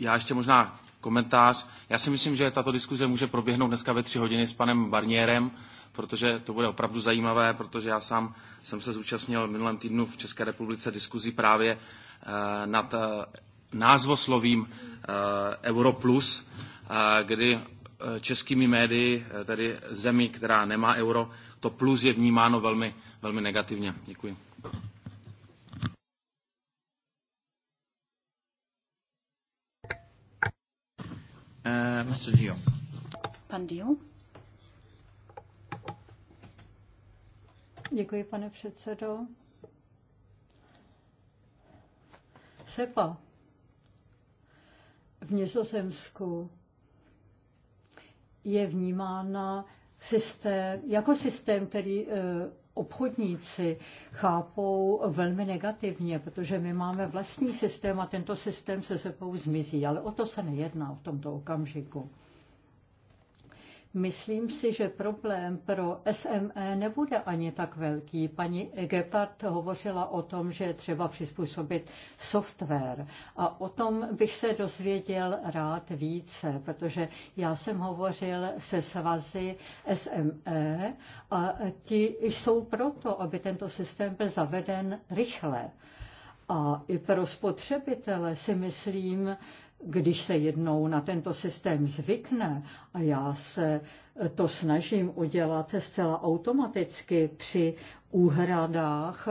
Já ještě možná komentář. Já si myslím, že tato diskuze může proběhnout dneska ve tři hodiny s panem Barnierem protože to bude opravdu zajímavé, protože já sám jsem se zúčastnil v minulém týdnu v České republice diskuzí právě eh, nad eh, názvoslovím eh, Europlus, kdy českými médii, tedy zemi, která nemá euro, to plus je vnímáno velmi, velmi negativně. Děkuji. Uh, Mr. Dio. Pan Dio. Děkuji, pane předsedo. SEPA v Nizozemsku je vnímána systém, jako systém, který e, obchodníci chápou velmi negativně, protože my máme vlastní systém a tento systém se sebou zmizí, ale o to se nejedná v tomto okamžiku. Myslím si, že problém pro SME nebude ani tak velký. Paní Gepard hovořila o tom, že je třeba přizpůsobit software. A o tom bych se dozvěděl rád více, protože já jsem hovořil se svazy SME a ti jsou proto, aby tento systém byl zaveden rychle. A i pro spotřebitele si myslím, když se jednou na tento systém zvykne, a já se to snažím udělat zcela automaticky při úhradách,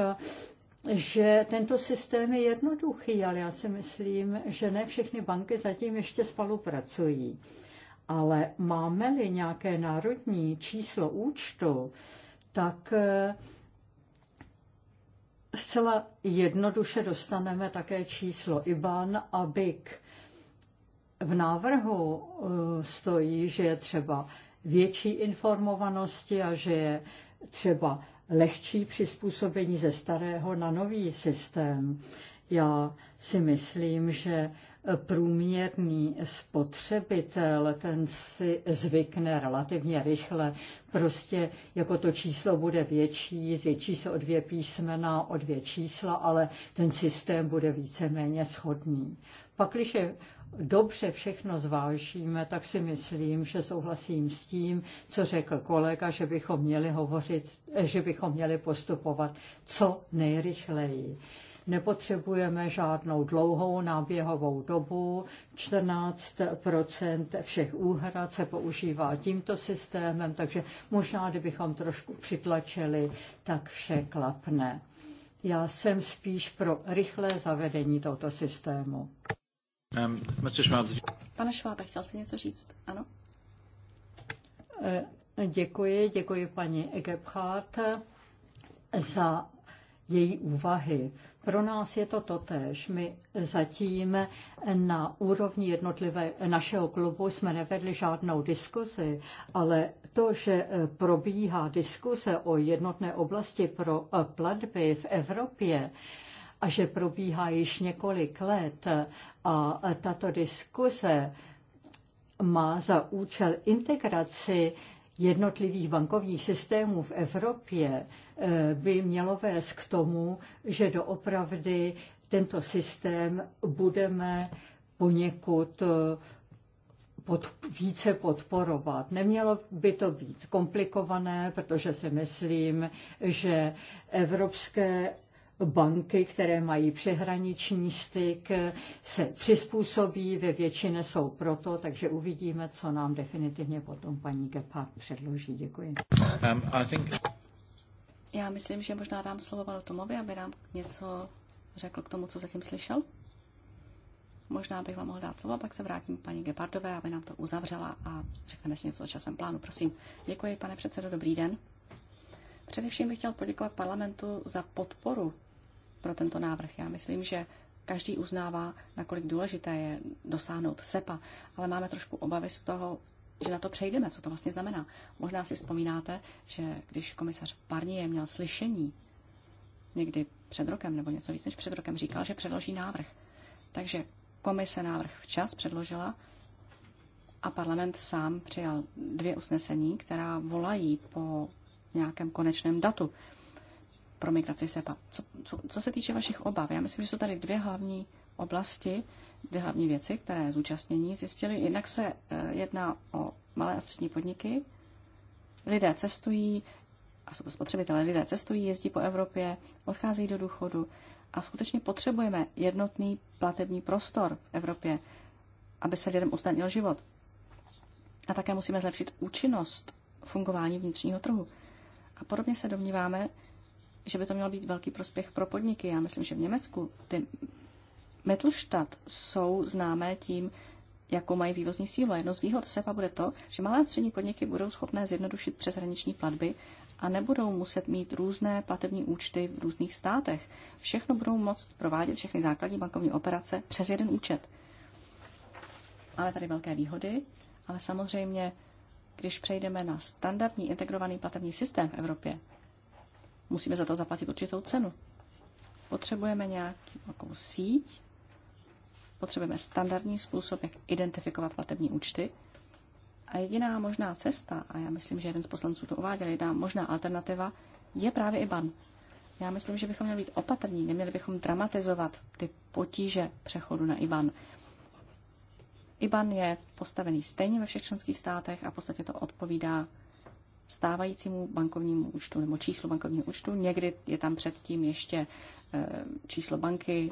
že tento systém je jednoduchý, ale já si myslím, že ne všechny banky zatím ještě spolupracují. Ale máme-li nějaké národní číslo účtu, tak eh, zcela jednoduše dostaneme také číslo IBAN a BIC. V návrhu eh, stojí, že je třeba větší informovanosti a že je třeba lehčí přizpůsobení ze starého na nový systém. Já si myslím, že průměrný spotřebitel, ten si zvykne relativně rychle. Prostě jako to číslo bude větší, zvětší se o dvě písmena, o dvě čísla, ale ten systém bude víceméně schodný. Pak, když je dobře všechno zvážíme, tak si myslím, že souhlasím s tím, co řekl kolega, že bychom měli hovořit, eh, že bychom měli postupovat co nejrychleji. Nepotřebujeme žádnou dlouhou náběhovou dobu. 14 všech úhrad se používá tímto systémem, takže možná, kdybychom trošku přitlačili, tak vše klapne. Já jsem spíš pro rychlé zavedení tohoto systému. Um, Pane Švábe, chtěl jsi něco říct? Ano? Eh, děkuji, děkuji paní Egebhardt za její úvahy. Pro nás je to totéž. My zatím na úrovni jednotlivé našeho klubu jsme nevedli žádnou diskuzi, ale to, že eh, probíhá diskuze o jednotné oblasti pro eh, platby v Evropě, a že probíhá již několik let a tato diskuse má za účel integraci jednotlivých bankovních systémů v Evropě eh, by mělo vést k tomu, že doopravdy tento systém budeme poněkud eh, pod, více podporovat. Nemělo by to být komplikované, protože si myslím, že evropské banky, které mají přehraniční styk, se přizpůsobí, ve většině jsou proto, takže uvidíme, co nám definitivně potom paní Gephardt předloží. Děkuji. Um, I think... Já myslím, že možná dám slovo panu Tomovi, aby nám něco řekl k tomu, co zatím slyšel. Možná bych vám mohl dát slovo, pak se vrátím k paní Gepardové, aby nám to uzavřela a řekneme si něco o časovém plánu. Prosím. Děkuji, pane předsedo, dobrý den. Především bych chtěl poděkovat parlamentu za podporu pro tento návrh. Já myslím, že každý uznává, nakolik důležité je dosáhnout SEPA, ale máme trošku obavy z toho, že na to přejdeme, co to vlastně znamená. Možná si vzpomínáte, že když komisař Barnier měl slyšení někdy před rokem nebo něco víc než před rokem, říkal, že předloží návrh. Takže komise návrh včas předložila a parlament sám přijal dvě usnesení, která volají po nějakém konečném datu pro migraci SEPA. Co, co, co se týče vašich obav, já myslím, že jsou tady dvě hlavní oblasti, dvě hlavní věci, které zúčastnění zjistili. Jednak se eh, jedná o malé a střední podniky. Lidé cestují, a jsou to spotřebitelé, lidé cestují, jezdí po Evropě, odchází do důchodu a skutečně potřebujeme jednotný platební prostor v Evropě, aby se lidem usnadnil život. A také musíme zlepšit účinnost fungování vnitřního trhu. A podobně se domníváme, že by to mělo být velký prospěch pro podniky. Já myslím, že v Německu ty Mittelstadt jsou známé tím, jakou mají vývozní sílu. Jedno z výhod SEPA bude to, že malé a střední podniky budou schopné zjednodušit přeshraniční platby a nebudou muset mít různé platební účty v různých státech. Všechno budou moct provádět, všechny základní bankovní operace přes jeden účet. Máme tady velké výhody, ale samozřejmě, když přejdeme na standardní integrovaný platební systém v Evropě, musíme za to zaplatit určitou cenu. Potřebujeme nějakou síť, potřebujeme standardní způsob, jak identifikovat platební účty. A jediná možná cesta, a já myslím, že jeden z poslanců to uváděl, jediná možná alternativa, je právě IBAN. Já myslím, že bychom měli být opatrní, neměli bychom dramatizovat ty potíže přechodu na IBAN. IBAN je postavený stejně ve všech členských státech a v podstatě to odpovídá stávajícímu bankovnímu účtu nebo číslu bankovního účtu. Někdy je tam předtím ještě eh, číslo banky.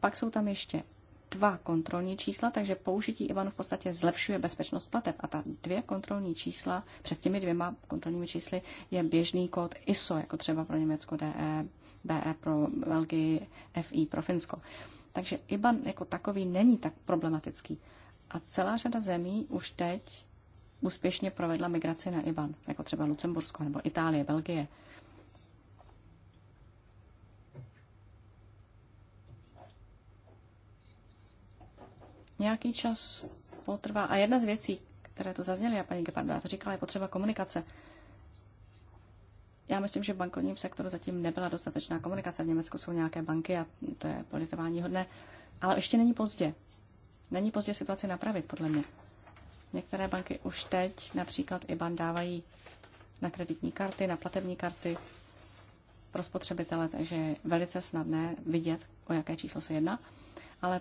Pak jsou tam ještě dva kontrolní čísla, takže použití IBANu v podstatě zlepšuje bezpečnost plateb. A ta dvě kontrolní čísla, před těmi dvěma kontrolními čísly, je běžný kód ISO, jako třeba pro Německo DE, BE pro Belgii, FI pro Finsko. Takže IBAN jako takový není tak problematický. A celá řada zemí už teď úspěšně provedla migraci na IBAN, jako třeba Lucembursko nebo Itálie, Belgie. Nějaký čas potrvá. A jedna z věcí, které to zazněly, a paní Gepardová to říkala, je potřeba komunikace. Já myslím, že v bankovním sektoru zatím nebyla dostatečná komunikace. V Německu jsou nějaké banky a to je politování hodné. Ale ještě není pozdě. Není pozdě situaci napravit, podle mě. Některé banky už teď například IBAN dávají na kreditní karty, na platební karty pro spotřebitele, takže je velice snadné vidět, o jaké číslo se jedná. Ale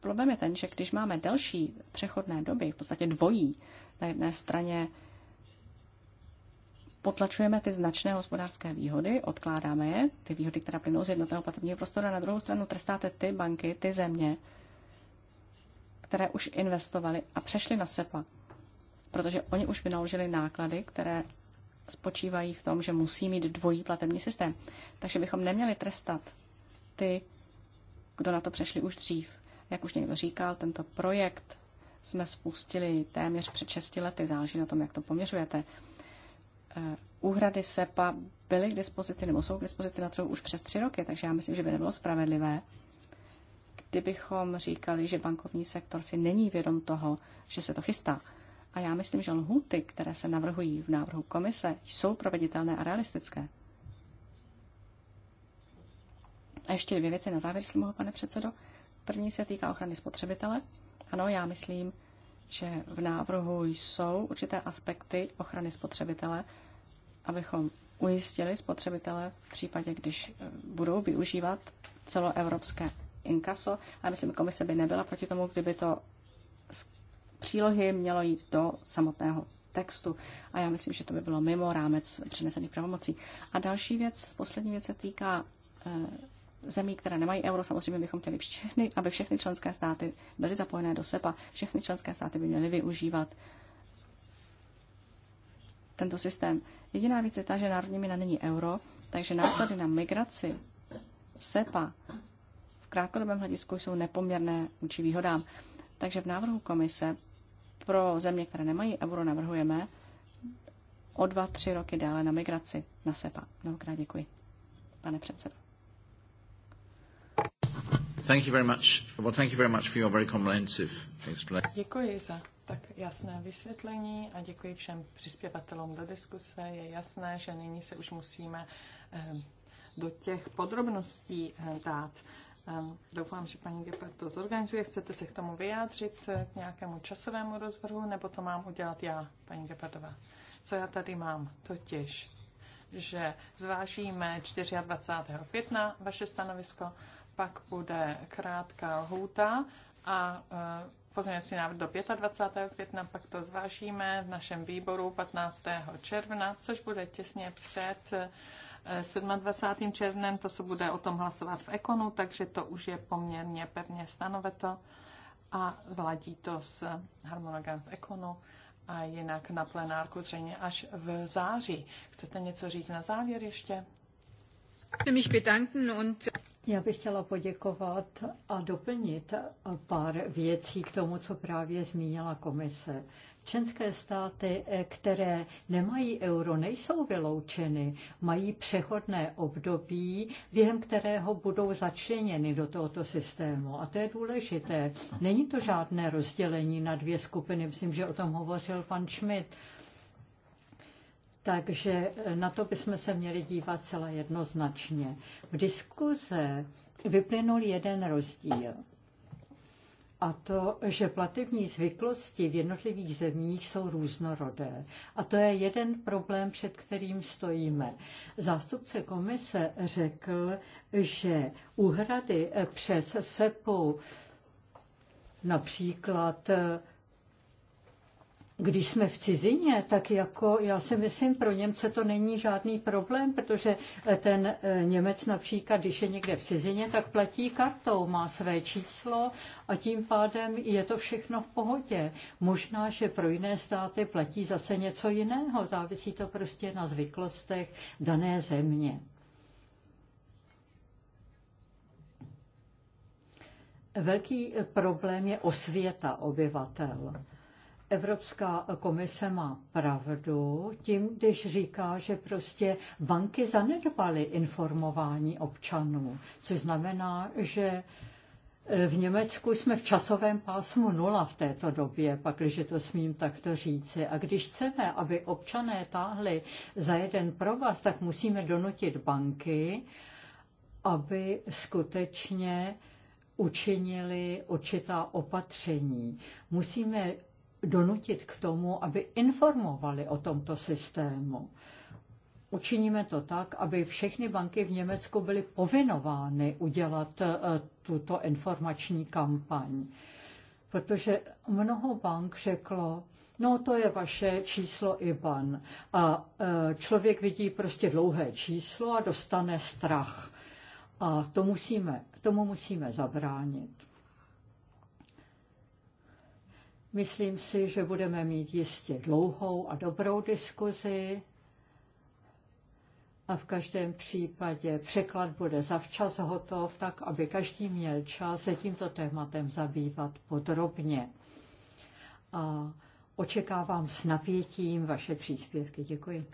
problém je ten, že když máme delší přechodné doby, v podstatě dvojí, na jedné straně potlačujeme ty značné hospodářské výhody, odkládáme je, ty výhody, které plynou z jednotného platebního prostoru, a na druhou stranu trestáte ty banky, ty země, které už investovali a přešli na SEPA, protože oni už vynaložili náklady, které spočívají v tom, že musí mít dvojí platební systém. Takže bychom neměli trestat ty, kdo na to přešli už dřív. Jak už někdo říkal, tento projekt jsme spustili téměř před 6 lety, záleží na tom, jak to poměřujete. Eh, úhrady SEPA byly k dispozici nebo jsou k dispozici na trhu už přes tři roky, takže já myslím, že by nebylo spravedlivé, kdybychom říkali, že bankovní sektor si není vědom toho, že se to chystá. A já myslím, že lhuty, které se navrhují v návrhu komise, jsou proveditelné a realistické. A ještě dvě věci na závěr, jestli mohu, pane předsedo. První se týká ochrany spotřebitele. Ano, já myslím, že v návrhu jsou určité aspekty ochrany spotřebitele, abychom ujistili spotřebitele v případě, když eh, budou využívat celoevropské inkaso a myslím, komise by nebyla proti tomu, kdyby to z přílohy mělo jít do samotného textu. A já myslím, že to by bylo mimo rámec přenesených pravomocí. A další věc, poslední věc se týká eh, zemí, které nemají euro, samozřejmě bychom chtěli všechny, aby všechny členské státy byly zapojené do SEPA. Všechny členské státy by měly využívat tento systém. Jediná věc je ta, že národní mina není euro, takže náklady na migraci SEPA krátkodobém hledisku jsou nepoměrné vůči výhodám. Takže v návrhu komise pro země, které nemají euro, navrhujeme o dva, tři roky dále na migraci na SEPA. Mnohokrát děkuji, pane předsedo. Thank you very much. Well, thank you very much for your very comprehensive explanation. Děkuji za tak jasné vysvětlení a děkuji všem přispěvatelům do diskuse. Je jasné, že nyní se už musíme eh, do těch podrobností eh, dát. Doufám, že paní Gepard to zorganizuje. Chcete se k tomu vyjádřit eh, k nějakému časovému rozvrhu, nebo to mám udělat já, paní Gepardová? Co já tady mám? Totiž, že zvážíme 24. května vaše stanovisko, pak bude krátká lhůta a eh, pozměňovací návrh do 25. května, pak to zvážíme v našem výboru 15. června, což bude těsně před eh, 27. červnem, to se bude o tom hlasovat v Ekonu, takže to už je poměrně pevně stanoveto a zladí to s harmonogramem v Ekonu a jinak na plenárku zřejmě až v září. Chcete něco říct na závěr ještě? Já bych chtěla poděkovat a doplnit pár věcí k tomu, co právě zmínila komise. Členské státy, eh, které nemají euro, nejsou vyloučeny, mají přechodné období, během kterého budou začleněny do tohoto systému. A to je důležité. Není to žádné rozdělení na dvě skupiny, myslím, že o tom hovořil pan Schmidt. Takže eh, na to bychom se měli dívat celá jednoznačně. V diskuze vyplynul jeden rozdíl a to, že platební zvyklosti v jednotlivých zemích jsou různorodé. A to je jeden problém, před kterým stojíme. Zástupce komise řekl, že úhrady přes SEPu například když jsme v cizině, tak jako já si myslím, pro Němce to není žádný problém, protože eh, ten eh, Němec například, když je někde v cizině, tak platí kartou, má své číslo a tím pádem je to všechno v pohodě. Možná, že pro jiné státy platí zase něco jiného, závisí to prostě na zvyklostech dané země. Velký eh, problém je osvěta obyvatel Evropská komise má pravdu tím, když říká, že prostě banky zanedbaly informování občanů, což znamená, že e, v Německu jsme v časovém pásmu nula v této době, pakliže to smím takto říci. A když chceme, aby občané táhli za jeden provaz, tak musíme donutit banky, aby skutečně učinili určitá opatření. Musíme donutit k tomu, aby informovali o tomto systému. Učiníme to tak, aby všechny banky v Německu byly povinovány udělat eh, tuto informační kampaň. Protože mnoho bank řeklo, No, to je vaše číslo IBAN. A eh, člověk vidí prostě dlouhé číslo a dostane strach. A to musíme, tomu musíme zabránit. Myslím si, že budeme mít jistě dlouhou a dobrou diskuzi a v každém případě překlad bude zavčas hotov, tak aby každý měl čas se tímto tématem zabývat podrobně. A očekávám s napětím vaše příspěvky. Děkuji.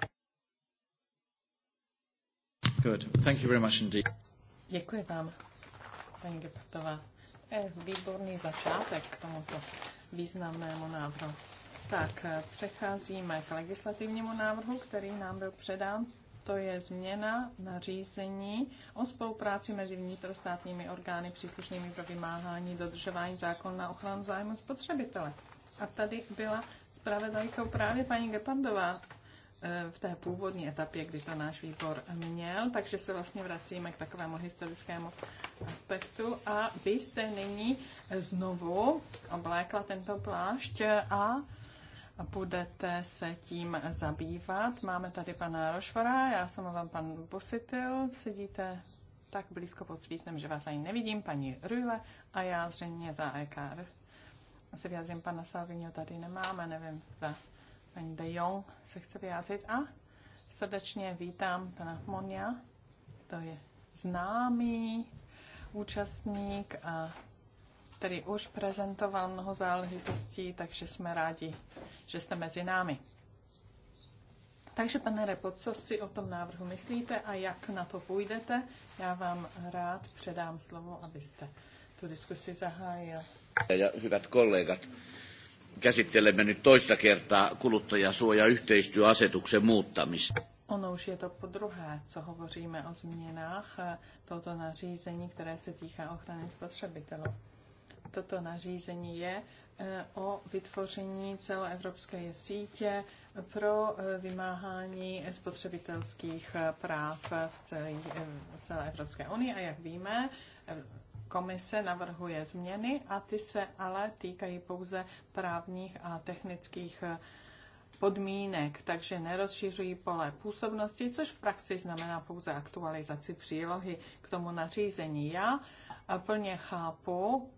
Good. Thank you very much indeed. Děkuji vám, paní deputová. Eh, výborný začátek k tomuto významnému návrhu. Tak eh, přecházíme k legislativnímu návrhu, který nám byl předán. To je změna nařízení o spolupráci mezi vnitrostátními orgány příslušnými pro vymáhání dodržování zákona na ochranu zájmu spotřebitele. A tady byla spravedlivou právě paní Gepardová v té původní etapě, kdy to náš výbor měl, takže se vlastně vracíme k takovému historickému aspektu. A vy jste nyní znovu oblékla tento plášť a budete se tím zabývat. Máme tady pana Rošvora, já jsem vám pan Bositil, sedíte tak blízko pod svícnem, že vás ani nevidím, paní Rüle a já zřejmě za EKR. Asi vyjádřím pana Salvinio tady nemáme, nevím, za paní De Jong se chce vyjádřit a srdečně vítám pana Monia, to je známý účastník a který už prezentoval mnoho záležitostí, takže jsme rádi, že jste mezi námi. Takže, pane Repo, co si o tom návrhu myslíte a jak na to půjdete? Já vám rád předám slovo, abyste tu diskusi zahájil. Ja hyvät kollegat, käsittelemme nyt toista kertaa kuluttajasuojayhteistyöasetuksen muuttamista. Ono už je to po druhé, co hovoříme o změnách eh, tohoto nařízení, které se týká ochrany spotřebitelů. Toto nařízení je eh, o vytvoření celoevropské sítě pro eh, vymáhání spotřebitelských práv v celé, celé Evropské unii. A jak víme, Komise navrhuje změny a ty se ale týkají pouze právních a technických eh, podmínek, takže nerozšiřují pole působnosti, což v praxi znamená pouze aktualizaci přílohy k tomu nařízení. Já eh, plně chápu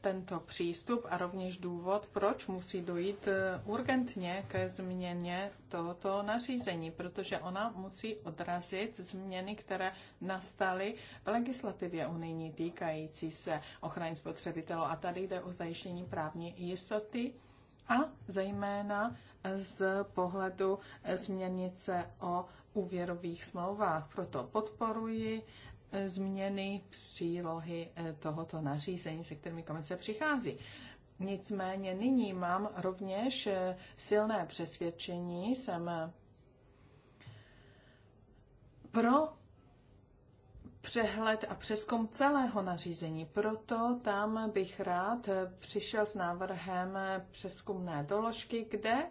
tento přístup a rovněž důvod, proč musí dojít eh, urgentně ke změně tohoto nařízení, protože ona musí odrazit změny, které nastaly v legislativě unijní týkající se ochrany spotřebitelů. A tady jde o zajištění právní jistoty a zejména eh, z pohledu eh, směrnice o úvěrových smlouvách. Proto podporuji změny přílohy eh, tohoto nařízení, se kterými komise přichází. Nicméně nyní mám rovněž eh, silné přesvědčení, jsem eh, pro přehled a přeskum celého nařízení. Proto tam bych rád přišel s návrhem přeskumné doložky, kde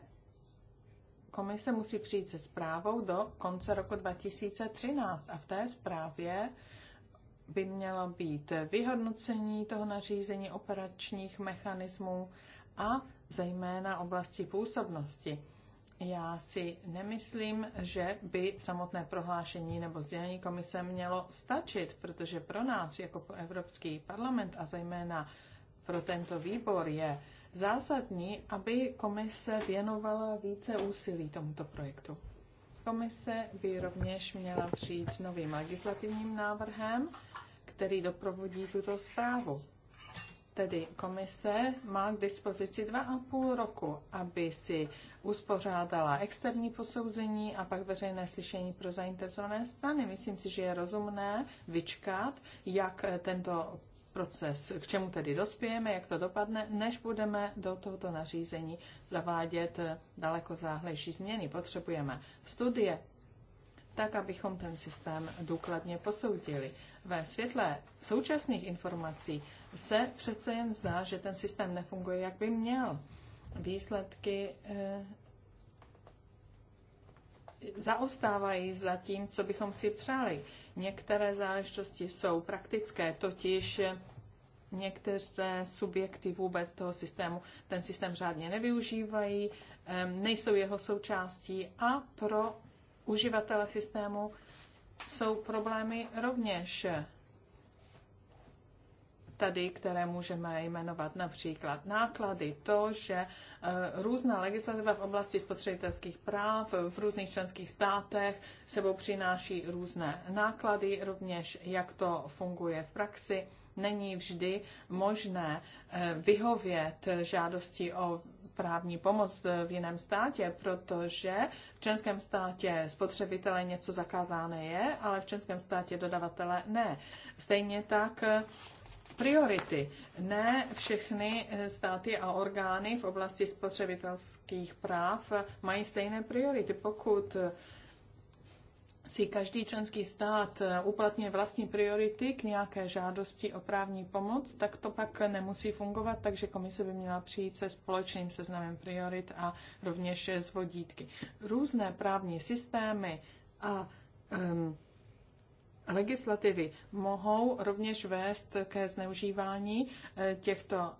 komise musí přijít se zprávou do konce roku 2013 a v té zprávě by měla být vyhodnocení toho nařízení operačních mechanismů a zejména oblasti působnosti. Já si nemyslím, že by samotné prohlášení nebo sdělení komise mělo stačit, protože pro nás jako pro Evropský parlament a zejména pro tento výbor je zásadní, aby komise věnovala více úsilí tomuto projektu. Komise by rovněž měla přijít s novým legislativním návrhem, který doprovodí tuto zprávu. Tedy komise má k dispozici dva a půl roku, aby si uspořádala externí posouzení a pak veřejné slyšení pro zainteresované strany. Myslím si, že je rozumné vyčkat, jak tento proces, k čemu tedy dospějeme, jak to dopadne, než budeme do tohoto nařízení zavádět eh, daleko záhlejší změny. Potřebujeme studie, tak abychom ten systém důkladně posoudili. Ve světle současných informací se přece jen zdá, že ten systém nefunguje, jak by měl. Výsledky eh, zaostávají za tím, co bychom si přáli. Některé záležitosti jsou praktické, totiž některé subjekty vůbec toho systému ten systém řádně nevyužívají, nejsou jeho součástí a pro uživatele systému jsou problémy rovněž tady, které můžeme jmenovat například náklady, to, že eh, různá legislativa v oblasti spotřebitelských práv v různých členských státech sebou přináší různé náklady, rovněž jak to funguje v praxi. Není vždy možné eh, vyhovět žádosti o právní pomoc v jiném státě, protože v členském státě spotřebitele něco zakázáno je, ale v členském státě dodavatele ne. Stejně tak priority. Ne všechny eh, státy a orgány v oblasti spotřebitelských práv mají stejné priority. Pokud eh, si každý členský stát eh, uplatňuje vlastní priority k nějaké žádosti o právní pomoc, tak to pak nemusí fungovat, takže komise by měla přijít se společným seznamem priorit a rovněž s vodítky. Různé právní systémy a um, legislativy mohou rovněž vést ke zneužívání eh, těchto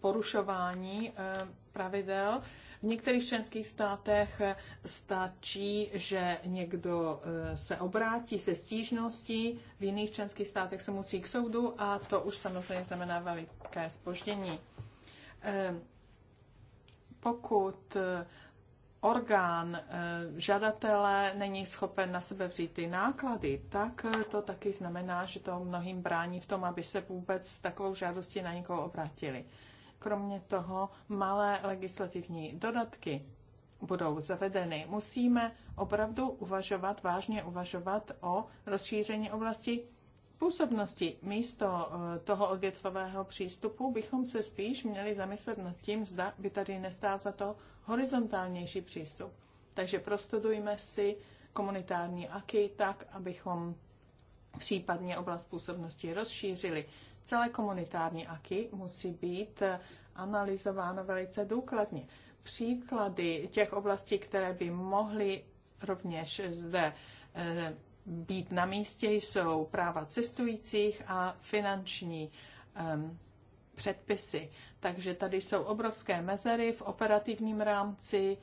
porušování eh, pravidel. V některých členských státech eh, stačí, že někdo se obrátí se stížností, v jiných členských státech se musí k soudu a to už samozřejmě znamená veliké spoždění. Pokud orgán eh, žadatele není schopen na sebe vzít ty náklady, tak eh, to taky znamená, že to mnohým brání v tom, aby se vůbec s takovou žádostí na někoho obrátili. Kromě toho malé legislativní dodatky budou zavedeny. Musíme opravdu uvažovat, vážně uvažovat o rozšíření oblasti působnosti místo eh, toho odvětvového přístupu bychom se spíš měli zamyslet nad tím, zda by tady nestál za to horizontálnější přístup. Takže prostudujme si komunitární aky tak, abychom případně oblast působnosti rozšířili. Celé komunitární aky musí být eh, analyzováno velice důkladně. Příklady těch oblastí, které by mohly rovněž zde eh, být na místě, jsou práva cestujících a finanční um, předpisy. Takže tady jsou obrovské mezery v operativním rámci,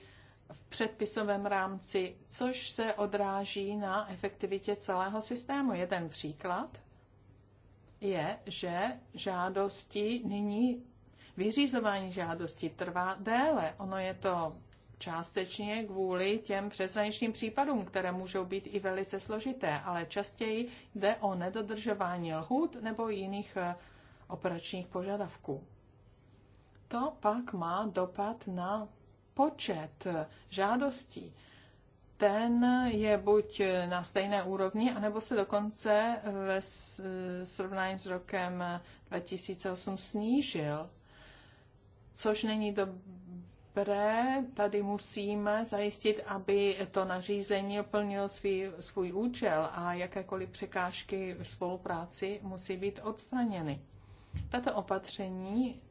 v předpisovém rámci, což se odráží na efektivitě celého systému. Jeden příklad je, že žádosti nyní vyřizování žádosti trvá déle. Ono je to částečně kvůli těm přeshraničním případům, které můžou být i velice složité, ale častěji jde o nedodržování lhůt nebo jiných eh, operačních požadavků. To pak má dopad na počet eh, žádostí. Ten je buď eh, na stejné úrovni, anebo se dokonce ve srovnání s rokem 2008 snížil, což není dobré Depré, tady musíme zajistit, aby to nařízení plnilo svý, svůj účel a jakékoliv překážky v spolupráci musí být odstraněny. Tato opatření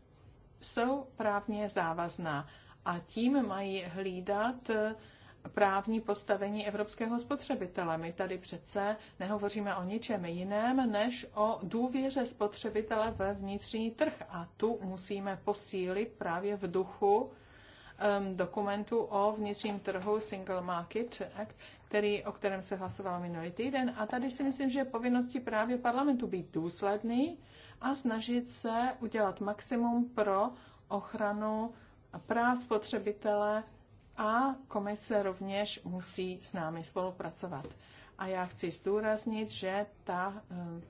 jsou právně závazná a tím mají hlídat právní postavení evropského spotřebitele. My tady přece nehovoříme o ničem jiném, než o důvěře spotřebitele ve vnitřní trh. A tu musíme posílit právě v duchu um, dokumentu o vnitřním trhu Single Market Act, který, o kterém se hlasovalo minulý týden. A tady si myslím, že je povinností právě parlamentu být důsledný a snažit se udělat maximum pro ochranu práv spotřebitele a komise rovněž musí s námi spolupracovat. A já chci zdůraznit, že ta um,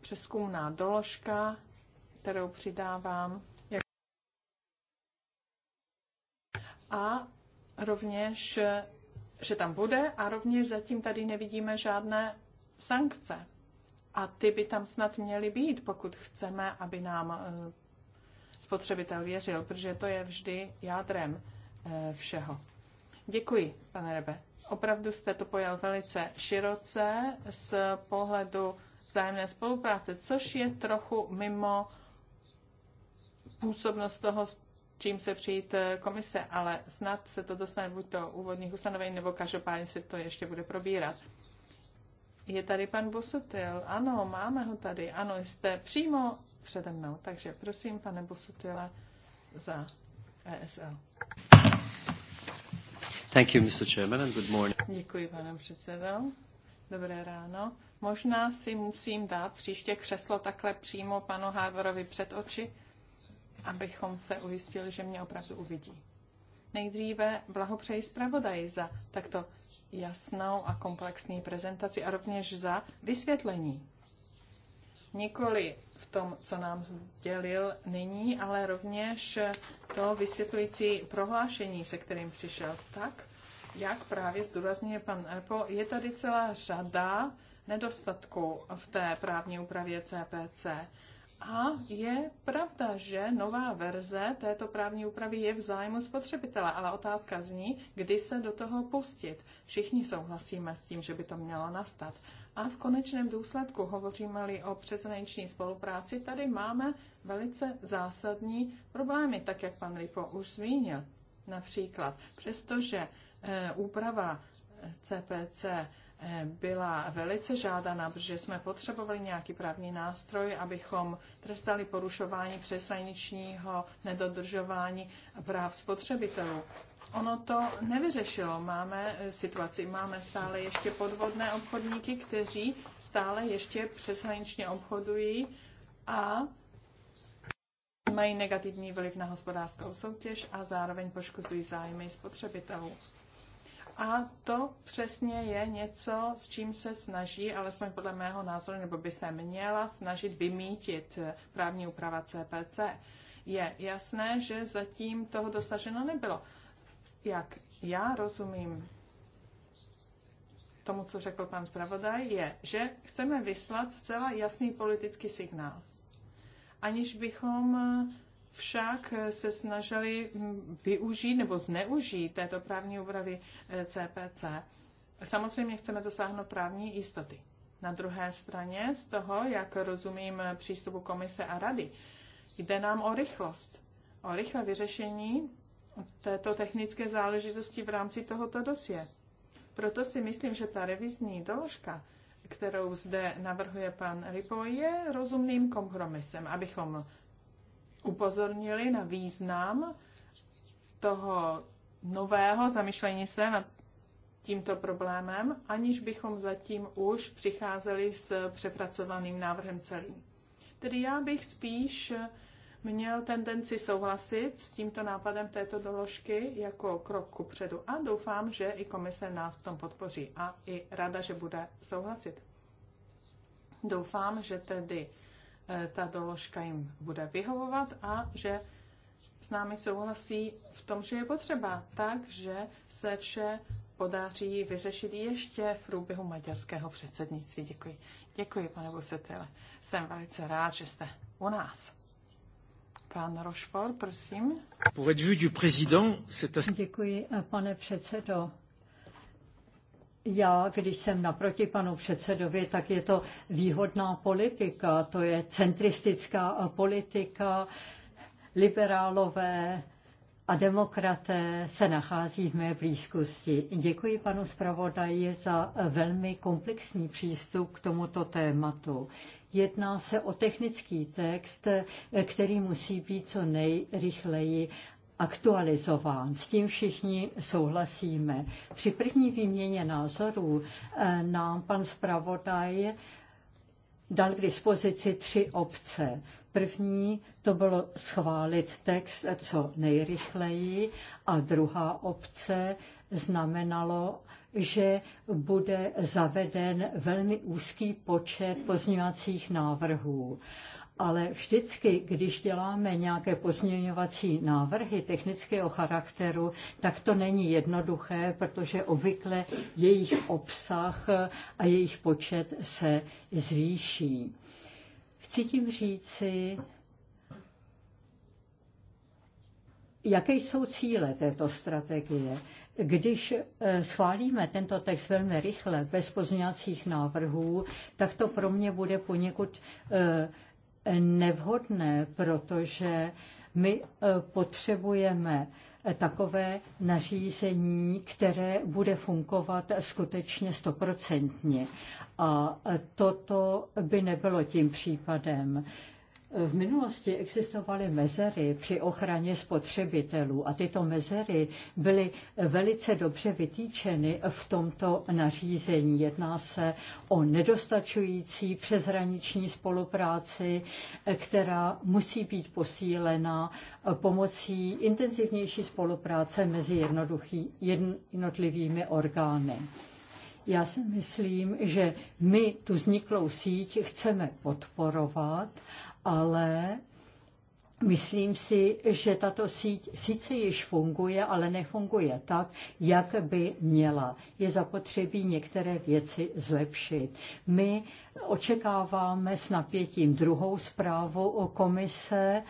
přeskumná doložka, kterou přidávám, a rovněž, že tam bude a rovněž zatím tady nevidíme žádné sankce. A ty by tam snad měly být, pokud chceme, aby nám eh, spotřebitel věřil, protože to je vždy jádrem eh, všeho. Děkuji, pane Rebe. Opravdu jste to pojal velice široce z pohledu vzájemné spolupráce, což je trochu mimo působnost toho čím se přijít eh, komise, ale snad se to dostane buď do úvodních ustanovení, nebo každopádně se to ještě bude probírat. Je tady pan Bosutil. Ano, máme ho tady. Ano, jste přímo přede mnou. Takže prosím, pane Bosutile, za ESL. Thank you, Mr. Chairman, and good morning. Děkuji, pane předsedo. Dobré ráno. Možná si musím dát příště křeslo takhle přímo panu Harverovi před oči abychom se ujistili, že mě opravdu uvidí. Nejdříve blahopřeji zpravodaji za takto jasnou a komplexní prezentaci a rovněž za vysvětlení. Nikoli v tom, co nám sdělil nyní, ale rovněž to vysvětlující prohlášení, se kterým přišel. Tak, jak právě zdůrazňuje pan Erpo, je tady celá řada nedostatků v té právní úpravě CPC. A je pravda, že nová verze této právní úpravy je v zájmu spotřebitele, ale otázka zní, kdy se do toho pustit. Všichni souhlasíme s tím, že by to mělo nastat. A v konečném důsledku, hovoříme-li o přeshraniční spolupráci, tady máme velice zásadní problémy, tak jak pan Lipo už zmínil. Například, přestože e, úprava CPC eh, byla velice žádaná, protože jsme potřebovali nějaký právní nástroj, abychom trestali porušování přeshraničního nedodržování práv spotřebitelů. Ono to nevyřešilo. Máme situaci, máme stále ještě podvodné obchodníky, kteří stále ještě přeshraničně obchodují a mají negativní vliv na hospodářskou soutěž a zároveň poškozují zájmy spotřebitelů. A to přesně je něco, s čím se snaží, alespoň podle mého názoru, nebo by se měla snažit vymítit právní úprava CPC. Je jasné, že zatím toho dosaženo nebylo. Jak já rozumím tomu, co řekl pan zpravodaj, je, že chceme vyslat zcela jasný politický signál, aniž bychom však se snažili využít nebo zneužít této právní úpravy CPC. Eh, Samozřejmě chceme dosáhnout právní jistoty. Na druhé straně z toho, jak rozumím eh, přístupu komise a rady, jde nám o rychlost. O rychlé vyřešení této technické záležitosti v rámci tohoto dosie. Proto si myslím, že ta revizní doložka, kterou zde navrhuje pan Ripo, je rozumným kompromisem, abychom upozornili na význam toho nového zamyšlení se nad tímto problémem, aniž bychom zatím už přicházeli s přepracovaným návrhem celým. Tedy já bych spíš měl tendenci souhlasit s tímto nápadem této doložky jako krok ku předu a doufám, že i komise nás v tom podpoří a i rada, že bude souhlasit. Doufám, že tedy Eh, ta doložka jim bude vyhovovat a že s námi souhlasí v tom, že je potřeba, takže se vše podaří vyřešit ještě v průběhu maďarského předsednictví. Děkuji. Děkuji, pane Busetele. Jsem velice rád, že jste u nás. Pan Rochefort, prosím. Děkuji, eh, pane předsedo. Já, když jsem naproti panu předsedovi, tak je to výhodná politika, to je centristická politika, liberálové a demokraté se nachází v mé blízkosti. Děkuji panu zpravodaji za velmi komplexní přístup k tomuto tématu. Jedná se o technický text, který musí být co nejrychleji aktualizován. S tím všichni souhlasíme. Při první výměně názorů eh, nám pan zpravodaj dal k dispozici tři obce. První to bylo schválit text co nejrychleji a druhá obce znamenalo, že bude zaveden velmi úzký počet pozňovacích návrhů ale vždycky, když děláme nějaké pozměňovací návrhy technického charakteru, tak to není jednoduché, protože obvykle jejich obsah a jejich počet se zvýší. Chci tím říci, Jaké jsou cíle této strategie? Když eh, schválíme tento text velmi rychle, bez pozměňovacích návrhů, tak to pro mě bude poněkud eh, nevhodné, protože my e, potřebujeme e, takové nařízení, které bude fungovat skutečně stoprocentně. A e, toto by nebylo tím případem. V minulosti existovaly mezery při ochraně spotřebitelů a tyto mezery byly velice dobře vytýčeny v tomto nařízení. Jedná se o nedostačující přeshraniční spolupráci, která musí být posílena pomocí intenzivnější spolupráce mezi jednotlivými orgány. Já si myslím, že my tu vzniklou síť chceme podporovat ale Myslím si, že tato síť sice již funguje, ale nefunguje tak, jak by měla. Je zapotřebí některé věci zlepšit. My očekáváme s napětím druhou zprávu o komise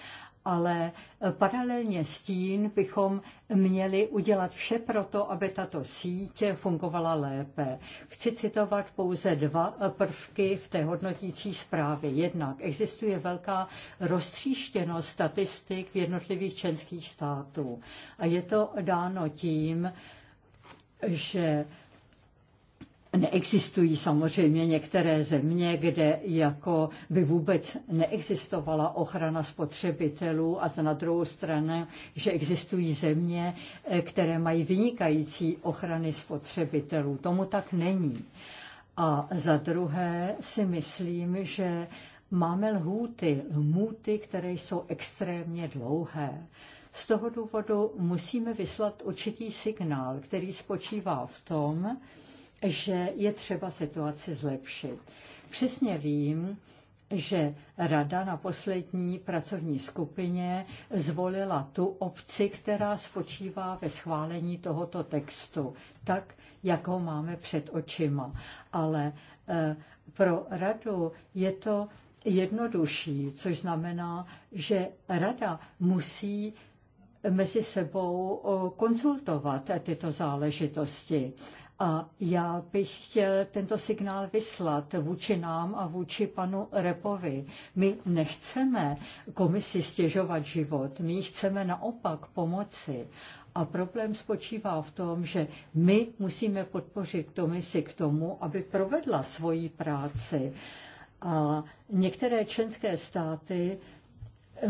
ale eh, paralelně s tím bychom měli udělat vše pro to, aby tato síť fungovala lépe. Chci citovat pouze dva eh, prvky v té hodnotící zprávě. Jednak existuje velká roztříštěnost statistik v jednotlivých členských států a je to dáno tím, že Neexistují samozřejmě některé země, kde jako by vůbec neexistovala ochrana spotřebitelů a na druhou stranu, že existují země, eh, které mají vynikající ochrany spotřebitelů. Tomu tak není. A za druhé si myslím, že máme lhůty, lhůty, které jsou extrémně dlouhé. Z toho důvodu musíme vyslat určitý signál, který spočívá v tom, že je třeba situaci zlepšit. Přesně vím, že rada na poslední pracovní skupině zvolila tu obci, která spočívá ve schválení tohoto textu, tak, jak ho máme před očima. Ale e, pro radu je to jednodušší, což znamená, že rada musí mezi sebou konzultovat tyto záležitosti. A já bych chtěl tento signál vyslat vůči nám a vůči panu Repovi. My nechceme komisi stěžovat život, my chceme naopak pomoci. A problém spočívá v tom, že my musíme podpořit komisi k tomu, aby provedla svoji práci. A některé členské státy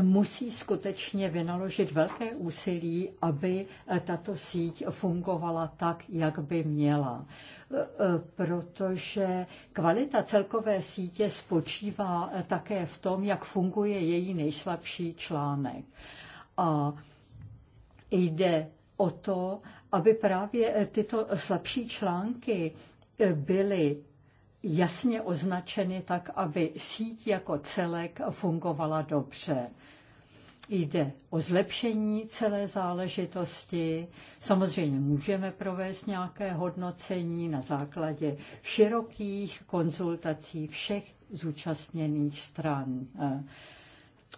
musí skutečně vynaložit velké úsilí, aby eh, tato síť fungovala tak, jak by měla. Eh, eh, protože kvalita celkové sítě spočívá také v tom, jak funguje její nejslabší článek. A jde o to, aby právě tyto slabší články byly jasně označeny tak, aby síť jako celek fungovala dobře. Jde o zlepšení celé záležitosti. Samozřejmě můžeme provést nějaké hodnocení na základě širokých konzultací všech zúčastněných stran.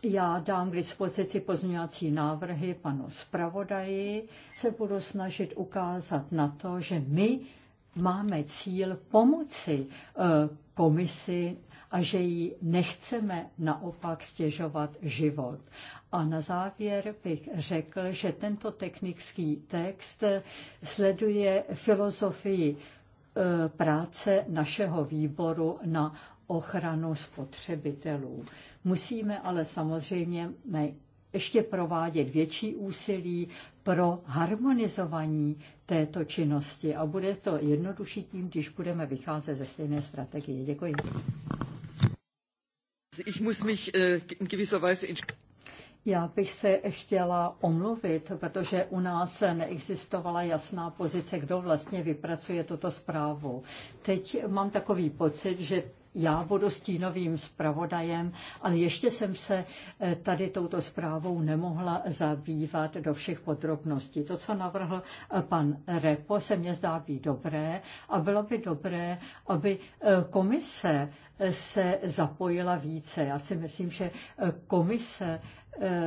Já dám k dispozici pozměňovací návrhy panu zpravodaji. Se budu snažit ukázat na to, že my máme cíl pomoci eh, komisi a že jí nechceme naopak stěžovat život. A na závěr bych řekl, že tento technický text sleduje filozofii e, práce našeho výboru na ochranu spotřebitelů. Musíme ale samozřejmě ještě provádět větší úsilí pro harmonizování této činnosti a bude to jednodušší tím, když budeme vycházet ze stejné strategie. Děkuji. Ich muss mich äh, in gewisser Weise já bych se chtěla omluvit, protože u nás neexistovala jasná pozice, kdo vlastně vypracuje tuto zprávu. Teď mám takový pocit, že já budu stínovým zpravodajem, ale ještě jsem se eh, tady touto zprávou nemohla zabývat do všech podrobností. To, co navrhl eh, pan Repo, se mně zdá být dobré a bylo by dobré, aby eh, komise se zapojila více. Já si myslím, že komise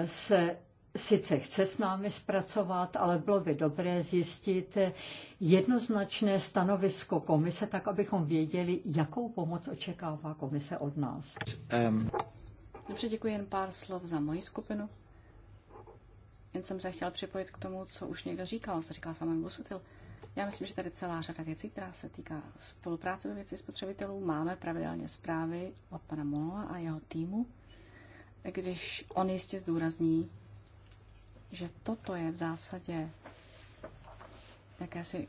se sice chce s námi zpracovat, ale bylo by dobré zjistit jednoznačné stanovisko komise, tak abychom věděli, jakou pomoc očekává komise od nás. Um. Dobře, děkuji jen pár slov za moji skupinu. Jen jsem se chtěla připojit k tomu, co už někdo říkal, co říkal Samuel Busutil. Já myslím, že tady celá řada věcí, která se týká spolupráce ve věci spotřebitelů. Máme pravidelně zprávy od pana Mola a jeho týmu, když on jistě zdůrazní, že toto je v zásadě jakési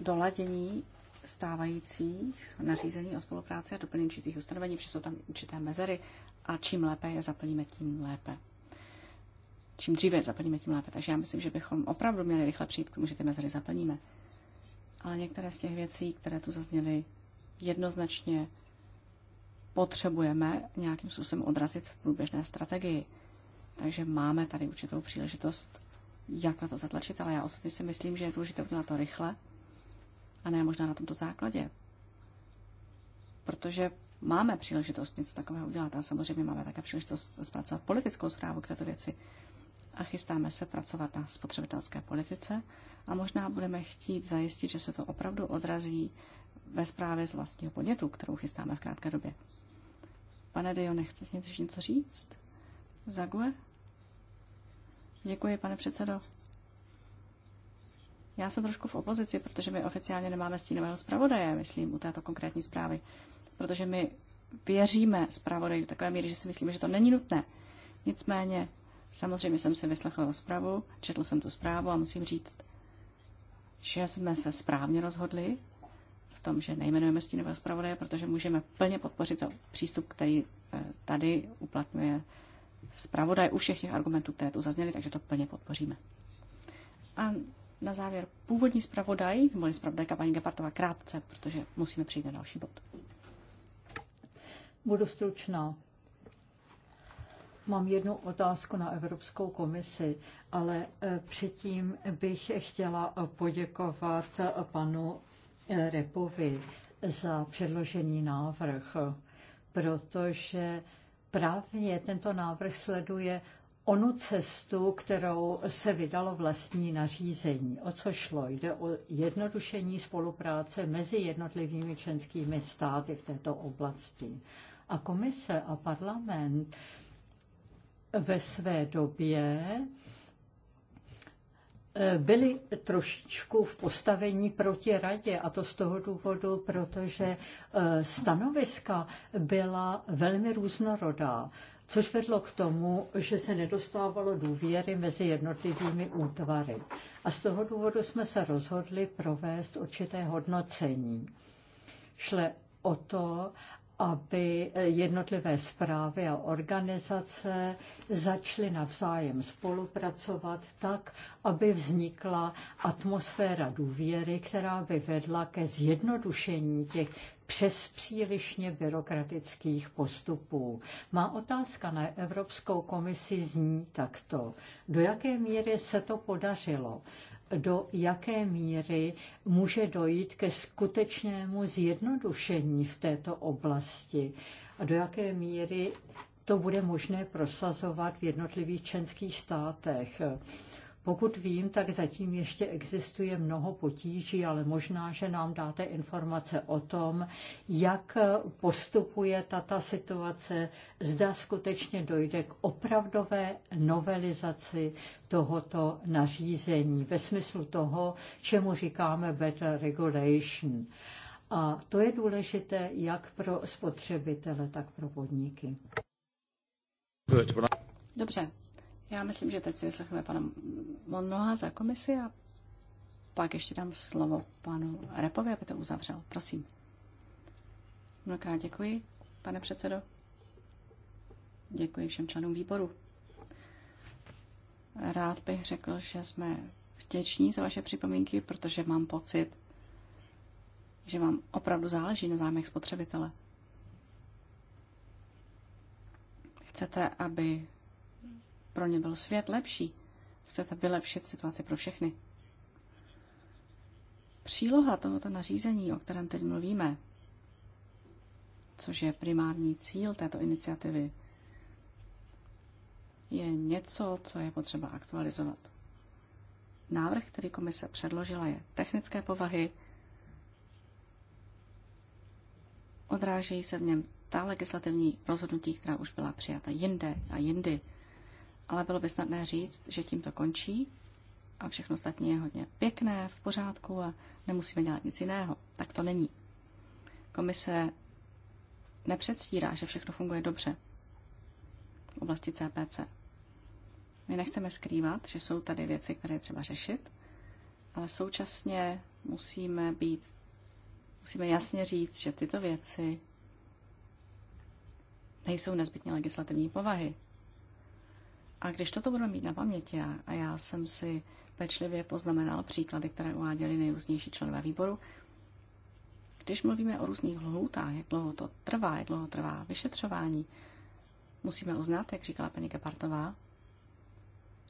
doladění stávajících nařízení o spolupráci a doplnění určitých ustanovení, protože jsou tam určité mezery a čím lépe je zaplníme, tím lépe. Čím dříve je zaplníme, tím lépe. Takže já myslím, že bychom opravdu měli rychle přijít k tomu, že ty mezery zaplníme. Ale některé z těch věcí, které tu zazněly, jednoznačně potřebujeme nějakým způsobem odrazit v průběžné strategii. Takže máme tady určitou příležitost, jak na to zatlačit, ale já osobně si myslím, že je důležité udělat to rychle a ne možná na tomto základě. Protože máme příležitost něco takového udělat a samozřejmě máme také příležitost zpracovat politickou zprávu k této věci a chystáme se pracovat na spotřebitelské politice a možná budeme chtít zajistit, že se to opravdu odrazí ve zprávě z vlastního podnětu, kterou chystáme v krátké době. Pane Dio, nechcete něco říct? Zague? Děkuji, pane předsedo. Já jsem trošku v opozici, protože my oficiálně nemáme stínového zpravodaje, myslím, u této konkrétní zprávy. Protože my věříme zpravodaji do takové míry, že si myslíme, že to není nutné. Nicméně, samozřejmě jsem si vyslechl zprávu, četl jsem tu zprávu a musím říct, že jsme se správně rozhodli v tom, že nejmenujeme stínového zpravodaje, protože můžeme plně podpořit přístup, který eh, tady uplatňuje zpravodaj u všech těch argumentů, které tu zazněly, takže to plně podpoříme. A na závěr původní zpravodaj, nebo zpravodajka paní Gepartová krátce, protože musíme přijít na další bod. Budu stručná. Mám jednu otázku na Evropskou komisi, ale eh, předtím bych chtěla poděkovat eh, panu eh, Repovi za předložený návrh, protože právě tento návrh sleduje onu cestu, kterou se vydalo vlastní nařízení. O co šlo? Jde o jednodušení spolupráce mezi jednotlivými členskými státy v této oblasti. A komise a parlament ve své době E, byli trošičku v postavení proti radě a to z toho důvodu, protože e, stanoviska byla velmi různorodá, což vedlo k tomu, že se nedostávalo důvěry mezi jednotlivými útvary. A z toho důvodu jsme se rozhodli provést určité hodnocení. Šle o to, aby jednotlivé zprávy a organizace začaly navzájem spolupracovat tak, aby vznikla atmosféra důvěry, která by vedla ke zjednodušení těch přes přílišně byrokratických postupů. Má otázka na Evropskou komisi zní takto. Do jaké míry se to podařilo? do jaké míry může dojít ke skutečnému zjednodušení v této oblasti a do jaké míry to bude možné prosazovat v jednotlivých členských státech. Pokud vím, tak zatím ještě existuje mnoho potíží, ale možná, že nám dáte informace o tom, jak postupuje tato situace, zda skutečně dojde k opravdové novelizaci tohoto nařízení ve smyslu toho, čemu říkáme better regulation. A to je důležité jak pro spotřebitele, tak pro podniky. Dobře, já myslím, že teď si vyslechneme pana Monoha za komisi a pak ještě dám slovo panu Repovi, aby to uzavřel. Prosím. Mnohokrát děkuji, pane předsedo. Děkuji všem členům výboru. Rád bych řekl, že jsme vděční za vaše připomínky, protože mám pocit, že vám opravdu záleží na zájmech spotřebitele. Chcete, aby pro ně byl svět lepší. Chcete vylepšit situaci pro všechny. Příloha tohoto nařízení, o kterém teď mluvíme, což je primární cíl této iniciativy, je něco, co je potřeba aktualizovat. Návrh, který komise předložila, je technické povahy. Odrážejí se v něm ta legislativní rozhodnutí, která už byla přijata jinde a jindy ale bylo by snadné říct, že tím to končí a všechno ostatní je hodně pěkné, v pořádku a nemusíme dělat nic jiného. Tak to není. Komise nepředstírá, že všechno funguje dobře v oblasti CPC. My nechceme skrývat, že jsou tady věci, které je třeba řešit, ale současně musíme být, musíme jasně říct, že tyto věci nejsou nezbytně legislativní povahy. A když toto budeme mít na paměti, a já jsem si pečlivě poznamenal příklady, které uváděli nejrůznější členové výboru, když mluvíme o různých lhůtách, jak dlouho to trvá, jak dlouho trvá vyšetřování, musíme uznat, jak říkala paní Kepartová,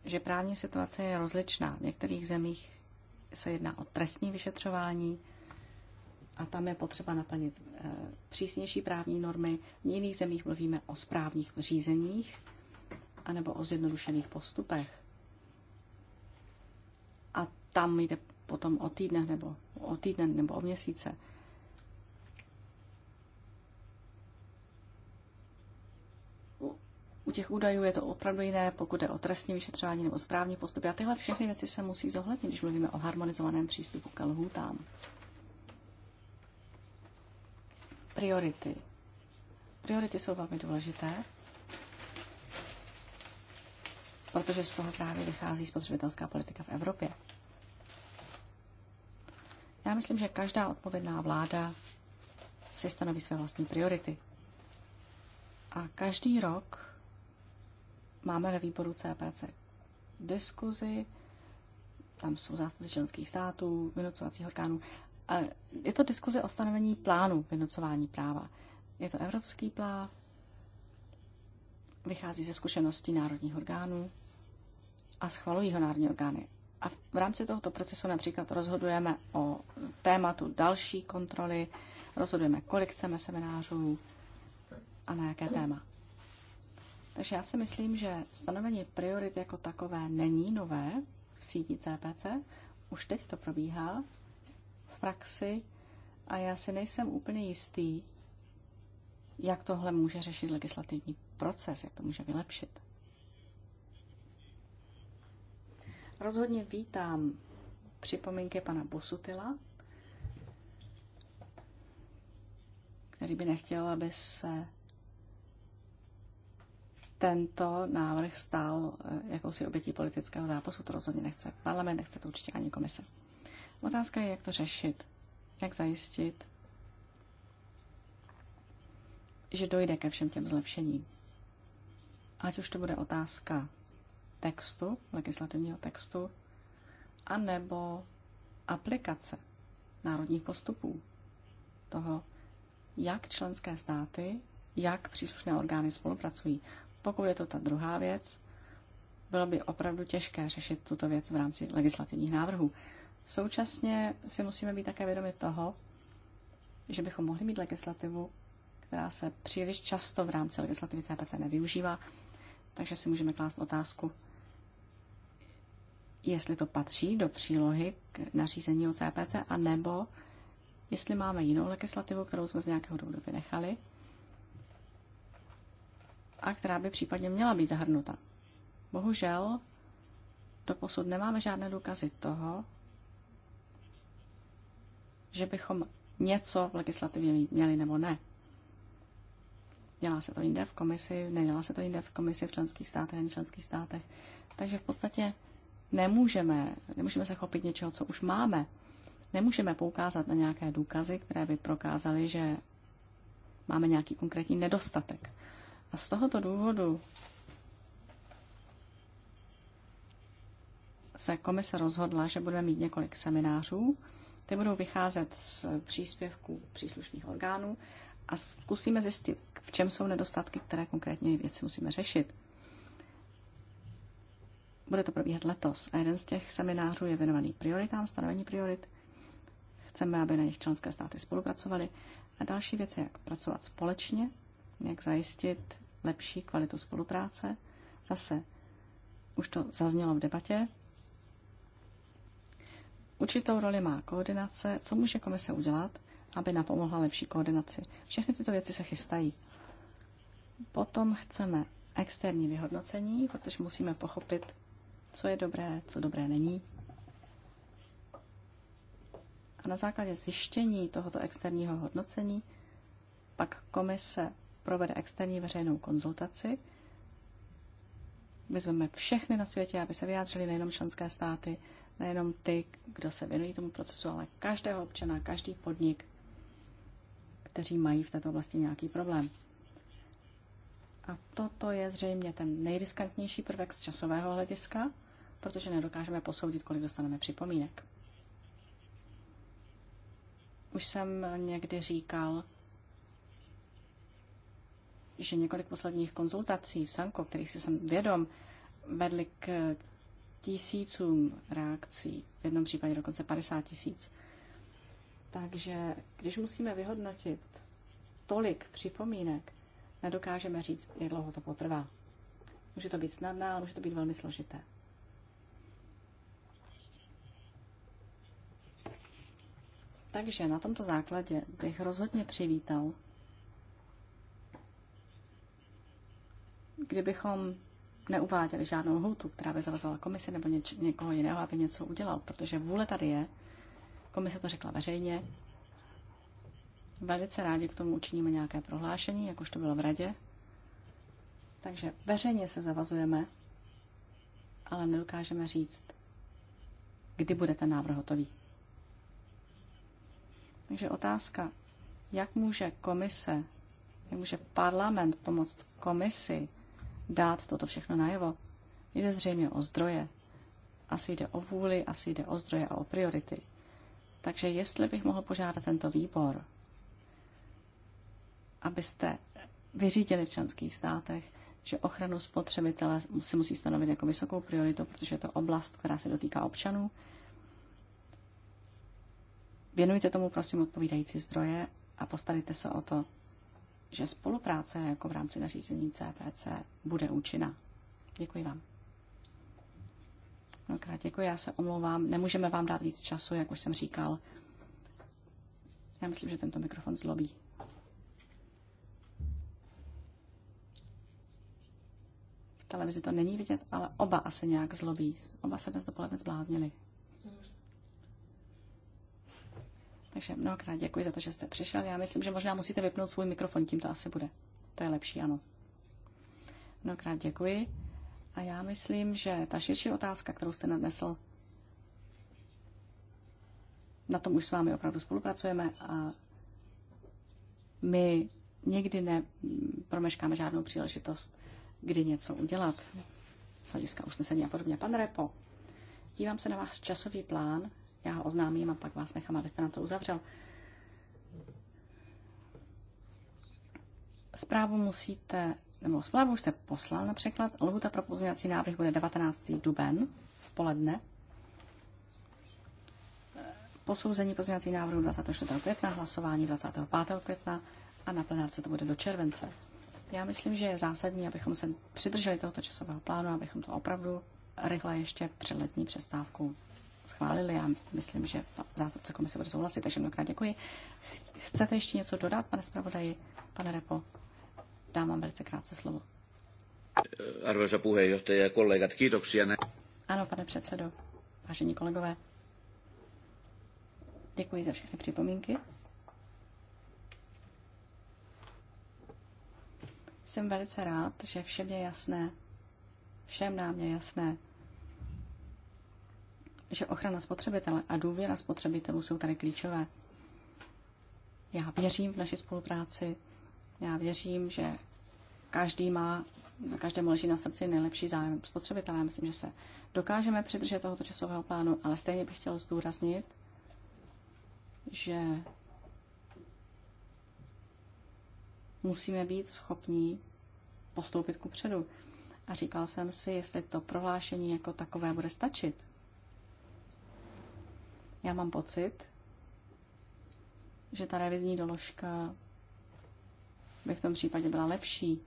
že právní situace je rozličná. V některých zemích se jedná o trestní vyšetřování a tam je potřeba naplnit e, přísnější právní normy. V jiných zemích mluvíme o správních řízeních anebo o zjednodušených postupech. A tam jde potom o týdne nebo o týden nebo o měsíce. U, u těch údajů je to opravdu jiné, pokud je o trestní vyšetřování nebo správní postupy. A tyhle všechny věci se musí zohlednit, když mluvíme o harmonizovaném přístupu ke lhůtám. Priority. Priority jsou velmi důležité protože z toho právě vychází spotřebitelská politika v Evropě. Já myslím, že každá odpovědná vláda si stanoví své vlastní priority. A každý rok máme ve výboru CPC diskuzi, tam jsou zástupci členských států, vynocovacích orgánů. je to diskuze o stanovení plánu vynocování práva. Je to evropský plán, vychází ze zkušeností národních orgánů a schvalují ho národní orgány. A v rámci tohoto procesu například rozhodujeme o tématu další kontroly, rozhodujeme, kolik chceme seminářů a na jaké téma. Takže já si myslím, že stanovení priorit jako takové není nové v síti CPC. Už teď to probíhá v praxi a já si nejsem úplně jistý, jak tohle může řešit legislativní proces, jak to může vylepšit. Rozhodně vítám připomínky pana Bosutila, který by nechtěl, aby se tento návrh stál eh, jakousi obětí politického zápasu. To rozhodně nechce parlament, nechce to určitě ani komise. Otázka je, jak to řešit, jak zajistit, že dojde ke všem těm zlepšením. Ať už to bude otázka textu, legislativního textu, anebo aplikace národních postupů. Toho, jak členské státy, jak příslušné orgány spolupracují. Pokud je to ta druhá věc, bylo by opravdu těžké řešit tuto věc v rámci legislativních návrhů. Současně si musíme být také vědomi toho, že bychom mohli mít legislativu, která se příliš často v rámci legislativy CPC nevyužívá takže si můžeme klást otázku, jestli to patří do přílohy k nařízení o CPC, anebo jestli máme jinou legislativu, kterou jsme z nějakého důvodu vynechali a která by případně měla být zahrnuta. Bohužel posud nemáme žádné důkazy toho, že bychom něco v legislativě měli nebo ne. Dělá se to jinde v komisi, nedělá se to jinde v komisi v členských státech v členských státech. Takže v podstatě nemůžeme, nemůžeme se chopit něčeho, co už máme. Nemůžeme poukázat na nějaké důkazy, které by prokázaly, že máme nějaký konkrétní nedostatek. A z tohoto důvodu se komise rozhodla, že budeme mít několik seminářů. Ty budou vycházet z příspěvků příslušných orgánů a zkusíme zjistit, v čem jsou nedostatky, které konkrétně věci musíme řešit. Bude to probíhat letos a jeden z těch seminářů je věnovaný prioritám, stanovení priorit. Chceme, aby na nich členské státy spolupracovaly. A další věc je, jak pracovat společně, jak zajistit lepší kvalitu spolupráce. Zase, už to zaznělo v debatě, Určitou roli má koordinace. Co může komise udělat, aby napomohla lepší koordinaci. Všechny tyto věci se chystají. Potom chceme externí vyhodnocení, protože musíme pochopit, co je dobré, co dobré není. A na základě zjištění tohoto externího hodnocení pak komise provede externí veřejnou konzultaci. Vyzveme všechny na světě, aby se vyjádřili nejenom členské státy, nejenom ty, kdo se věnují tomu procesu, ale každého občana, každý podnik, kteří mají v této oblasti nějaký problém. A toto je zřejmě ten nejriskantnější prvek z časového hlediska, protože nedokážeme posoudit, kolik dostaneme připomínek. Už jsem někdy říkal, že několik posledních konzultací v Sanko, kterých si jsem vědom, vedly k tisícům reakcí, v jednom případě dokonce 50 tisíc. Takže když musíme vyhodnotit tolik připomínek, nedokážeme říct, jak dlouho to potrvá. Může to být snadné, ale může to být velmi složité. Takže na tomto základě bych rozhodně přivítal, kdybychom neuváděli žádnou houtu, která by zavazovala komisi nebo něč- někoho jiného, aby něco udělal, protože vůle tady je Komise to řekla veřejně. Velice rádi k tomu učiníme nějaké prohlášení, jak už to bylo v radě. Takže veřejně se zavazujeme, ale nedokážeme říct, kdy bude ten návrh hotový. Takže otázka, jak může komise, jak může parlament pomoct komisi dát toto všechno najevo, jde zřejmě o zdroje. Asi jde o vůli, asi jde o zdroje a o priority. Takže jestli bych mohl požádat tento výbor, abyste vyřídili v členských státech, že ochranu spotřebitele si musí stanovit jako vysokou prioritu, protože je to oblast, která se dotýká občanů. Věnujte tomu prosím odpovídající zdroje a postarejte se o to, že spolupráce jako v rámci nařízení CPC bude účinná. Děkuji vám. Mnohokrát děkuji, já se omlouvám. Nemůžeme vám dát víc času, jak už jsem říkal. Já myslím, že tento mikrofon zlobí. V televizi to není vidět, ale oba asi nějak zlobí. Oba se dnes dopoledne zbláznili. Takže mnohokrát děkuji za to, že jste přišel. Já myslím, že možná musíte vypnout svůj mikrofon, tím to asi bude. To je lepší, ano. Mnohokrát děkuji. A já myslím, že ta širší otázka, kterou jste nadnesl, na tom už s vámi opravdu spolupracujeme a my nikdy nepromeškáme žádnou příležitost, kdy něco udělat z hlediska usnesení a podobně. Pan Repo, dívám se na váš časový plán, já ho oznámím a pak vás nechám, abyste nám to uzavřel. Zprávu musíte nebo zprávu jste poslal například. Lhuta pro pozměňovací návrh bude 19. duben v poledne. Posouzení pozměňovací návrhu 24. května, hlasování 25. května a na plenárce to bude do července. Já myslím, že je zásadní, abychom se přidrželi tohoto časového plánu, abychom to opravdu rychle ještě před letní přestávkou schválili. Já myslím, že zástupce komise bude souhlasit, takže mnohokrát děkuji. Chcete ještě něco dodat, pane zpravodaji, pane Repo? dám vám velice krátce slovo. Arvoisa puheenjohtaja ja kollegat, kiitoksia. Ano, pane předsedo, vážení kolegové. Děkuji za všechny připomínky. Jsem velice rád, že všem je jasné, všem nám je jasné, že ochrana spotřebitele a důvěra spotřebitelů jsou tady klíčové. Já věřím v naši spolupráci já věřím, že každý má, na každém leží na srdci nejlepší zájem spotřebitele. Myslím, že se dokážeme přidržet tohoto časového plánu, ale stejně bych chtěl zdůraznit, že musíme být schopní postoupit ku předu. A říkal jsem si, jestli to prohlášení jako takové bude stačit. Já mám pocit, že ta revizní doložka by v tom případě byla lepší.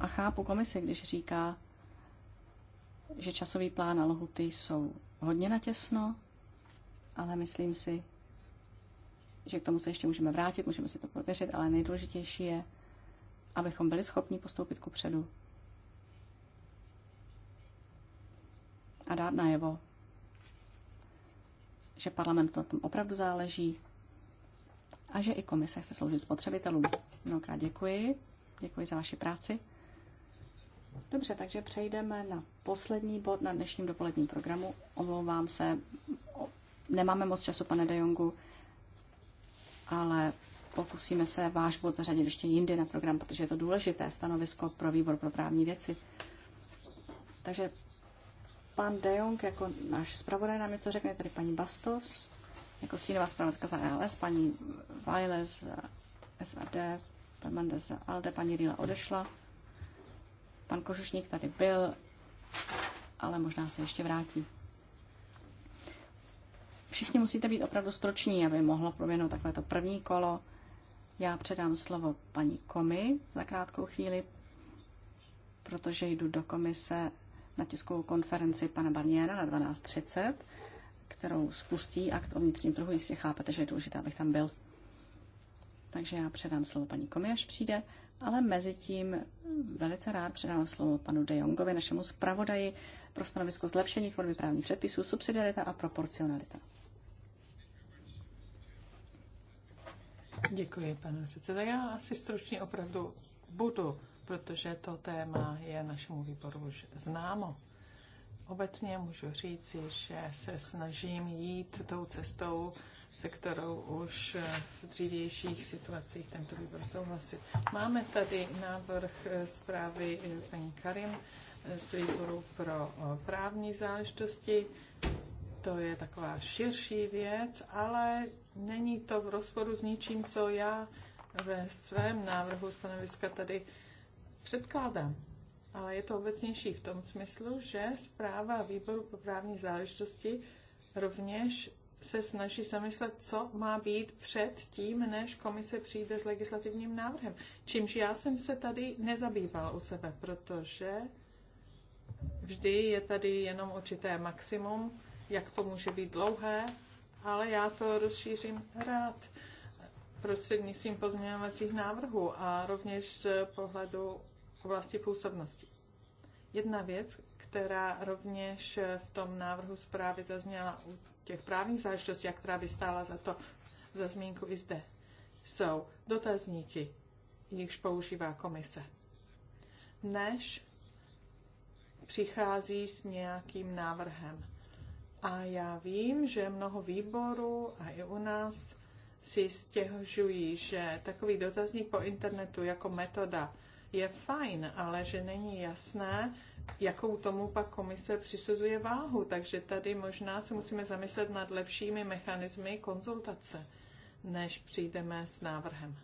A chápu komise, když říká, že časový plán a lohuty jsou hodně natěsno, ale myslím si, že k tomu se ještě můžeme vrátit, můžeme si to pověřit, ale nejdůležitější je, abychom byli schopni postoupit ku předu a dát najevo, že parlament na tom opravdu záleží a že i komise chce sloužit spotřebitelům. Mnohokrát děkuji. Děkuji za vaši práci. Dobře, takže přejdeme na poslední bod na dnešním dopoledním programu. Omlouvám se, nemáme moc času, pane De Jongu, ale pokusíme se váš bod zařadit ještě jindy na program, protože je to důležité stanovisko pro výbor pro právní věci. Takže pan De Jong jako náš zpravodaj nám něco řekne, tady paní Bastos jako stínová zpravodatka za ELS, paní Vajle z SAD, pan Mendes za ALDE, paní Rýla odešla, pan Kožušník tady byl, ale možná se ještě vrátí. Všichni musíte být opravdu stroční, aby mohlo proběhnout to první kolo. Já předám slovo paní Komi za krátkou chvíli, protože jdu do komise na tiskovou konferenci pana Barniera na 12.30 kterou spustí akt o vnitřním trhu, jistě chápete, že je důležité, abych tam byl. Takže já předám slovo paní Komi, až přijde, ale mezi tím velice rád předám slovo panu De Jongovi, našemu zpravodaji pro stanovisko zlepšení formy právních předpisů, subsidiarita a proporcionalita. Děkuji, pane předsedo. Já asi stručně opravdu budu, protože to téma je našemu výboru už známo. Obecně můžu říci, že se snažím jít tou cestou, se kterou už v dřívějších situacích tento výbor souhlasil. Máme tady návrh zprávy eh, paní Karim eh, z výboru pro eh, právní záležitosti. To je taková širší věc, ale není to v rozporu s ničím, co já ve svém návrhu stanoviska tady předkládám ale je to obecnější v tom smyslu, že zpráva výboru pro právní záležitosti rovněž se snaží zamyslet, co má být před tím, než komise přijde s legislativním návrhem. Čímž já jsem se tady nezabýval u sebe, protože vždy je tady jenom určité maximum, jak to může být dlouhé, ale já to rozšířím rád prostřednictvím pozměňovacích návrhů a rovněž z pohledu oblasti působnosti. Jedna věc, která rovněž v tom návrhu zprávy zazněla u těch právních záležitostí, a která by stála za to za zmínku i zde, jsou dotazníky, jichž používá komise. Než přichází s nějakým návrhem. A já vím, že mnoho výborů a i u nás si stěžují, že takový dotazník po internetu jako metoda je fajn, ale že není jasné, jakou tomu pak komise přisuzuje váhu. Takže tady možná se musíme zamyslet nad lepšími mechanismy konzultace, než přijdeme s návrhem.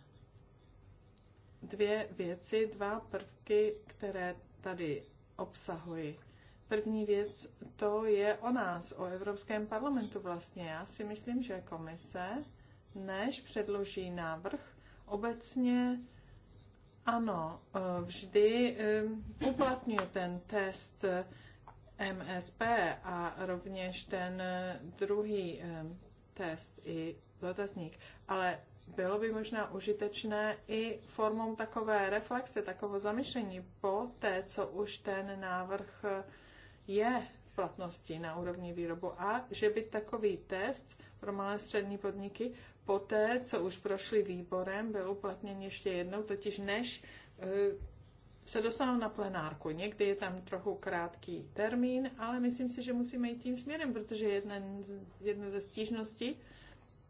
Dvě věci, dva prvky, které tady obsahuji. První věc, to je o nás, o Evropském parlamentu vlastně. Já si myslím, že komise, než předloží návrh, obecně ano, eh, vždy eh, uplatňuje ten test eh, MSP a rovněž ten druhý test i dotazník, ale bylo by možná užitečné i formou takové reflexe, takového zamišlení po té, co už ten návrh je v platnosti na úrovni výrobu a že by takový test pro malé střední podniky poté, co už prošli výborem, byl uplatněn ještě jednou, totiž než e, se dostanou na plenárku. Někdy je tam trochu krátký termín, ale myslím si, že musíme jít tím směrem, protože jedna, jedna ze stížností,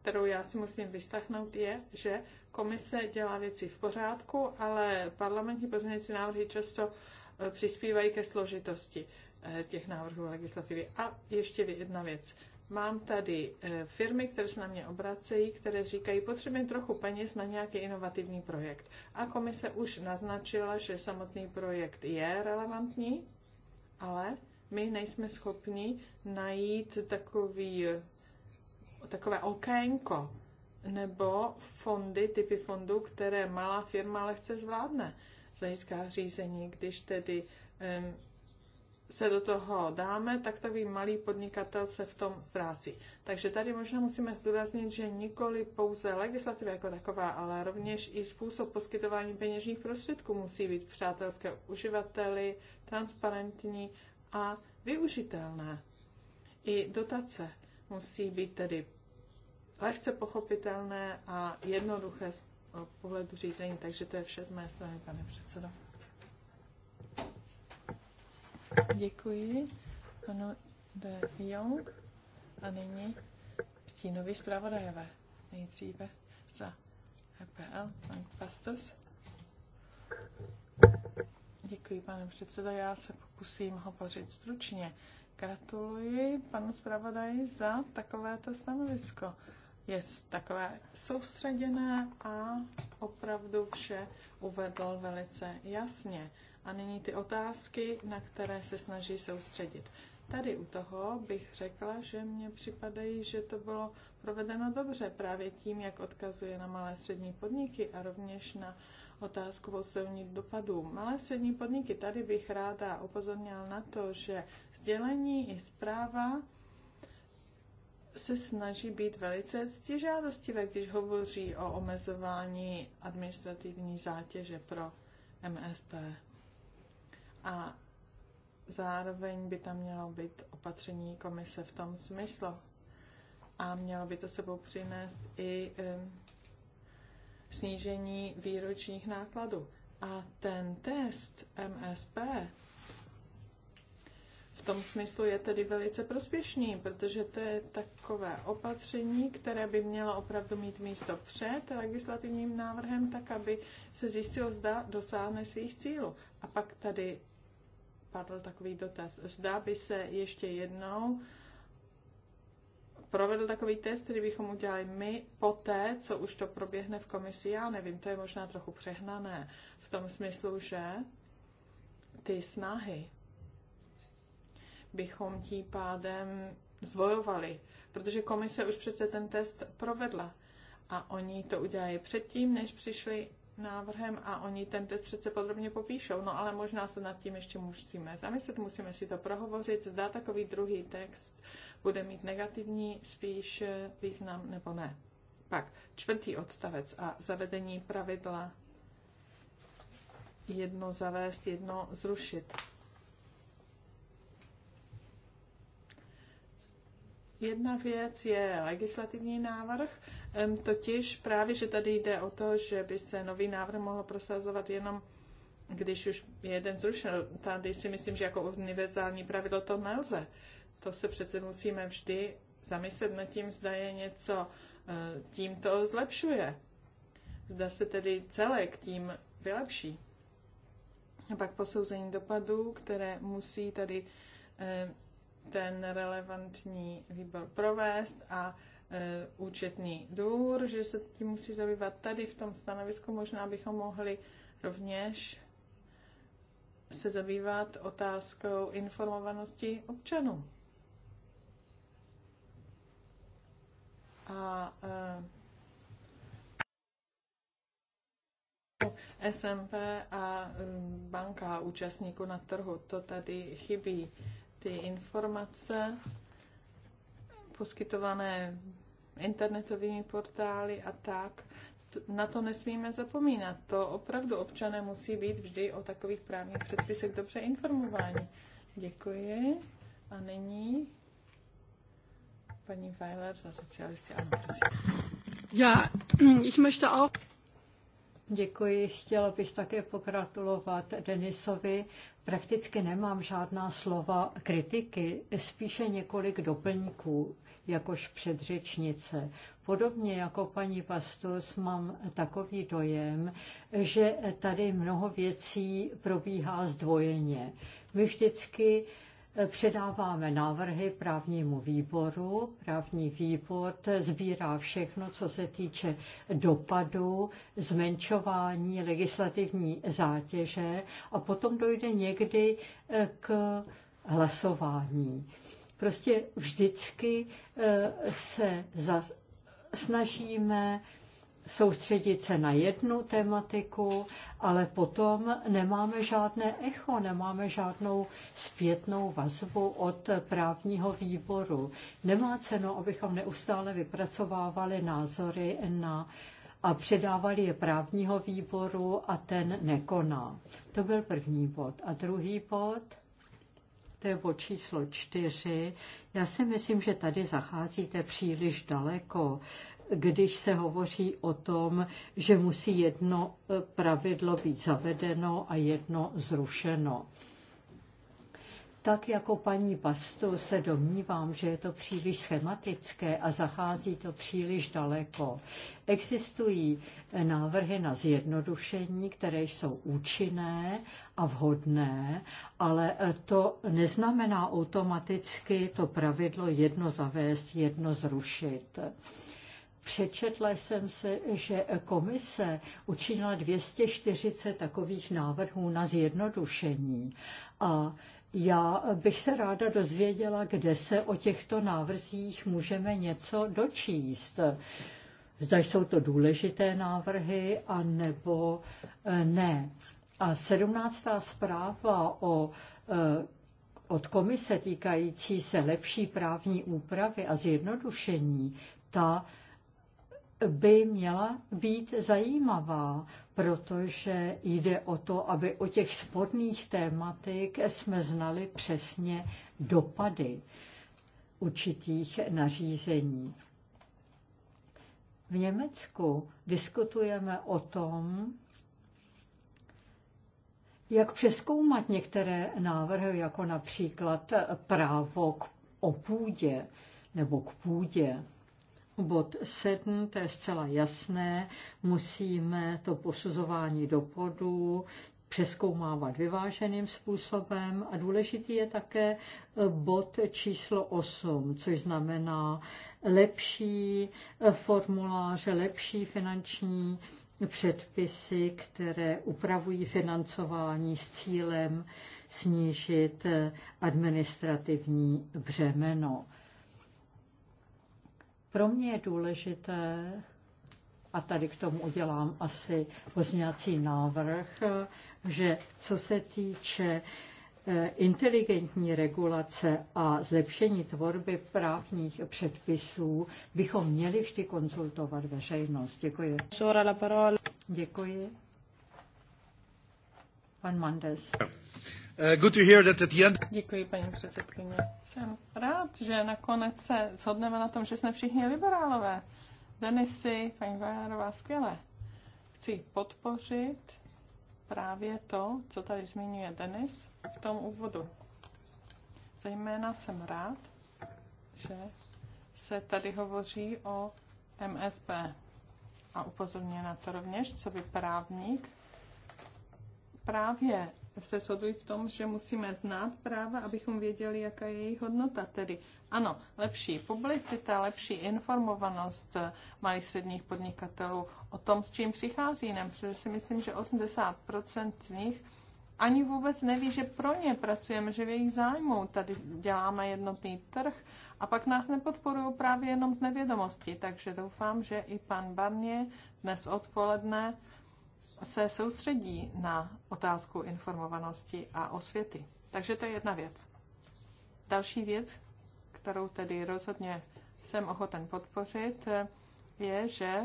kterou já si musím vystachnout, je, že komise dělá věci v pořádku, ale parlamentní pozměňující návrhy často e, přispívají ke složitosti e, těch návrhů legislativy. A ještě jedna věc. Mám tady e, firmy, které se na mě obracejí, které říkají, potřebujeme trochu peněz na nějaký inovativní projekt. A komise už naznačila, že samotný projekt je relevantní, ale my nejsme schopni najít takový, takové okénko nebo fondy, typy fondů, které malá firma lehce zvládne z hlediska řízení, když tedy um, se do toho dáme, tak takový malý podnikatel se v tom ztrácí. Takže tady možná musíme zdůraznit, že nikoli pouze legislativa jako taková, ale rovněž i způsob poskytování peněžních prostředků musí být přátelské uživateli, transparentní a využitelné. I dotace musí být tedy lehce pochopitelné a jednoduché z pohledu řízení. Takže to je vše z mé strany, pane předsedo. Děkuji panu de Jong a nyní stínový zpravodajové. Nejdříve za HPL, e pan Pastos. Děkuji, pane předsedo. Já se pokusím hovořit stručně. Gratuluji panu zpravodaji za takovéto stanovisko. Je takové soustředěné a opravdu vše uvedl velice jasně. A nyní ty otázky, na které se snaží soustředit. Tady u toho bych řekla, že mně připadají, že to bylo provedeno dobře právě tím, jak odkazuje na malé střední podniky a rovněž na otázku posledních dopadů. Malé střední podniky, tady bych ráda upozornila na to, že sdělení i zpráva se snaží být velice ctižádostivé, když hovoří o omezování administrativní zátěže pro MSP. A zároveň by tam mělo být opatření komise v tom smyslu. A mělo by to sebou přinést i snížení výročních nákladů. A ten test MSP v tom smyslu je tedy velice prospěšný, protože to je takové opatření, které by mělo opravdu mít místo před legislativním návrhem, tak aby se zjistilo, zda dosáhne svých cílů. A pak tady padl takový dotaz. Zdá by se ještě jednou provedl takový test, který bychom udělali my poté, co už to proběhne v komisi. Já nevím, to je možná trochu přehnané v tom smyslu, že ty snahy bychom tím pádem zvojovali, protože komise už přece ten test provedla a oni to udělají předtím, než přišli návrhem a oni ten test přece podrobně popíšou, no ale možná se nad tím ještě musíme zamyslet, musíme si to prohovořit, zda takový druhý text bude mít negativní spíš eh, význam nebo ne. Pak čtvrtý odstavec a zavedení pravidla jedno zavést, jedno zrušit. Jedna věc je legislativní návrh, totiž právě, že tady jde o to, že by se nový návrh mohl prosazovat jenom když už jeden zrušil, tady si myslím, že jako univerzální pravidlo to nelze. To se přece musíme vždy zamyslet nad tím, zda je něco eh, tímto zlepšuje. Zda se tedy celek tím vylepší. A pak posouzení dopadů, které musí tady eh, ten relevantní výbor provést a Eh, účetní důr, že se tím musí zabývat tady v tom stanovisku. Možná bychom mohli rovněž se zabývat otázkou informovanosti občanů. A uh, eh, SMP a eh, banka účastníků na trhu, to tady chybí. Ty informace poskytované internetovými portály a tak. Na to nesmíme zapomínat. To opravdu občané musí být vždy o takových právních předpisech dobře informováni. Děkuji. A nyní paní Weiler za socialisty. Ano, prosím. Já, ich möchte auch. Děkuji. Chtěla bych také pokratulovat Denisovi prakticky nemám žádná slova kritiky, spíše několik doplňků, jakož předřečnice. Podobně jako paní Pastos mám takový dojem, že tady mnoho věcí probíhá zdvojeně. My vždycky Předáváme návrhy právnímu výboru. Právní výbor sbírá všechno, co se týče dopadu, zmenšování legislativní zátěže a potom dojde někdy eh, k hlasování. Prostě vždycky eh, se snažíme soustředit se na jednu tematiku, ale potom nemáme žádné echo, nemáme žádnou zpětnou vazbu od právního výboru. Nemá cenu, abychom neustále vypracovávali názory na a předávali je právního výboru a ten nekoná. To byl první bod. A druhý bod, to je bod číslo čtyři. Já si myslím, že tady zacházíte příliš daleko když se hovoří o tom, že musí jedno eh, pravidlo být zavedeno a jedno zrušeno. Tak jako paní Pastu se domnívám, že je to příliš schematické a zachází to příliš daleko. Existují eh, návrhy na zjednodušení, které jsou účinné a vhodné, ale eh, to neznamená automaticky to pravidlo jedno zavést, jedno zrušit. Přečetla jsem se, že komise učinila 240 takových návrhů na zjednodušení a já bych se ráda dozvěděla, kde se o těchto návrzích můžeme něco dočíst. Zda jsou to důležité návrhy, anebo eh, ne. A sedmnáctá zpráva o, eh, od komise týkající se lepší právní úpravy a zjednodušení, ta by měla být zajímavá, protože jde o to, aby o těch sporných tématik jsme znali přesně dopady určitých nařízení. V Německu diskutujeme o tom, jak přeskoumat některé návrhy, jako například právo k opůdě nebo k půdě bod 7, to je zcela jasné, musíme to posuzování dopadů přeskoumávat vyváženým způsobem a důležitý je také eh, bod číslo 8, což znamená lepší eh, formuláře, lepší finanční předpisy, které upravují financování s cílem snížit eh, administrativní břemeno. Pro mě je důležité, a tady k tomu udělám asi pozměňovací návrh, že co se týče eh, inteligentní regulace a zlepšení tvorby právních předpisů bychom měli vždy konzultovat veřejnost. Děkuji. Děkuji. Pan Mandes. Eh, good to hear that at the end... Děkuji, paní předsedkyně. Jsem rád, že nakonec se shodneme na tom, že jsme všichni liberálové. Denisy, paní Vajárová, skvěle. Chci podpořit právě to, co tady zmiňuje Denis v tom úvodu. Zejména jsem rád, že se tady hovoří o MSB. A upozorně na to rovněž, co by právník právě se shodují v tom, že musíme znát práva, abychom věděli, jaká je jejich hodnota. Tedy ano, lepší publicita, lepší informovanost malých středních podnikatelů o tom, s čím přichází nám, protože si myslím, že 80% z nich ani vůbec neví, že pro ně pracujeme, že v jejich zájmu tady děláme jednotný trh a pak nás nepodporují právě jenom z nevědomosti. Takže doufám, že i pan Barně dnes odpoledne se soustředí na otázku informovanosti a osvěty. Takže to je jedna věc. Další věc, kterou tedy rozhodně jsem ochoten podpořit, je, že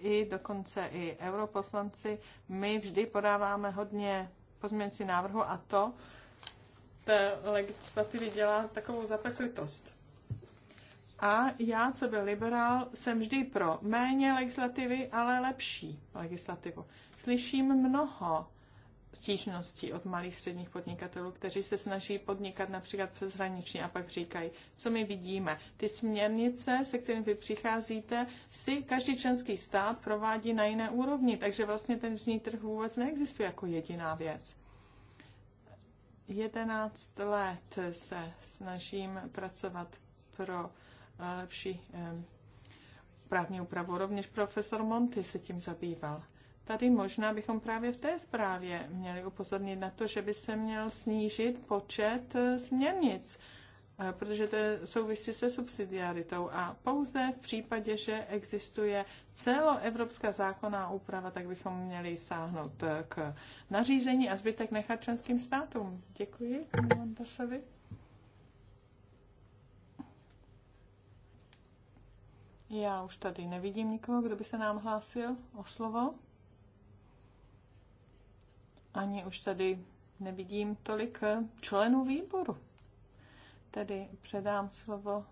i dokonce i europoslanci, my vždy podáváme hodně pozměnci návrhu a to té legislativy dělá takovou zapeklitost. A já, co byl liberál, jsem vždy pro méně legislativy, ale lepší legislativu. Slyším mnoho stížností od malých středních podnikatelů, kteří se snaží podnikat například přeshraničně a pak říkají, co my vidíme. Ty směrnice, se kterými vy přicházíte, si každý členský stát provádí na jiné úrovni, takže vlastně ten vnitřní trh vůbec neexistuje jako jediná věc. 11 let se snažím pracovat pro eh, lepší eh, právní úpravu. Rovněž profesor Monty se tím zabýval. Tady možná bychom právě v té zprávě měli upozornit na to, že by se měl snížit počet eh, směrnic, eh, protože to souvisí se subsidiaritou. A pouze v případě, že existuje celoevropská zákonná úprava, tak bychom měli sáhnout eh, k nařízení a zbytek nechat členským státům. Děkuji, panu Andersovi. Já už tady nevidím nikoho, kdo by se nám hlásil o slovo. Ani už tady nevidím tolik eh, členů výboru. Tedy předám slovo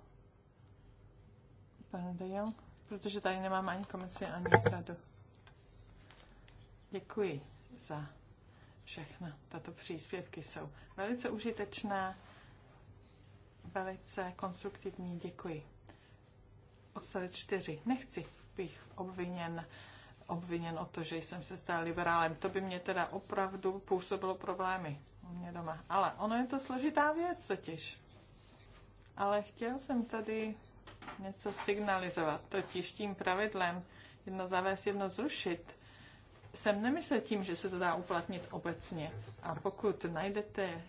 panu De Jong, protože tady nemám ani komisi, ani radu. Děkuji za všechna. Tato příspěvky jsou velice užitečné, velice konstruktivní. Děkuji. Odstavec čtyři, Nechci bych obviněn obviněn o to, že jsem se stal liberálem. To by mě teda opravdu působilo problémy u mě doma. Ale ono je to složitá věc totiž. Ale chtěl jsem tady něco signalizovat. Totiž tím pravidlem jedno zavést, jedno zrušit, jsem nemyslel tím, že se to dá uplatnit obecně. A pokud najdete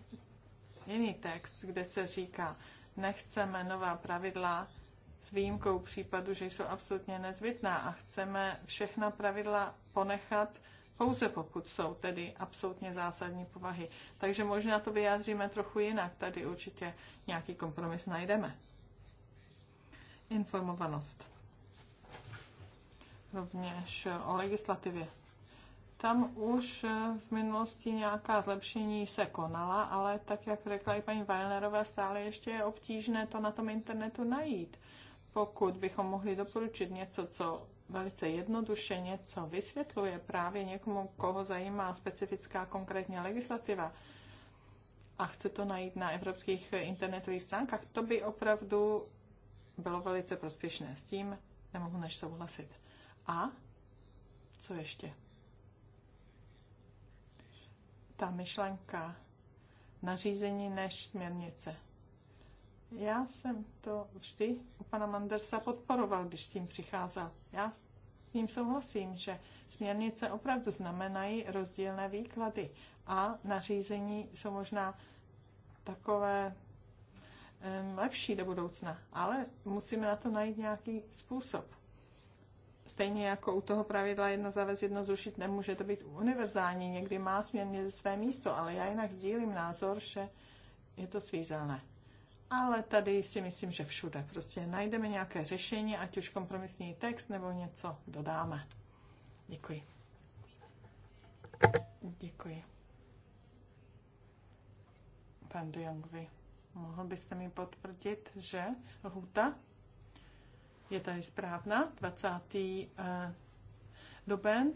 jiný text, kde se říká, nechceme nová pravidla s výjimkou případu, že jsou absolutně nezbytná a chceme všechna pravidla ponechat pouze pokud jsou tedy absolutně zásadní povahy. Takže možná to vyjádříme trochu jinak. Tady určitě nějaký kompromis najdeme. Informovanost. Rovněž o legislativě. Tam už v minulosti nějaká zlepšení se konala, ale tak, jak řekla i paní Weilerová, stále ještě je obtížné to na tom internetu najít pokud bychom mohli doporučit něco, co velice jednoduše něco vysvětluje právě někomu, koho zajímá specifická konkrétní legislativa a chce to najít na evropských internetových stránkách, to by opravdu bylo velice prospěšné. S tím nemohu než souhlasit. A co ještě? Ta myšlenka nařízení než směrnice já jsem to vždy u pana Mandersa podporoval, když s tím přicházel. Já s ním souhlasím, že směrnice opravdu znamenají rozdílné výklady a nařízení jsou možná takové um, lepší do budoucna, ale musíme na to najít nějaký způsob. Stejně jako u toho pravidla jedno zavez, jedno zrušit nemůže to být univerzální. Někdy má směrně své místo, ale já jinak sdílím názor, že je to svízelné ale tady si myslím, že všude. Prostě najdeme nějaké řešení, ať už kompromisní text nebo něco dodáme. Děkuji. Děkuji. Pan de Jongvi, mohl byste mi potvrdit, že Huta je tady správná, 20. Eh, duben,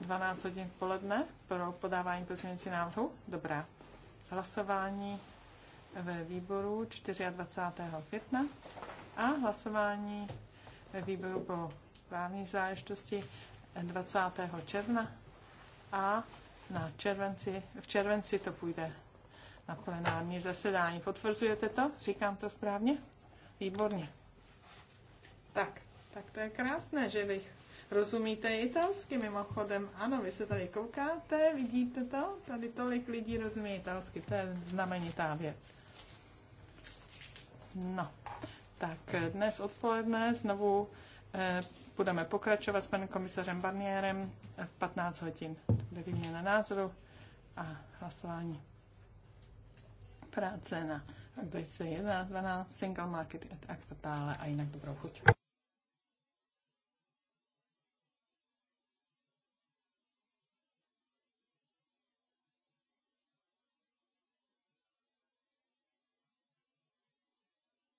12 hodin v poledne pro podávání pozměnící návrhu. Dobrá. Hlasování ve výboru 24. května a hlasování ve výboru pro právní záležitosti 20. června a na červenci, v červenci to půjde na plenární zasedání. Potvrzujete to? Říkám to správně? Výborně. Tak, tak to je krásné, že bych Rozumíte italsky mimochodem? Ano, vy se tady koukáte, vidíte to? Tady tolik lidí rozumí italsky, to je znamenitá věc. No, tak dnes odpoledne znovu eh, budeme pokračovat s panem komisařem Barnierem v 15 hodin. bude výměna názoru a hlasování. Práce na 2011, 12, Single Market a tak dále a jinak dobrou chuť.